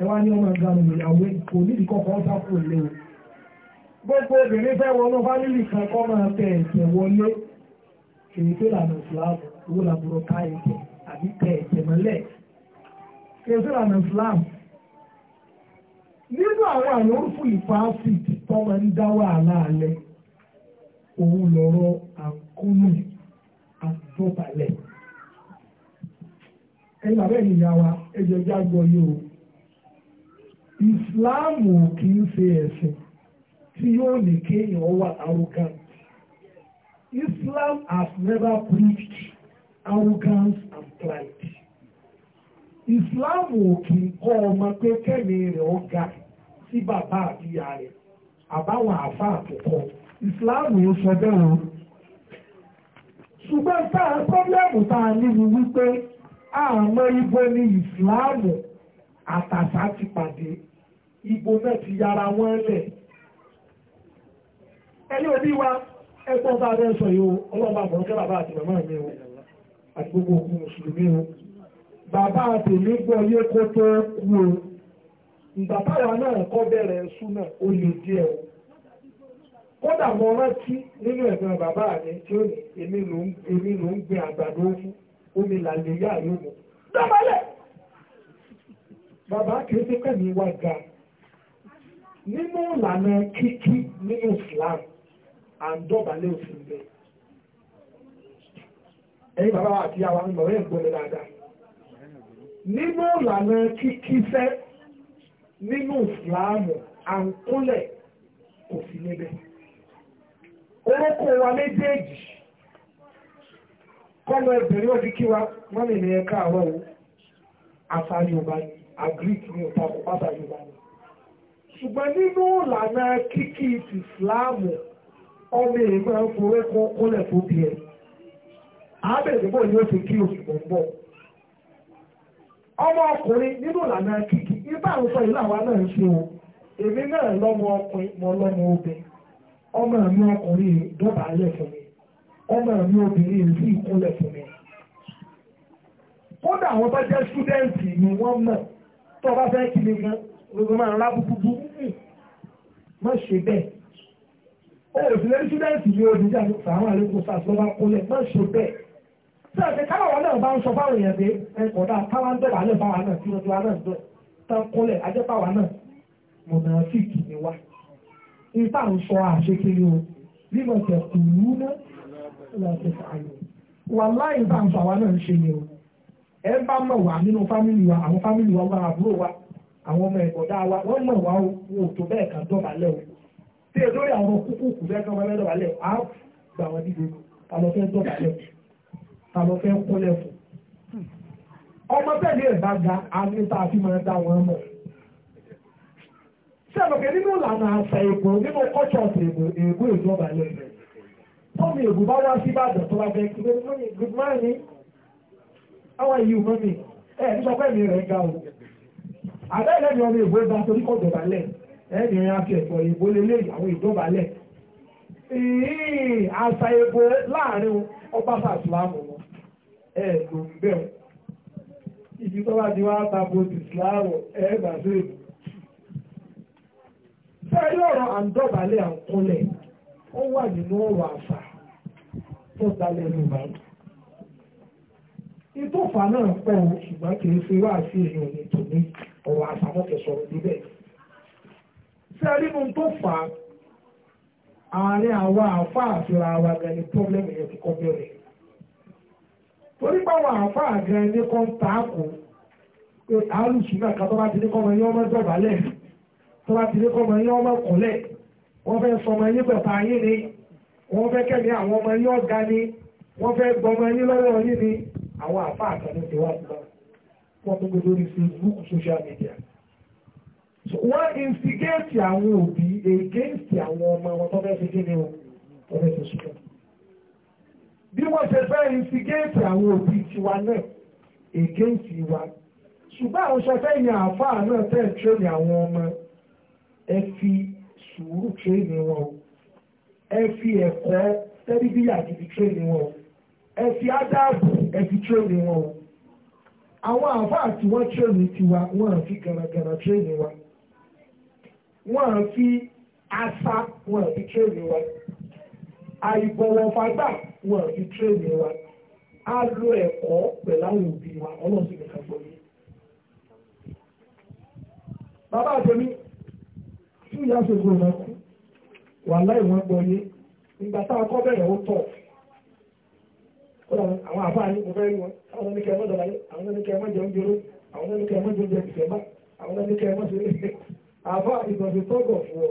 ẹ wá ní ọmọ gàrùn ìyàwó kò ní ìkọ̀kọ̀ ọ̀sá kò lè o. Gbogbo obìnrin fẹ́ wọnú fámìlì kan kọ́ máa tẹ ẹ̀jẹ̀ wọlé kìí tó lànà ìsìláàmù owó làbúrò ká ẹ̀jẹ̀ àbí tẹ ẹ̀jẹ̀ mọ́lẹ̀ kìí tó lànà ìsìláàmù. Nínú àwọn àlórúfù ìfàásìtì tó máa ń dá wàhálà alẹ́ òun lọ̀rọ̀ àkúnú àdọ́balẹ̀ ẹ̀yin bàbá ẹ̀yin ìyá wa ẹ̀jẹ̀ ẹ̀jẹ̀ àgbọ̀ yìí o ìsìláàmù kì í ṣe ẹ̀sìn tí yóò lè kéèyàn wà arrogant Islam has never preached arrogance and pride Islam ò kì í kọ́ ọmọ pé kẹ́mi rẹ̀ ó ga sí bàbá àbíyá rẹ̀ àbáwọn àfa àkọ́kọ́ Islam ń sọ bẹ́ẹ̀ o ṣùgbọ́n táà pọ́blẹ́mù tá a ní wípé àmọ́ ibo ni ìsìláàmù àtàṣà ti pàdé ibo náà ti yára wọ́n lẹ̀ ẹni òbí wa ẹgbọ́n bá bẹ́ẹ̀ sọ yìí o ọlọ́ọ̀bá àbọ̀ ọ̀kẹ́ bàbá àti màmá mi o àti gbogbo òkú mùsùlùmí o bàbá àtèmi gbọ́ yé kó tó kú o ìgbà táwa náà kọ́ bẹ̀rẹ̀ ẹ̀sùn náà ó lè díẹ̀ o kódà mo rántí nínú ẹ̀gbọ́n bàbá mi tí ó ní èmi ló ń gbin àgbàdo fún omi lè yà yóò mọ̀, dọ́bálẹ̀ bàbá kìí pẹ̀lú wà ga nínú ìlànà kíkí ní Islam àǹdọ̀bálẹ̀ òfin bẹ́ẹ̀ ẹ̀yin bàbá wà àwọn ọmọdé ẹ̀gbọ́n dáadáa nínú ìlànà kíkí fẹ́ nínú Islam níbẹ̀ orúkọ wa méjèèjì. kọ́lọ̀ ẹbẹ̀rẹ̀ òdì kí wa lè ní àwọn ohun àṣà ni agric ní ọ̀tá pátá yorùbá ni. nínú ìlànà ti ìsìláàmù ọmọ èèmọ̀ forúkọ kólẹ̀ tó bí ẹ̀. àbẹ̀rẹ̀ bọ̀ ni ó ti kí òṣùpọ̀ ń bọ̀. ọmọ ọkùnrin nínú ìlànà ibà ń sọ náà ń ṣe o ọmọ mi ọkùnrin ọmọ mi obìnrin ìlú ìkúnlẹ̀ fún mi kódà àwọn bá jẹ́ ṣúdẹ́ǹtì ni wọ́n mọ̀ tó bá fẹ́ kí ni gan gbogbo máa ńlá búkúkú má ṣe bẹ́ẹ̀ o ò sì lè rí ṣúdẹ́ǹtì ní obìnrin àti sàwọn àlékò sàṣọ bá kúnlẹ̀ má ṣe bẹ́ẹ̀ tí àti káwàwá náà bá ń sọ fáwọn èèyàn pé ẹ kò dáa táwọn bẹ̀rẹ̀ alẹ́ báwa náà tí wọ́n ti wá náà dọ̀ tán kúnlẹ̀ ajẹ́páwa náà mọ̀nà fíìkì ni wá ìta ń sọ àṣekiri o bí mo tẹ̀ kùrú náà la tẹ̀sàáyò bá ń náà ń ṣe o ẹ bá mọ̀ wà nínú fámìlì wa àwọn fámìlì wa máa àbúrò wa àwọn ọmọ ẹ̀gbọ̀dá wa wọ́n mọ̀ o wọn ò tó bẹ́ẹ̀ kan dọ̀bálẹ̀ o tí èdórí àwọn kúkú kù fẹ́ wọlé á gbà wọn ta ta fún ọmọ ga àmì tá a fi máa dá wọn sẹ́nu kẹ́ nínú àṣà èkó nínú èkó tómi ògùn bá wá sí ìbàdàn tó bá bẹ kí pé mọ́mí good morning how are you mọ́mí ẹ ẹ nípa pẹ́ẹ́mì rẹ̀ ga o àbẹ́rẹ́ mi ọmọ ìbò ga torí kò dọ̀bálẹ̀ ẹ̀ẹ́dì rẹ̀ afi ẹ̀kọ́ ìbò lélẹ̀ àwọn ìdọ̀bálẹ̀ àṣà ìbò láàrin ọba sàtìlámù wọn ẹ̀ẹ́dùn bẹ́ẹ̀ ibi tó bá ti wá tabo tìsíláàwọ̀ ẹ̀ẹ́gbà sí èdè sẹ́yìn ọ̀rọ̀ àǹdọ̀bálẹ̀ àǹkúnlẹ̀ ó wà nínú ọ̀rọ̀ àṣà tó dalẹ̀ yorùbá. ìtòfà náà pọ̀ ṣùgbọ́n kì í fi wá sí èèyàn ní tòní ọ̀rọ̀ àsàmọ́kẹ́ sọ̀rọ̀ níbẹ̀. ṣé nínú tó fà á àárín àwa àfa àfihàn àwa gan ni pọ́blẹ́mù yẹn ti kọ́ bẹ̀rẹ̀. torí báwọn àfa àgàn ní kọ́ ń tààkù pé àálùsùn náà kan tó bá ti ní kọ́ ọmọ yẹn ọmọ dọ̀bálẹ̀ tó bá ti ní kọ́ ọmọ yẹn ọmọ kúnlẹ̀ wọ́n fẹ́ sọ ọmọ bẹ̀ta ayé ni wọ́n fẹ́ kẹ́mi àwọn ọmọ yín ọ̀gá ni wọ́n fẹ́ gbọmọ yín lọ́wọ́ yín ni àwọn àfa àtàlẹ́ ti wá gbọ́ wọ́n tó gbé lórí Facebook social media wọ́n instigate àwọn òbí against àwọn ọmọ wọn tó fẹ́ ṣe kí ni o tó fẹ́ ṣe sùkọ́ bí wọ́n ṣe fẹ́ instigate àwọn òbí tiwa náà against wa ṣùgbọ́n àwọn ṣọfẹ́ yẹn àfa náà tẹ̀ ń tẹ́ ní àwọn ọmọ ẹ fi sùúrù tẹ́ ní wọn o ẹ fi ẹ̀kọ́ tẹ́lifíyà gidi tírénì wọn ẹ fi ádáàbò ẹ fi tírénì wọn àwọn àfáà tí wọ́n tírénì tiwa wọ́n á fi gàràgàrà tírénì wa wọ́n á fi asa wọ́n á fi tírénì wa àìbọ̀wọ̀ fagbà wọ́n á fi tírénì wa á lo ẹ̀kọ́ pẹ̀lú àwọn òbí wa ọlọ́sìn nìkan fọ́ yìí. bàbá àtẹ̀mí tí ìyá ṣe gbọ́dọ̀ kù. wà láì wọ́n gbọ́ nígbà táwọn kọ́ bẹ̀rẹ̀ ó tọ̀ àwọn kò fẹ́ rí wọn àwọn oníkẹ́ ẹ̀mọ́ dọ̀láyé àwọn oníkẹ́ ẹ̀mọ́ jẹun jẹun àwọn oníkẹ́ ẹ̀mọ́ jẹun jẹun ìṣẹ̀má àwọn oníkẹ́ ẹ̀mọ́ ṣe àfá ìgbọ̀nsẹ̀ tọ́gọ̀ fún ọ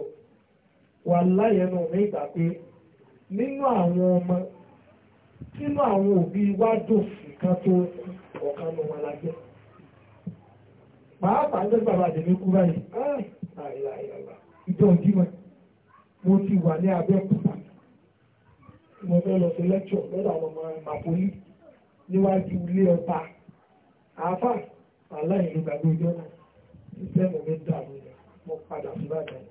wà mi pé nínú àwọn ọmọ nínú àwọn òbí dòfin kan mo ti wà ní Abẹ́òkúta mo fẹ́ lọ sí lẹ́kṣọ̀ lọ́dọ̀ àwọn ọmọ màpolí níwájú ilé ọba àáfà aláìlú gbàgbé ọjọ́ náà sísẹ́mù mi dà mí lọ mo padà sí bàbá mi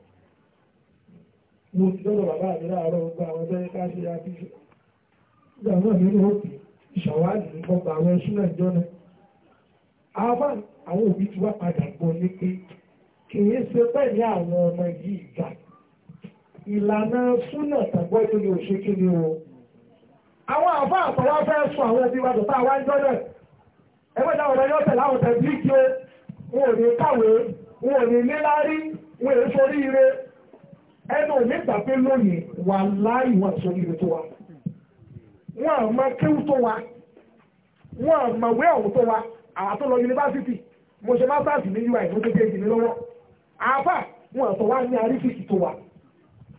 mo ti lọ́dọ̀ bàbá mi láàárọ̀ gba àwọn ọjọ́ ká ṣe àbíṣe ìgbà náà mi ní òkè ìṣàwádìí ní gbọ́gbà àwọn ẹṣúná ìjọ náà àáfà àwọn òbí ti wá padà gbọ́ ní pé kì í ṣe bẹ́ẹ̀ ní àwọn ọmọ yìí gàgbé ìlànà súnà tàgbọ́ yóò yóò ṣe kí ni o àwọn àbá àtọwá fẹ́ sọ àwọn ẹbí wa dọ̀tá àwọn ẹjọ́ náà ẹgbẹ́ táwọn ọ̀rẹ́ yọ̀tẹ̀ láwọn tẹ̀ bí kí o wọn ò ní kàwé wọn ò ní níláárí wọn ò ní sórí ire ẹnu ò ní gbà lónìí wà láì wọn sórí ire tó wa wọn à mọ kéwù tó wa wọn à mọ wé ọ̀hún tó wa àwọn tó yunifásitì mo ṣe máa sáàsì ní ui mo tó gé ìdílé lọ́wọ́ àbá wọn àtọwá ní arífìsì tó wa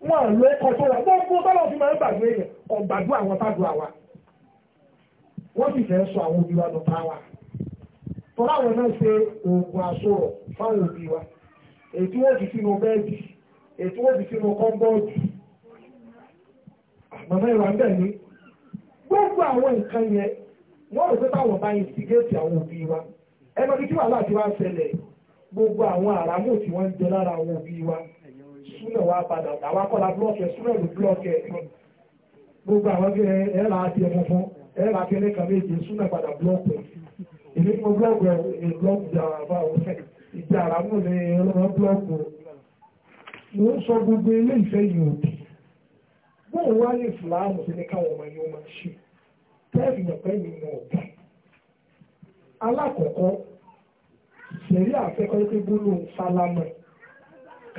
wọ́n lọ ẹ̀kọ́ tó wà gbogbo tọ́lọ̀ fi máa ń gbàgbé yẹn ọ̀gbàdú àwọn tábù àwa wọ́n sì fẹ́ sọ àwọn òbí wa lọ táwa tọ́lá àwọn náà ṣe oògùn àsọ̀rọ̀ fáwọn òbí wa ètò wọ́n ti sínú bẹ́ẹ̀dì ètò wọ́n ti sínú kọ́ńbọ́ọ̀dù àmọ́mọ́ ìwà ń bẹ̀ ní gbogbo àwọn nǹkan yẹn wọ́n rò pé táwọn bá instigate àwọn òbí wa ẹnu ibi tí wàhálà ti wá ṣẹlẹ̀ gbogbo àwọn àràmù tí wọ́n ń jẹ lára àwọn òbí wa súnà wá padà àwọn akọ́lá blọ́ọ̀kì súnà ló blọ́ọ̀kì gbogbo àwọn bí ẹ là á di ẹmọ fún ẹ là á fi ẹlẹ́kà méje súnà padà blọ́ọ̀kì èmi mo blọ́ọ̀kì ẹ blọ́ọ̀kì jàrà bá wọn fẹ́ ìjà àrà mú ni ọlọ́mọ blọ́ọ̀kì mo ń sọ gbogbo ilé ìfẹ́ yìí òdì bóun wá ní ìfìlàmù sí ní káwọn ọmọ yìí ó máa ṣe tẹ́ẹ̀fì yàpẹ́ mi mọ̀ ọ̀gá alákọ̀ọ́kọ́ ṣẹ̀rí àfẹ́kọ́ pé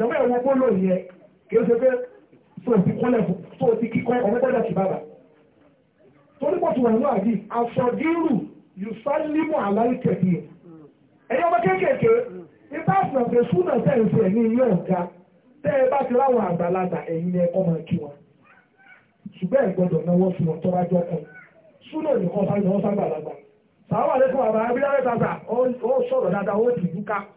jọ̀wọ́ ẹ̀wọ̀n gbólò yẹ kí ó ṣe pé tó ti kúnlẹ̀ tó ti kíkọ́ ọmọ gbọ́dọ̀ sí bàbá torí pọ̀ tí wọ́n ń lọ àbí ẹ̀yọ́ kéékèèké ipa súnà ilé ọ̀gá ẹ bá ti láwọn àgbàlagbà ẹ̀yìn máa kí wọn ṣùgbọ́n gbọ́dọ̀ náwó fún wọn kan súnà nìkan sáyẹn wọn sàwọn àlékún rẹ̀ tàbí ó sọ̀rọ̀ dáadáa ó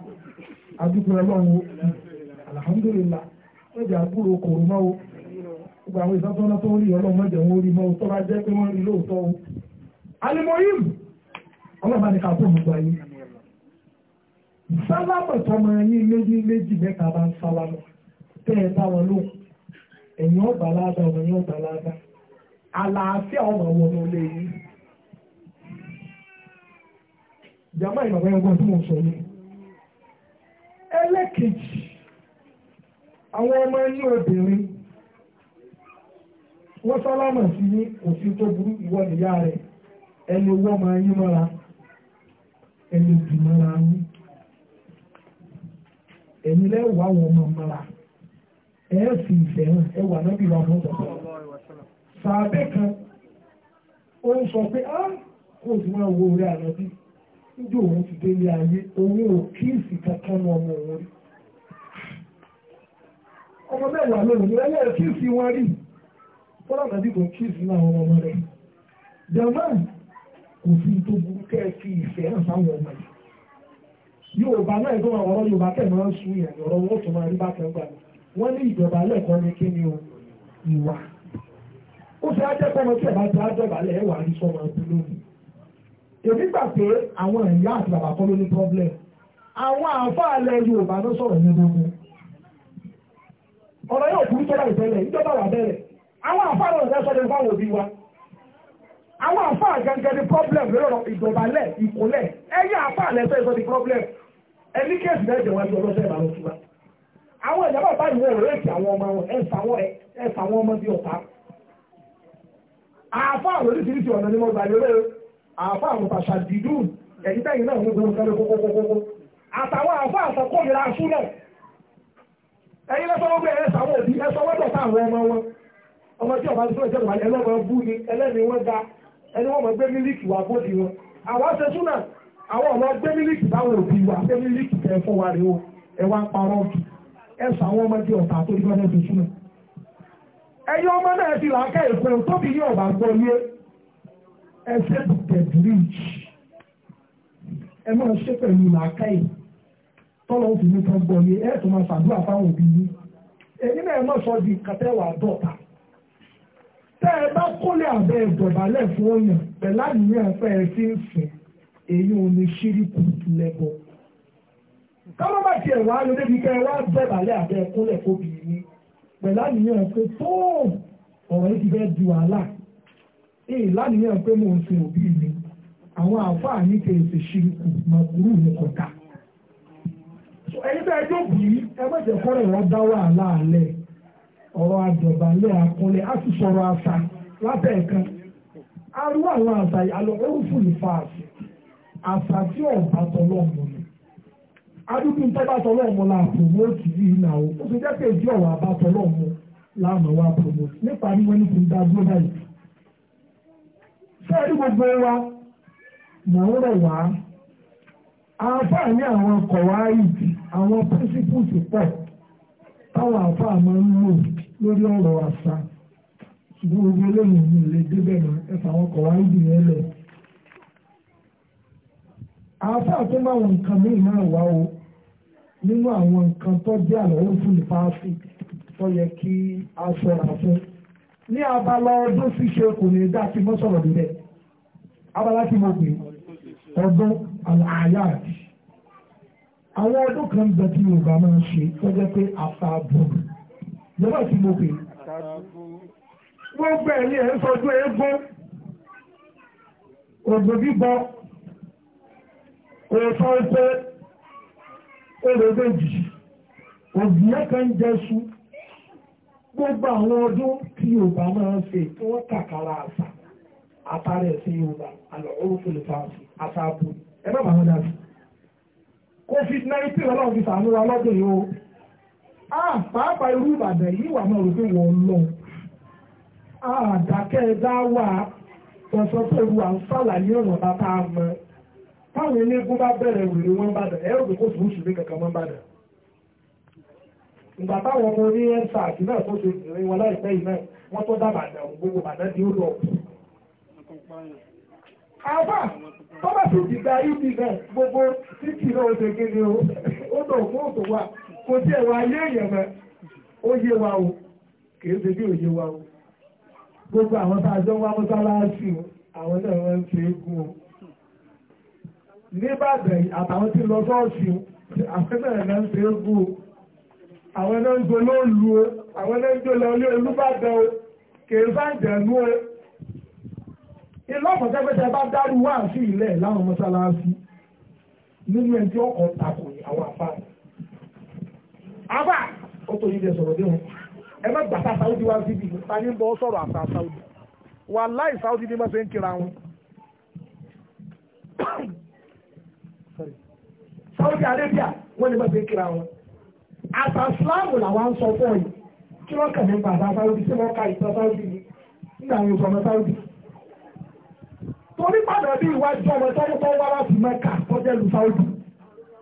adúgbò ọlọ́run alhamdulillah mẹ́jẹ̀ àbúrò kòrò mọ́ o gbogbo àwọn ìsọ́tọ́lá tó rí ọlọ́run mẹ́jẹ̀ wọn rí mọ́ o tó jẹ́ pé wọ́n rí lóòótọ́ o alimoyim ọlọ́ba ní ká mú sálámọ̀ méjì méjì mẹ́ta bá ń sálámọ̀ tẹ́ ẹ bá wọn lóhùn ẹ̀yìn ọmọ ẹ̀yìn àlàáfíà ọmọ wọn ló jàmbá ẹlẹ́kejì àwọn ọmọ inú obìnrin wọ́n sálámà sí ní òsì tó burú ìwọ ìyá rẹ̀ ẹni wọ́n máa yín mọ́ra ẹni òbí mọ́ra yín ẹni lẹ́wọ̀ àwọn ọmọ mọ́ra ẹ̀ sì hàn ẹ wà fún ọ̀sán sàbẹ̀ kan ó ń ah, Ndị òun ti délé ayé òun ò kankan ọmọ òun rí ọmọ mẹ́wàá lóhùn ní wọn rí fọlọ́nà náà ọmọ kò fi tó burú ìfẹ́ hàn sáwọn ọmọ yìí yorùbá náà ọ̀rọ̀ yorùbá máa ń sun ọ̀rọ̀ wọn tó máa rí gbà wọ́n ní o ìwà ó tí ẹ̀ bá ti èmi gbà pé àwọn ìyá àti bàbá kọ́ ló ní problem àwọn àfáàlẹ̀ Yorùbá ló sọ̀rọ̀ ní gbogbo ọ̀rọ̀ yóò kúrú tó láì tẹ́lẹ̀ ìjọba wà bẹ̀rẹ̀ àwọn àfáàlẹ̀ ọ̀rẹ́ sọ̀rọ̀ fún àwọn òbí wa àwọn àfáà gangan ní problem lọ́rọ̀ ìdọ̀bálẹ̀ ìkólẹ̀ ẹ̀yẹ àfáàlẹ̀ sọ̀rọ̀ sọ̀rọ̀ problem ẹni kéèsì náà jẹ̀ wájú ọlọ́sẹ̀ ìbàlọ́ sí wa àwọn ìyá bàbá ìwọ ọ̀rẹ́ ti àwọn ọmọ wọn ẹ̀fà wọn ọmọ bí ọ̀tá àfáà lóríṣiríṣi ọ̀nà ni mo gbà lérò àfa àwọn tàṣà dìdú ẹ̀yìn tẹ́yìn náà ní gbogbo kẹ́lẹ́ kókókókó àtàwọn àfa àtọ́kọ́ ìlà súnà ẹ̀yìn lẹ́sọ̀ wọ́n bẹ̀rẹ̀ sàwọn òbí ẹ̀sọ́ wọ́n dọ̀tà àwọn ọmọ wọn ọmọ tí ọba tó ìjọba ẹlẹ́mọ bú ni ẹlẹ́ni wọn ga ẹni wọn mọ gbé mílíkì wá bóde wọn àwọn ṣe súnà àwọn ọmọ gbé mílíkì báwọn òbí wa gbé mílíkì tẹ fún wa rèé o ẹ wá ń parọ́ jù ẹ sọ àwọn ọmọdé ọ̀tà tó ní gbọ́dọ̀ tó súnà ẹ̀yin ọmọ náà ti làákẹ́ ìpẹ́rù tóbi ní ọ̀bà gbọ́ yé ẹsẹ̀ tẹ̀dúríjì ẹ máa ṣe pẹ̀lú làákàyè tọ́lọ̀ ń fi ní kan gbọ́ yé ẹ̀ tó máa ṣàdúrà fáwọn òbí yín èyí náà ẹ má sọ di kàtẹ́wà dọ̀tà tẹ́ ẹ bá kólé àbẹ́ ìdọ̀bálẹ̀ fún òyìn pẹ̀lú àníyàn fẹ́ ẹ fi ń sìn èyí ò ní ṣíríkù lẹ́bọ̀ káwọn bá tiẹ̀ wá lọ débi kẹ́ ẹ wá dọ̀bálẹ̀ àbẹ́ kólẹ̀ fóbi yín pẹ̀lú àníyàn pé tó ọ̀rẹ́ ti fẹ́ di wàhálà èyí lánìyàn pé mo ń sin òbí mi àwọn àáfàá ní kèèsì ṣìrìkù màkúrú ní kọ̀tà ẹni bẹ́ẹ̀ yóò bí ẹ mọ̀jẹ̀ kọ́rọ̀ wọn dá wàhálà alẹ́ ọ̀rọ̀ àjọ̀bálẹ̀ àkúnlẹ̀ á sì sọ̀rọ̀ àṣà lábẹ́ ẹ̀kan arú àwọn àṣà àlọ́ orúfù ní fàásì àṣà tí ni adúgbò la promote yìí náà ó ti jẹ́ pé ìdí ọ̀rọ̀ àbá wa promote nípa ní wọ́n ní kí sẹ́ẹ̀rí gbogbo wa mò ń rọ̀ wá àáfàá àwọn kọ̀wáìdì àwọn pírísípùsì pọ̀ táwọn àáfàá máa ń lò lórí ọ̀rọ̀ àṣà ṣùgbọ́n gbogbo eléyìí mi lè débẹ̀ mọ́ ẹ̀fà àwọn yẹn lẹ̀. tó o nínú àwọn nǹkan tó jẹ́ àlọ́ òfin a ní abala ọdún ṣíṣe kò ní dá sí mọ́ sọ̀rọ̀ níbẹ̀ abala tí mo pè ọdún àyàtì àwọn ọdún kan bẹ tí yorùbá máa ń ṣe tó jẹ́ pé àtàbù yorùbá tí mo pè wọ́n gbẹ̀ ní ẹ̀ ń sọdún eégún ògbò bíbọ òòtọ́ ọ̀pẹ olóògbèjì òbí ẹ̀ka ń jẹ́ sùn gbogbo àwọn ọdún tí yorùbá máa ń ṣe tí wọ́n kàkàrà àṣà àtàrà ẹ̀sìn yorùbá àlọ́ orúkọlẹ̀ fàáṣì àṣà àbò ẹ má bàa wọn dá sí. covid nineteen ọlọ́run ti sàánú wa lọ́dún yìí o ah pàápàá irú ìbàdàn yìí wà máa rò pé wọ́n lọ àdàkẹ́ dá wà ọ̀sán tó lu à ń sàlàyé ọ̀nà bàbá àmọ́ táwọn eléégún bá bẹ̀rẹ̀ wèrè wọn bàdàn ẹ̀rọ kò kó sùúrù sùúrù kankan wọn bàdàn ìgbà táwọn ọmọ orí ẹ̀sà àti náà tó ṣe ìrìn wọn láìpẹ́ yìí náà tó dábàá dà ọ̀hún gbogbo bàdá di ó lọ. àbá tó bá sì ti gba ibi náà gbogbo títì náà ó ṣe kéde o ó lọ fún òtò wa kò tí ẹ̀ wá ayé èèyàn mọ́ ó yé wa o kìí ṣe bí òye wa o gbogbo àwọn tá a jọ wá mọ́sálásí o àwọn náà wọ́n ń ṣe é gún o nígbàdàn àtàwọn tí lọ sọ́ọ̀sì o àwọn náà ń ṣe é gún o àwọn náà ń joló lu o àwọn náà ń joló ilé olúbàdàn o kèrè bá ń dẹ̀nu o ìlọ́pọ̀ tẹ́gbẹ́tẹ́ bá dárú wá sí ilẹ̀ láwọn mọ́sálásí nínú ẹni tí ọkọ̀ takò àwọn àpá àbá ó tó yíjẹ sọ̀rọ̀ dé wọn ẹ má gbàtà sáúdí wá síbi ta ní bọ́ sọ̀rọ̀ àṣà sáúdí wà láì sáúdí ní mọ́sẹ̀ ń kira wọn sáúdí arábíà wọ́n ní mọ́sẹ̀ ń kira wọn àtàsíláàmù làwọn ń sọ fún ọ yìí kí wọ́n kàn nípa àbá sáwọ́dì tí wọ́n ka sáwọ́dì ni nígbà àwọn ìtàn ọmọ sáwọ́dì. torí padà bí ìwájú ọmọ sáwọ́dì tó wá láti mẹ́ka tó lu sáwọ́dì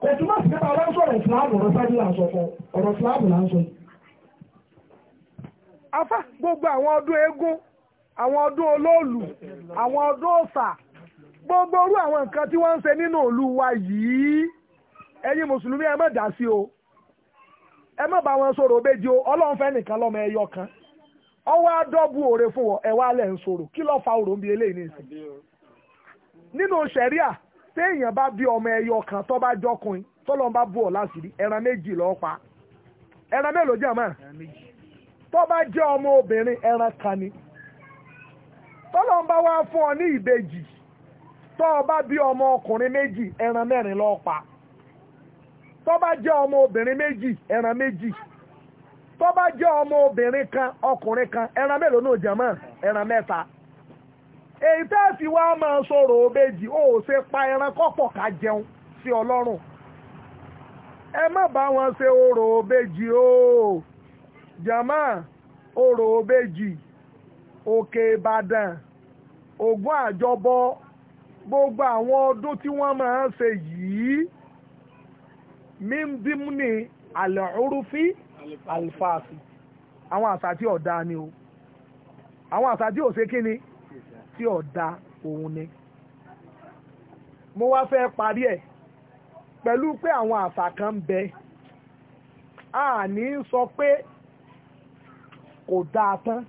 kò túmọ̀ sí sọ̀rọ̀ ìsìláàmù ọ̀rọ̀ sáwọ́dì là ń sọ fún ọ̀rọ̀ ìsìláàmù gbogbo àwọn ọdún àwọn ọdún olóòlù àwọn ọdún ọ̀sà ẹ má bá wọn o nìkan ẹyọ kan ọwọ́ adọ́bù òre fún wọn ẹ̀ wá ń sọ̀rọ̀ kí ló fa òròǹbí eléyìí nìsín nínú ọmọ ẹyọ kan tó bá jọkùnrin tọ́lọ́n bá láṣìírí ẹran méjì pa ẹran mélòó ọmọ obìnrin ẹran kan ni bá wá fún ọ ní ìbejì tó o bá ọmọ ọkùnrin méjì ẹran pa tó bá jẹ́ ọmọ obìnrin méjì ẹran méjì tó bá jẹ́ ọmọ obìnrin kan ọkùnrin kan ẹran mélòó náà jẹ̀mọ́ ẹran mẹ́ta èyí tẹ́ fi wá máa sọ̀rọ̀ òbejì ó ṣe pa ẹran kọ́pọ̀ ká jẹun sí ọlọ́run ẹ má bá wọn ṣe orò òbejì o jàmá orò òbejì òkè ìbàdàn ògùn àjọbọ gbogbo àwọn ọdún tí wọ́n máa ń ṣe yìí min dimni al-urufi al-fasi àwọn àṣà tí ọ̀dá ni o àwọn àṣà tí ò ṣe kí ni tí ọ̀dá òun ni mo wá fẹ́ parí ẹ̀ pẹ̀lú pé àwọn àṣà kan bẹ a ní sọ pé kò dáa tán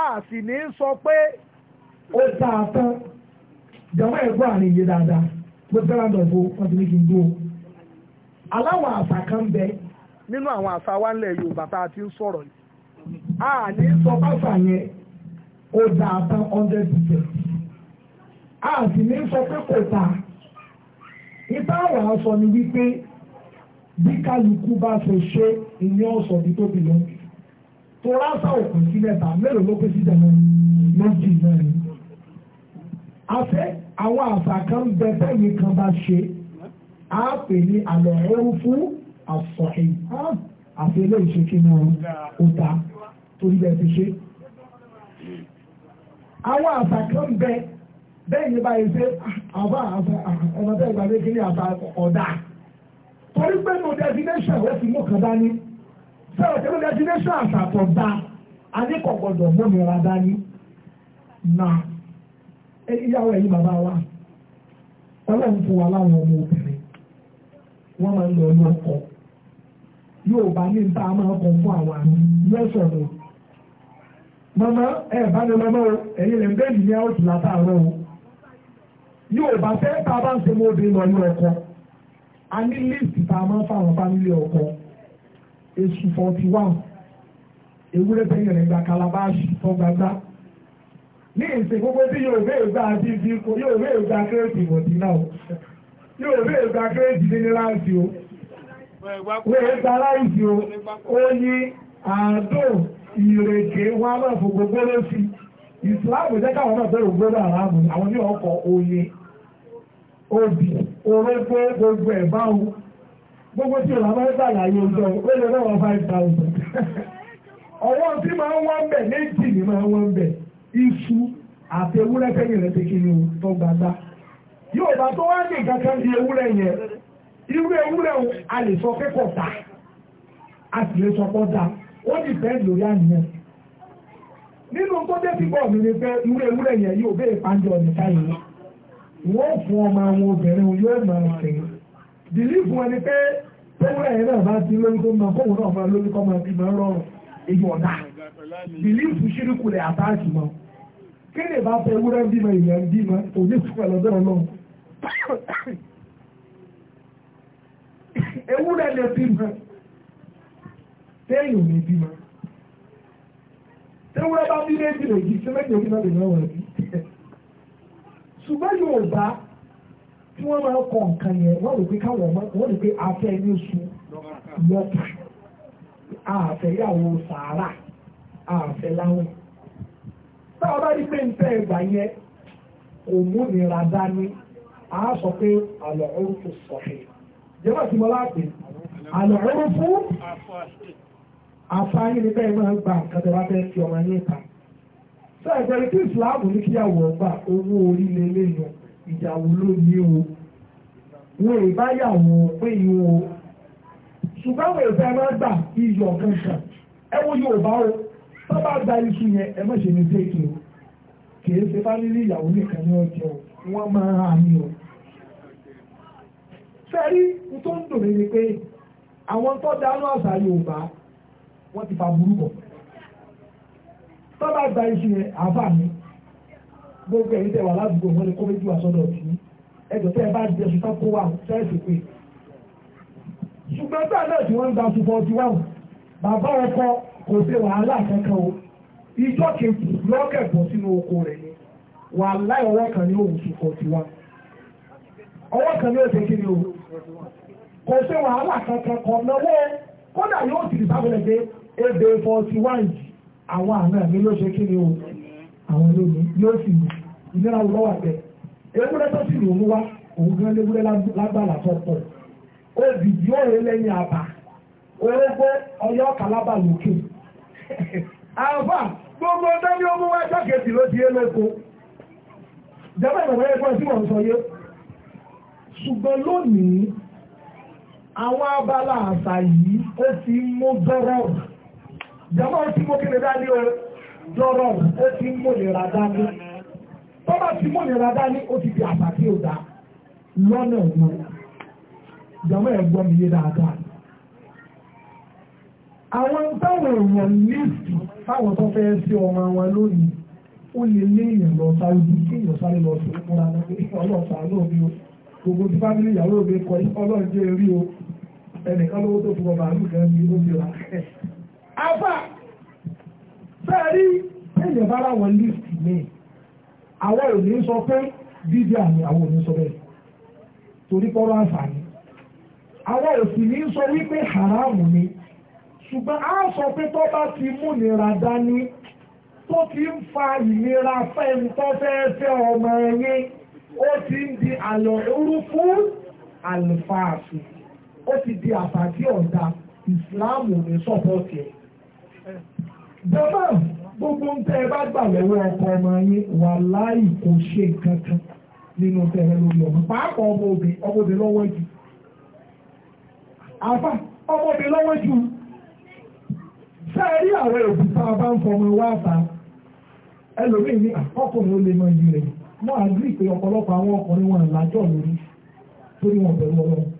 a sì ní sọ pé ó dáa tán jọ̀wọ́ ẹ̀gbọ́n àníyé dáadáa bó ti fẹ́ láǹdọ̀ ìbò wọ́n ti ní kí aláwọ̀ àṣà kan bẹ nínú àwọn àṣà wa Yorùbá tá a ti ń sọ̀rọ̀ yìí a ní sọ báṣà yẹn ó da hundred percent a sì ní sọ pé kò ta ìta àwọn aṣọ ni wípé bí kálukú bá ṣe ṣe ìyẹn ọ̀sọ̀ ní tóbi si meta sáwọ̀kùn sí mẹ́ta mélòó ló pé sí dẹ̀mọ́ àfẹ́ àwọn kan bẹ kan bá ṣe á pè ní fún àsọ̀hìn àti ìṣèkínú torí bẹ́ẹ̀ ti ṣe. àwọn àṣà kan bẹ bẹ́ẹ̀ ní báyìí ṣe àbá ọmọ bẹ́ẹ̀ kí ní àṣà ọ̀dà torí pé no definition ó fi mú kan dání sọ̀rọ̀ tí dá a ní kò dání ẹ̀yìn bàbá wọ́n máa ń lọ ní ọkọ̀ yóò bá ní nípa máa kọ̀ fún àwọn àmì lọ́sọ̀ lọ. màmá ẹ bá ní màmá o ẹ̀yin lè ń bẹ́ẹ̀ ní àwọn òtún látàárọ̀ o yóò bá fẹ́ tá a bá ń ṣe mọ́ obìnrin lọ ní ọkọ̀ a ní líìsì tá a máa ń fáwọn fámílì ọkọ̀ èṣù forty one ewúrẹ́ tẹ́yìn rẹ̀ gba kalabashi tó ní ìsìn gbogbo tí yóò bẹ́ẹ̀ gbà àti ìdíkò yóò bẹ́ẹ̀ gbà kérésì ìwọ̀dí náà. yóò fẹ́ ìgbà kérésì ní láti o wọ́n ìgbà izu o ó ní àádó ìrèké wọn á máa jekawa gbóló sí ìsìláàmù jẹ́ káwọn náà fẹ́ràn gbóló àràmù àwọn ní ọkọ̀ oye obì gbogbo ẹ̀ báwo gbogbo tí ìlànà ìgbà láyé ọjọ́ ó lè five thousand ọwọ́ tí máa ń wọ́n bẹ̀ méjì ni máa ń wọ́n bẹ̀ iṣu àti ewúrẹ́ rẹ̀ yóò bá tó wá ní ìkankan di ewúrẹ́ yẹn irú ewúrẹ́ o a lè sọ pé kò ta a sì lè sọ pé ó da ó ní bẹ́ẹ̀ lórí àníyàn nínú tó dé ti bọ̀ mí ni pé irú ewúrẹ́ yẹn yóò bẹ́ẹ̀ pàǹjọ nìkan yìí wọ́n fún ọmọ àwọn obìnrin yóò máa sìn bìlífù ẹni pé tẹ́wúrẹ́ yẹn náà bá ti lórí tó máa kóhùn náà máa lórí kọ́ máa ti máa rọrùn èyí ọ̀dà bìlífù ṣírìkù rẹ̀ àtàkì mọ́ kí ni ìbá tẹ́wúrẹ́ bímọ ìyẹn bímọ òní sùpẹ̀ lọ́dọ̀ ọlọ́run ewúrẹ́ lè bímọ téèyàn lè bímọ téwúrẹ́ bá bí méjì lè jí sí méjì òbí náà lè náà wọ̀ bí. ṣùgbọ́n Yorùbá tí wọ́n máa kọ nǹkan yẹn wọ́n rò pé káwọn ọmọ wọ́n rò pé afẹ́ ní oṣù lọ́pù àfẹ́yàwó sàárà àfẹ́ láwọn. táwọn bá rí pé ń tẹ́ ẹgbà yẹn kò múnira dání a sọ pé àlọ́ orúkú sọ̀hìn jẹ́wọ́ sí mọ́ láti àlọ́ orúkú àfáyín ní bẹ́ẹ̀ máa ń gba nǹkan tó bá fẹ́ fi ọmọ yín ta sọ́ọ̀ pẹ̀lú kí ìsìláàmù ní kíyàwó ọgbà owó orí lélẹ́yìn ìyàwó ló ní o wọn ìbáyàwó pé ìwò ṣùgbọ́n wọn ìfẹ́ máa gbà iyọ̀ kankan ẹwọ yóò bá o tó bá gba iṣu yẹn ẹ má ṣe ní séèkì o kì í ṣe fámílì ìyàwó nìkan ní ọjọ́ wọn máa hàn mí o sẹ́rí tó ń dùn mí ni pé àwọn tó dáná àṣà Yorùbá wọ́n ti fa burú bọ̀ tó bá gba iṣu yẹn àáfà mi gbogbo ẹ̀yin tẹ́ wà ládùúgbò wọn ni kó méjì wà sọ́dọ̀ tì í ẹjọ́ tẹ́ ẹ bá jẹ ṣùgbọ́n kó wà sẹ́ẹ̀sì pé ṣùgbọ́n bẹ́ẹ̀ náà tí wọ́n ń gba ṣùgbọ́n ti wà bàbá ọkọ kò ṣe wàhálà kankan o ìjọ kejì lọ́kẹ̀ bọ̀ sínú oko rẹ̀ ni wàhálà ọwọ́ kan ní òun ṣùgbọ́n ti wà ọwọ́ kan ní òṣèkiri kò ṣe wàhálà kankan kan náwó kódà yóò sì ti sábẹ̀lẹ̀ pé ebè forty one àwọn àna mi ló ṣe kí ni o àwọn olómi yóò sì mú ìnira wo lọ́wọ́ àgbẹ̀ ewúrẹ́ tó sì lòún wá òun gan léwúrẹ́ lágbára tó pọ̀ obì yóò rẹ lẹ́yìn àbá orógbó ọyọ́ kàlábà lókè àbá gbogbo ọjọ́ ni ó mú wá ẹjọ́ kejì ló di é lóko jẹ́bẹ̀ ìgbàgbọ́ yẹ kó ẹ sí wọ́n sọ yé ṣùgbọ́n lónìí àwọn abala àṣà yìí ó ti mú dọ́rọ̀ jọmọ́ ó ti mú kí ni dání o dọ́rọ̀ ó ti mú nira dání tó bá ti mú nira dání ó ti di àṣà tí ó dá lọ́nà ìlú jọmọ́ ẹ̀gbọ́n mi yé dáadáa àwọn táwọn èèyàn lífù táwọn tó fẹ́ sí ọmọ wọn lónìí ó lè lé lọ sáré lọ sí ìmúra náà ní ọlọ́ọ̀sán lóòbí o gbogbo tí fámílì ìyàwó mi kọ ọlọ́run jẹ́ rí o ẹnìkan lówó tó fún ọmọ àlùkẹ́ ní ó ti rà kẹ́ afá fẹ́ẹ̀rí èèyàn bá láwọn lífì mi àwọn ò ní sọ pé bíbí àmì àwọn ò ní sọ bẹ́ẹ̀ torí pọ́rọ́ àǹfààní àwọn ò ní sọ wípé haramu ni ṣùgbọ́n a sọ pé tó bá ti mú nira dání tó ti ń fa ìnira fẹ́ni tó fẹ́ ọmọ ẹ̀yìn ó ti ń di àlọ́ orú fún àlùfáàfù ó ti di àfàkí ọ̀dà ìsìláàmù ní sọ́pọ̀tì ẹ̀. bàbá gbogbo ń tẹ́ ẹ bá gbà lọ́wọ́ ọkọ ọmọ yín wà láì kò ṣe nǹkan kan nínú tẹ̀rẹ̀ lórí ọmọ pàápàá ọmọ obìnrin ọmọ obìnrin lọ́wọ́ jù àfà ọmọ obìnrin lọ́wọ́ jù sẹ́ẹ̀rí àwọn èbùtà bá ń fọmọ wá àfà ẹlòmíì ní àkọ́kùnrin ah, ó lè mọ iye rẹ̀ wọ́n á gírí pé ọ̀pọ̀lọpọ̀ àwọn ọkùnrin wọn làjọ lórí torí wọn bẹ̀rù ọlọ́run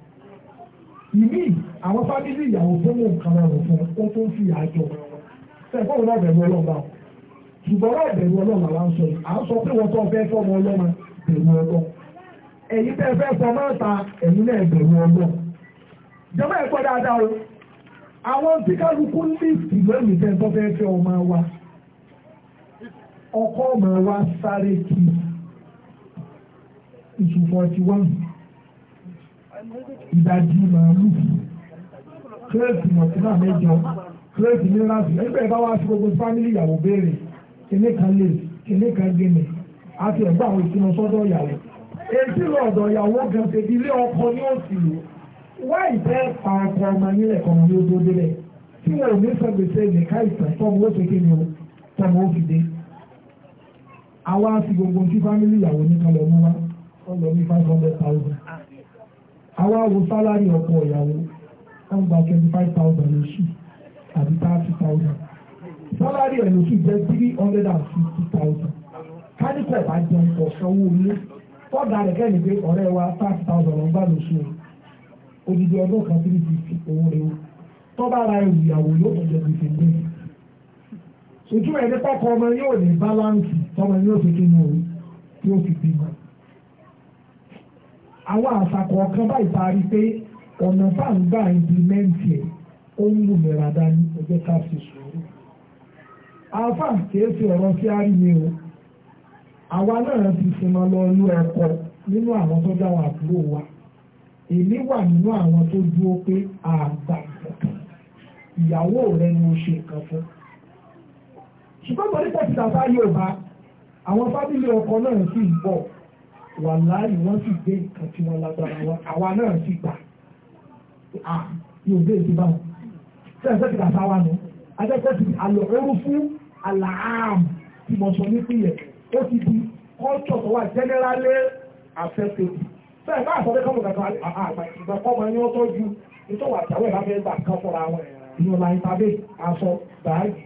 ìmí àwọn fábílì ìyàwó tó mú nǹkan rọrùn fún ó tó ń fi àjọ sẹ́fọ́n náà bẹ̀rù ọlọ́run bá ṣùgbọ́n náà bẹ̀rù ọlọ́run àwa ń sọ yìí à ń sọ pé wọ́n tó fẹ́ fọ́mọ ọlọ́run bẹ̀rù ọlọ́run ẹ̀yin tẹ́ fẹ́ fọmọ ta ẹ̀yin náà bẹ̀rù ọlọ́run jọba ẹ̀kọ́ dáadáa iṣu forty one ìdajì màálù kírèsì mọ̀tínà mẹ́jọ kírèsì mìíràn ẹgbẹ́ bá wá sí gbogbo fámìlì ìyàwó béèrè kìnní kan lè kìnní kan gèmè àti ẹ̀gbọ́n àwọn ìsinmi sọ́dọ̀ ìyàwó èsì lọ́dọ̀ ìyàwó gan ṣèdí ilé ọkọ ní òsì lò wáì tẹ́ àkọ ọmọ yín lẹ̀kọ́ ọmọ yóò dúró délẹ̀ tí wọn ò ní sọ gbèsè nìka ìtàn tọ́mọ ó ṣe kéde o tọ́mọ ó fi dé àwa sí gbogbo fámìlì ìyàwó ní kan lọ wa wọ́n lọ ní five hundred thousand àwa wo sálárì ọkọ ìyàwó wọ́n gba twenty five thousand lóṣù àbí thirty thousand sálárì ẹ̀ lóṣù jẹ́ three hundred and fifty thousand káníkọ̀ bá jẹun kọ̀ sanwó ilé fọ́ọ̀dà rẹ̀ kẹ́ni pé ọ̀rẹ́ wa thirty thousand ló ń gbà lóṣù odidi ọdún kan three fifty owó rẹ̀ wò tó bá ra ẹrù ìyàwó yóò tó jẹ gbèsè gbé ojú ẹ̀ nípa ọkọ ọmọ yóò ní báláǹsì tọmọ yóò fi kí ni òun yóò fi bímọ àwọn àṣà kọ̀ọ̀kan báyìí parí pé ọ̀nà tá à ń gbà ìdímẹ́ǹtì ẹ̀ ó ń lù mìíràn dání ẹgbẹ́ ká fi sùúrù. àáfà kìí ṣe ọ̀rọ̀ sí àríyé o àwa náà ti sinmi lọ lú ẹ̀kọ́ nínú àwọn tó dá wà dúró wa èmi wà nínú àwọn tó dúró pé àgbà ìyàwó rẹ ni mo ṣe nǹkan fún. ṣùgbọ́n mo ní pẹ̀sìtà bá yóò bá àwọn fábílì ọkọ náà sì ń bọ̀ wà láàyè wọ́n sì gbé nǹkan tí wọ́n lágbára wọn àwa náà sì gbà á yóò gbé èsì báwọn sẹ́yìn sẹ́yìn kàtà wa nù adẹ́kọ̀ ti àlọ́ orúfú àlàám tí mo sọ nípìnlẹ̀ ó ti di culture tó wà generally affected sẹ́yìn bá àfọwọ́ kọ́mọ kàkà àgbà kọ́mọ ẹni wọ́n tọ́jú nítorí wà tàwé bá fẹ́ gbà kán fọ́ra wọn ìyọ̀n la ìtàbí aṣọ báàgì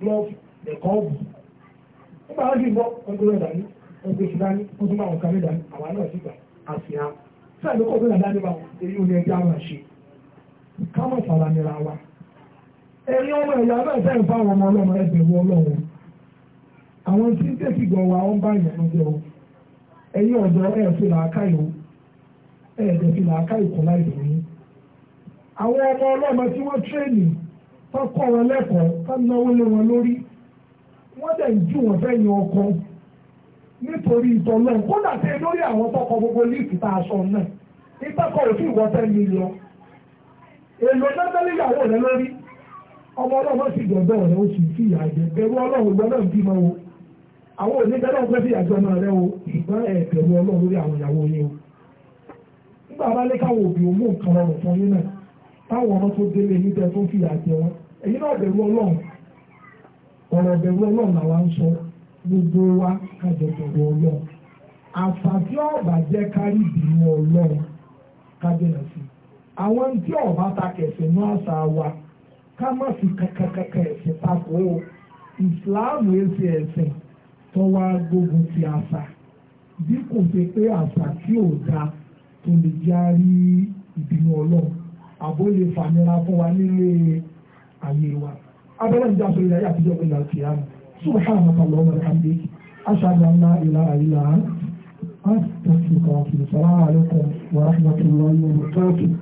glove ẹ̀kọ́ ọ̀bù nígbà wọn sì gbọ́ ọdún rẹ̀ dání ẹgbẹ́ ìṣúná ní ó tún bá wọn kan nígbà àwọn náà sì gbà á sì á sáà ló kọ́ ọdún àdá nípa èyí ò ní ẹjẹ́ àwọn àṣe ká má fara nira wa ẹ̀yin ọmọ ẹ̀yà náà sẹ́yìn fáwọn ọmọ ọlọ́mọ ẹgbẹ̀rún ọlọ́run àwọn tí ń tẹ̀sí gbọ̀ wa ó bá ìyànjú jẹ o ẹ̀yin ọ̀dọ́ ẹ̀ fi làákà yòó ẹ̀ dẹ̀ fi làákà ìkọ́ láì fún yín àwọn ọmọ ọlọ́mọ tí wọ́n tírèènì tó kọ́ wọn lẹ́kọ̀ọ́ tó náwó lé wọn lórí wọ́n dẹ̀ ń nítorí ìtọ́lọ́ kódà tẹ lórí àwọn tọkọ gbogbo líìkì tá a sọ náà ìtọ́kọ òfin ìwọ ten million èlò lọ́tẹ́lẹ̀ ìyàwó rẹ lórí ọmọ ọlọ́mọ sì gbọ̀dọ̀ rẹ ó sì fi bẹ̀rù ọlọ́run gbọ́dọ̀ bímọ o àwọn fi o ìgbọ́n ẹ̀ bẹ̀rù ọlọ́run lórí àwọn o nígbà bá lé káwọn òbí gbogbo wa kájọ bẹ̀rù ọlọ́run àṣàtì ọ̀bà jẹ́ kárí ìbínú ọlọ́run kájọ̀nà sí àwọn tí ọ̀bá ta kẹsẹ̀ ní àṣà wa ká má fi kankankankan ẹ̀sìn papọ̀ o ìsìláàmù èsì ẹ̀sìn tó wá gbógun ti àṣà bí kò ṣe pé àṣà tí ò da tó lè járí ìbínú ọlọ́run àbó lè fàmìlà fún wa nílé ayé wa abẹ́rẹ́ ìjà sórí ayé àtijọ́ pé làókè àná. سبحانك اللهم وبحمدك أشهد أن لا إله إلا أنت أستغفرك وأتوب السلام عليكم ورحمة الله وبركاته